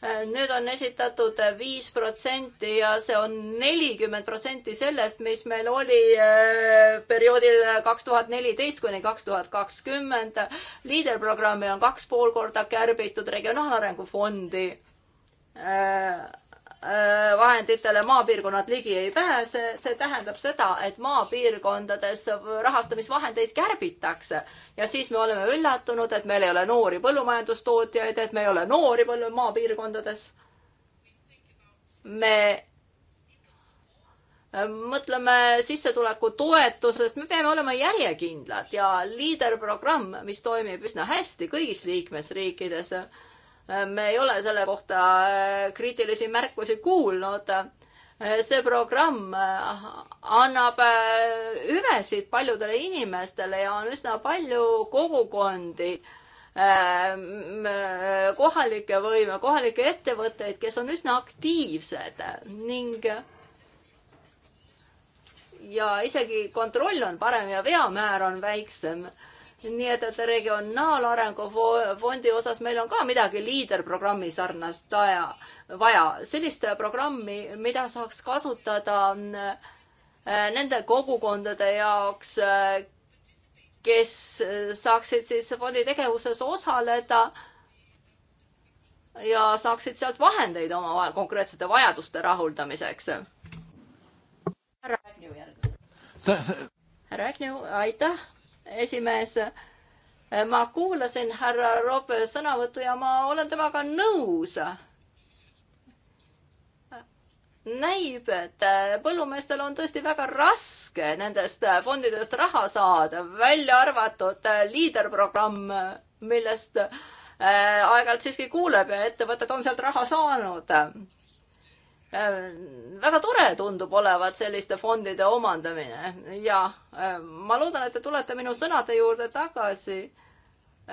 nüüd on esitatud viis protsenti ja see on nelikümmend protsenti sellest, mis meil oli äh, perioodil kaks tuhat neliteist kuni kaks tuhat kakskümmend. liiderprogrammi on kaks pool korda kärbitud, regionaalarengu fondi äh, Äh, vahenditele maapiirkonnad ligi ei pääse, see tähendab seda, et maapiirkondades rahastamisvahendeid kärbitakse. ja siis me oleme üllatunud, et meil ei ole noori põllumajandustootjaid, et me ei ole noori põllu-, maapiirkondades. me äh, mõtleme sissetulekutoetusest, me peame olema järjekindlad ja liiderprogramm, mis toimib üsna hästi kõigis liikmesriikides me ei ole selle kohta äh, kriitilisi märkusi kuulnud. Äh, see programm äh, annab hüvesid paljudele inimestele ja on üsna palju kogukondi, kohalikke võime, kohalikke ettevõtteid, kes on üsna aktiivsed ning ja isegi kontroll on parem ja veamäär on väiksem nii et, et regionaalarengu fondi osas meil on ka midagi liiderprogrammi sarnast aja, vaja, sellist programmi, mida saaks kasutada äh, nende kogukondade jaoks, äh, kes saaksid siis fondi tegevuses osaleda ja saaksid sealt vahendeid oma konkreetsete vajaduste rahuldamiseks. härra Ägnu järgmiseks. härra Ägnu, aitäh esimees. ma kuulasin härra Robe sõnavõttu ja ma olen temaga nõus näib, et põllumeestel on tõesti väga raske nendest fondidest raha saada, välja arvatud liiderprogramm, millest äh, aeg-ajalt siiski kuuleb ja ettevõtted on sealt raha saanud. Äh, väga tore tundub olevat selliste fondide omandamine ja äh, ma loodan, et te tulete minu sõnade juurde tagasi.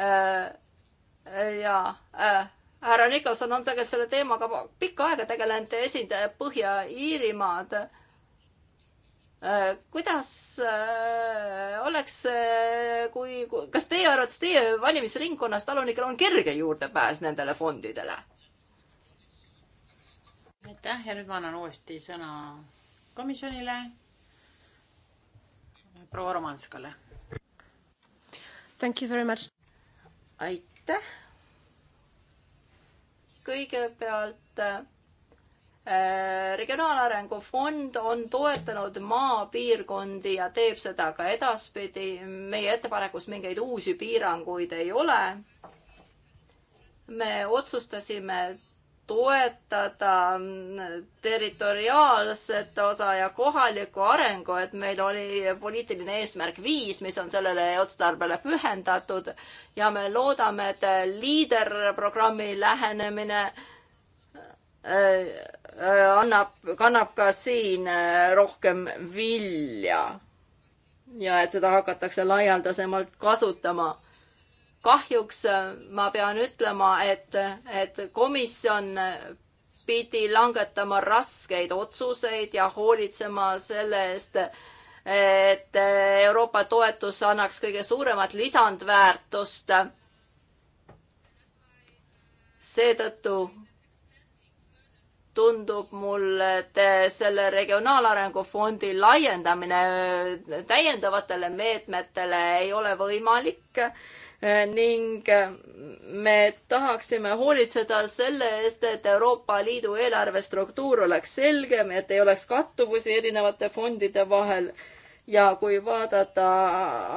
Äh, ja härra Nikolson on tegelikult selle teemaga pikka aega tegelenud, esindab Põhja-Iirimaad kuidas oleks, kui, kas teie arvates teie valimisringkonnas talunikel on kerge juurdepääs nendele fondidele? aitäh ja nüüd ma annan uuesti sõna komisjonile, proua Romanskale. Thank you very much. aitäh. kõigepealt äh, regionaalarengu fond on toetanud maapiirkondi ja teeb seda ka edaspidi. meie ettepanekus mingeid uusi piiranguid ei ole me otsustasime toetada territoriaalset osa ja kohalikku arengu, et meil oli poliitiline eesmärk viis, mis on sellele otstarbele pühendatud ja me loodame, et liiderprogrammi lähenemine äh, äh, annab, kannab ka siin äh, rohkem vilja. ja et seda hakatakse laialdasemalt kasutama kahjuks äh, ma pean ütlema, et, et komisjon pidi langetama raskeid otsuseid ja hoolitsema selle eest, et Euroopa toetus annaks kõige suuremat lisandväärtust. seetõttu tundub mulle, et selle Regionaalarengu Fondi laiendamine täiendavatele meetmetele ei ole võimalik Eh, ning eh, me tahaksime hoolitseda selle eest, et Euroopa Liidu eelarve struktuur oleks selgem, et ei oleks kattuvusi erinevate fondide vahel. ja kui vaadata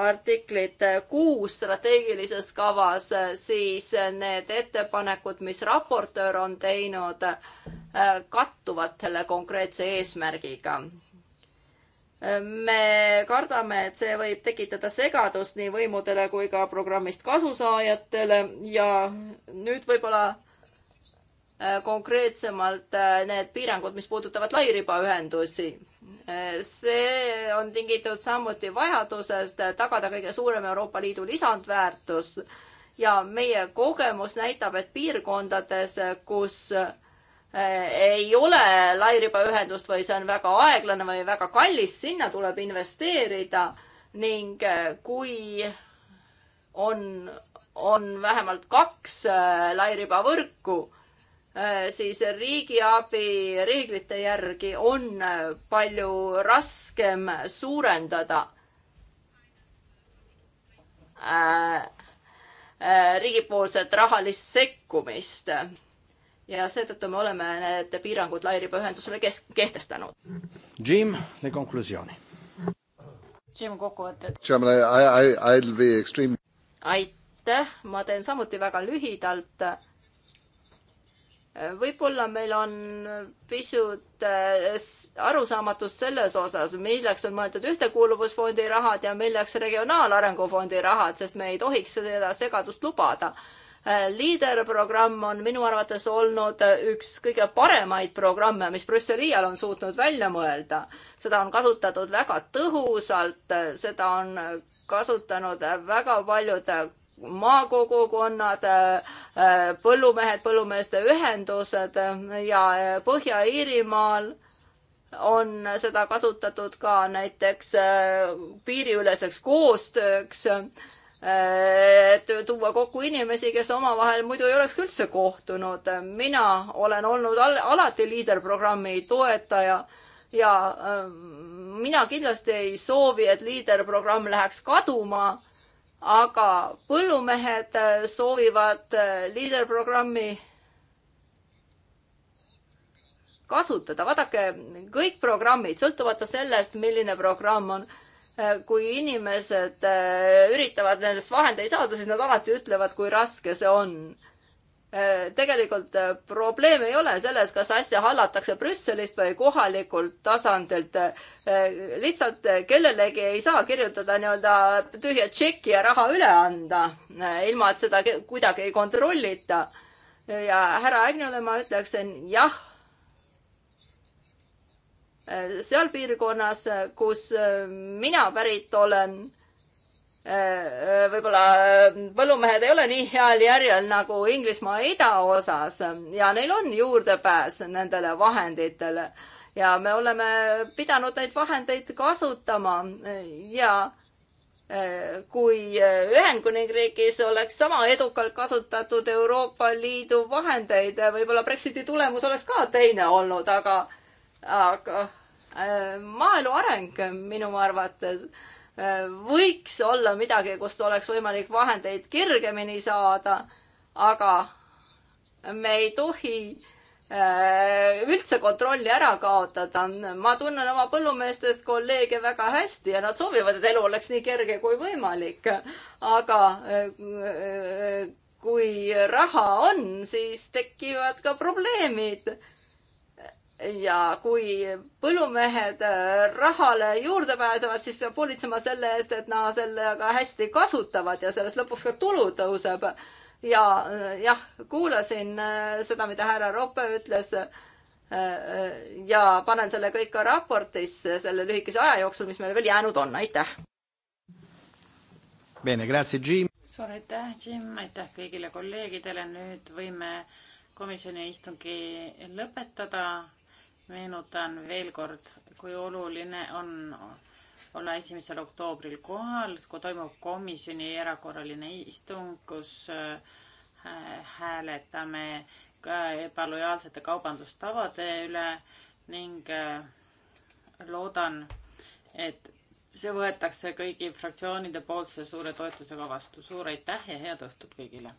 artiklit kuus strateegilises kavas, eh, siis need ettepanekud, mis raportöör on teinud, kattuvad selle konkreetse eesmärgiga me kardame, et see võib tekitada segadust nii võimudele kui ka programmist kasusaajatele ja nüüd võib-olla äh, konkreetsemalt äh, need piirangud, mis puudutavad lairibaühendusi. Äh, see on tingitud samuti vajadusest tagada kõige suurem Euroopa Liidu lisandväärtus ja meie kogemus näitab, et piirkondades, kus Äh, ei ole lairibaühendust või see on väga aeglane või väga kallis, sinna tuleb investeerida ning äh, kui on, on vähemalt kaks äh, lairibavõrku, siis riigiabi reeglite järgi on palju raskem suurendada riigipoolset rahalist sekkumist ja seetõttu me oleme need piirangud lairibaühendusele kes-, kehtestanud. Jim, le conclusioni. Jim, kokkuvõtted. aitäh, ma teen samuti väga lühidalt võib-olla meil on pisut eh, arusaamatust selles osas, milleks on mõeldud Ühtekuuluvusfondi rahad ja milleks Regionaalarengu Fondi rahad, sest me ei tohiks seda segadust lubada. Äh, liiderprogramm on minu arvates olnud äh, üks kõige paremaid programme, mis Brüsseli iial on suutnud välja mõelda. seda on kasutatud väga tõhusalt, äh, seda on kasutanud väga paljud maakogukonnad, põllumehed, põllumeeste ühendused ja Põhja-Iirimaal on seda kasutatud ka näiteks piiriüleseks koostööks tuua kokku inimesi, kes omavahel muidu ei oleks üldse kohtunud. mina olen olnud al alati liiderprogrammi toetaja ja ähm, mina kindlasti ei soovi, et liiderprogramm läheks kaduma, aga põllumehed äh, soovivad äh, liiderprogrammi kasutada. vaadake, kõik programmid, sõltumata sellest, milline programm on Äh, kui inimesed äh, üritavad nendest vahendeid saada, siis nad alati ütlevad, kui raske see on. Äh, tegelikult probleem ei ole selles, kas asja hallatakse Brüsselist või kohalikult tasandilt. lihtsalt kellelegi ei saa kirjutada nii-öelda tühja tšeki ja raha üle anda, ilma et seda kuidagi ei kontrollita. ja härra Ägnule ma ütleksin jah seal piirkonnas, kus äh, mina pärit olen, äh, äh, võib-olla põllumehed ei ole nii heal järjel nagu Inglismaa idaosas ja neil on juurdepääs nendele vahenditele ja me oleme pidanud neid vahendeid kasutama ja kui Ühendkuningriigis oleks sama edukalt kasutatud Euroopa Liidu vahendeid, võib-olla Brexiti tulemus oleks ka teine olnud, aga aga äh, maaelu areng minu arvates äh, võiks olla midagi, kust oleks võimalik vahendeid kergemini saada, aga me ei tohi äh, üldse kontrolli ära kaotada. ma tunnen oma põllumeestest kolleege väga hästi ja nad soovivad, et elu oleks nii kerge kui võimalik. aga kui raha on, siis tekivad ka probleemid ja kui põllumehed äh, rahale juurde pääsevad, siis peab hoolitsema selle eest, et nad sellega hästi kasutavad ja sellest lõpuks ka tulu tõuseb. ja äh, jah, kuulasin äh, seda, mida härra Roppe ütles. ja panen selle kõik ka raportisse selle lühikese aja jooksul, mis meil veel jäänud on, aitäh. Bene, grazie, Jim. suur aitäh, Jim, aitäh kõigile kolleegidele, nüüd võime komisjoni istungi lõpetada meenutan veel kord, kui oluline on olla esimesel oktoobril kohal, kui toimub komisjoni erakorraline istung, kus äh, hääletame ka ebalojaalsete kaubandustavade üle ning äh, loodan, et see võetakse kõigi fraktsioonide poolt selle suure toetusega vastu. suur aitäh ja head õhtut kõigile!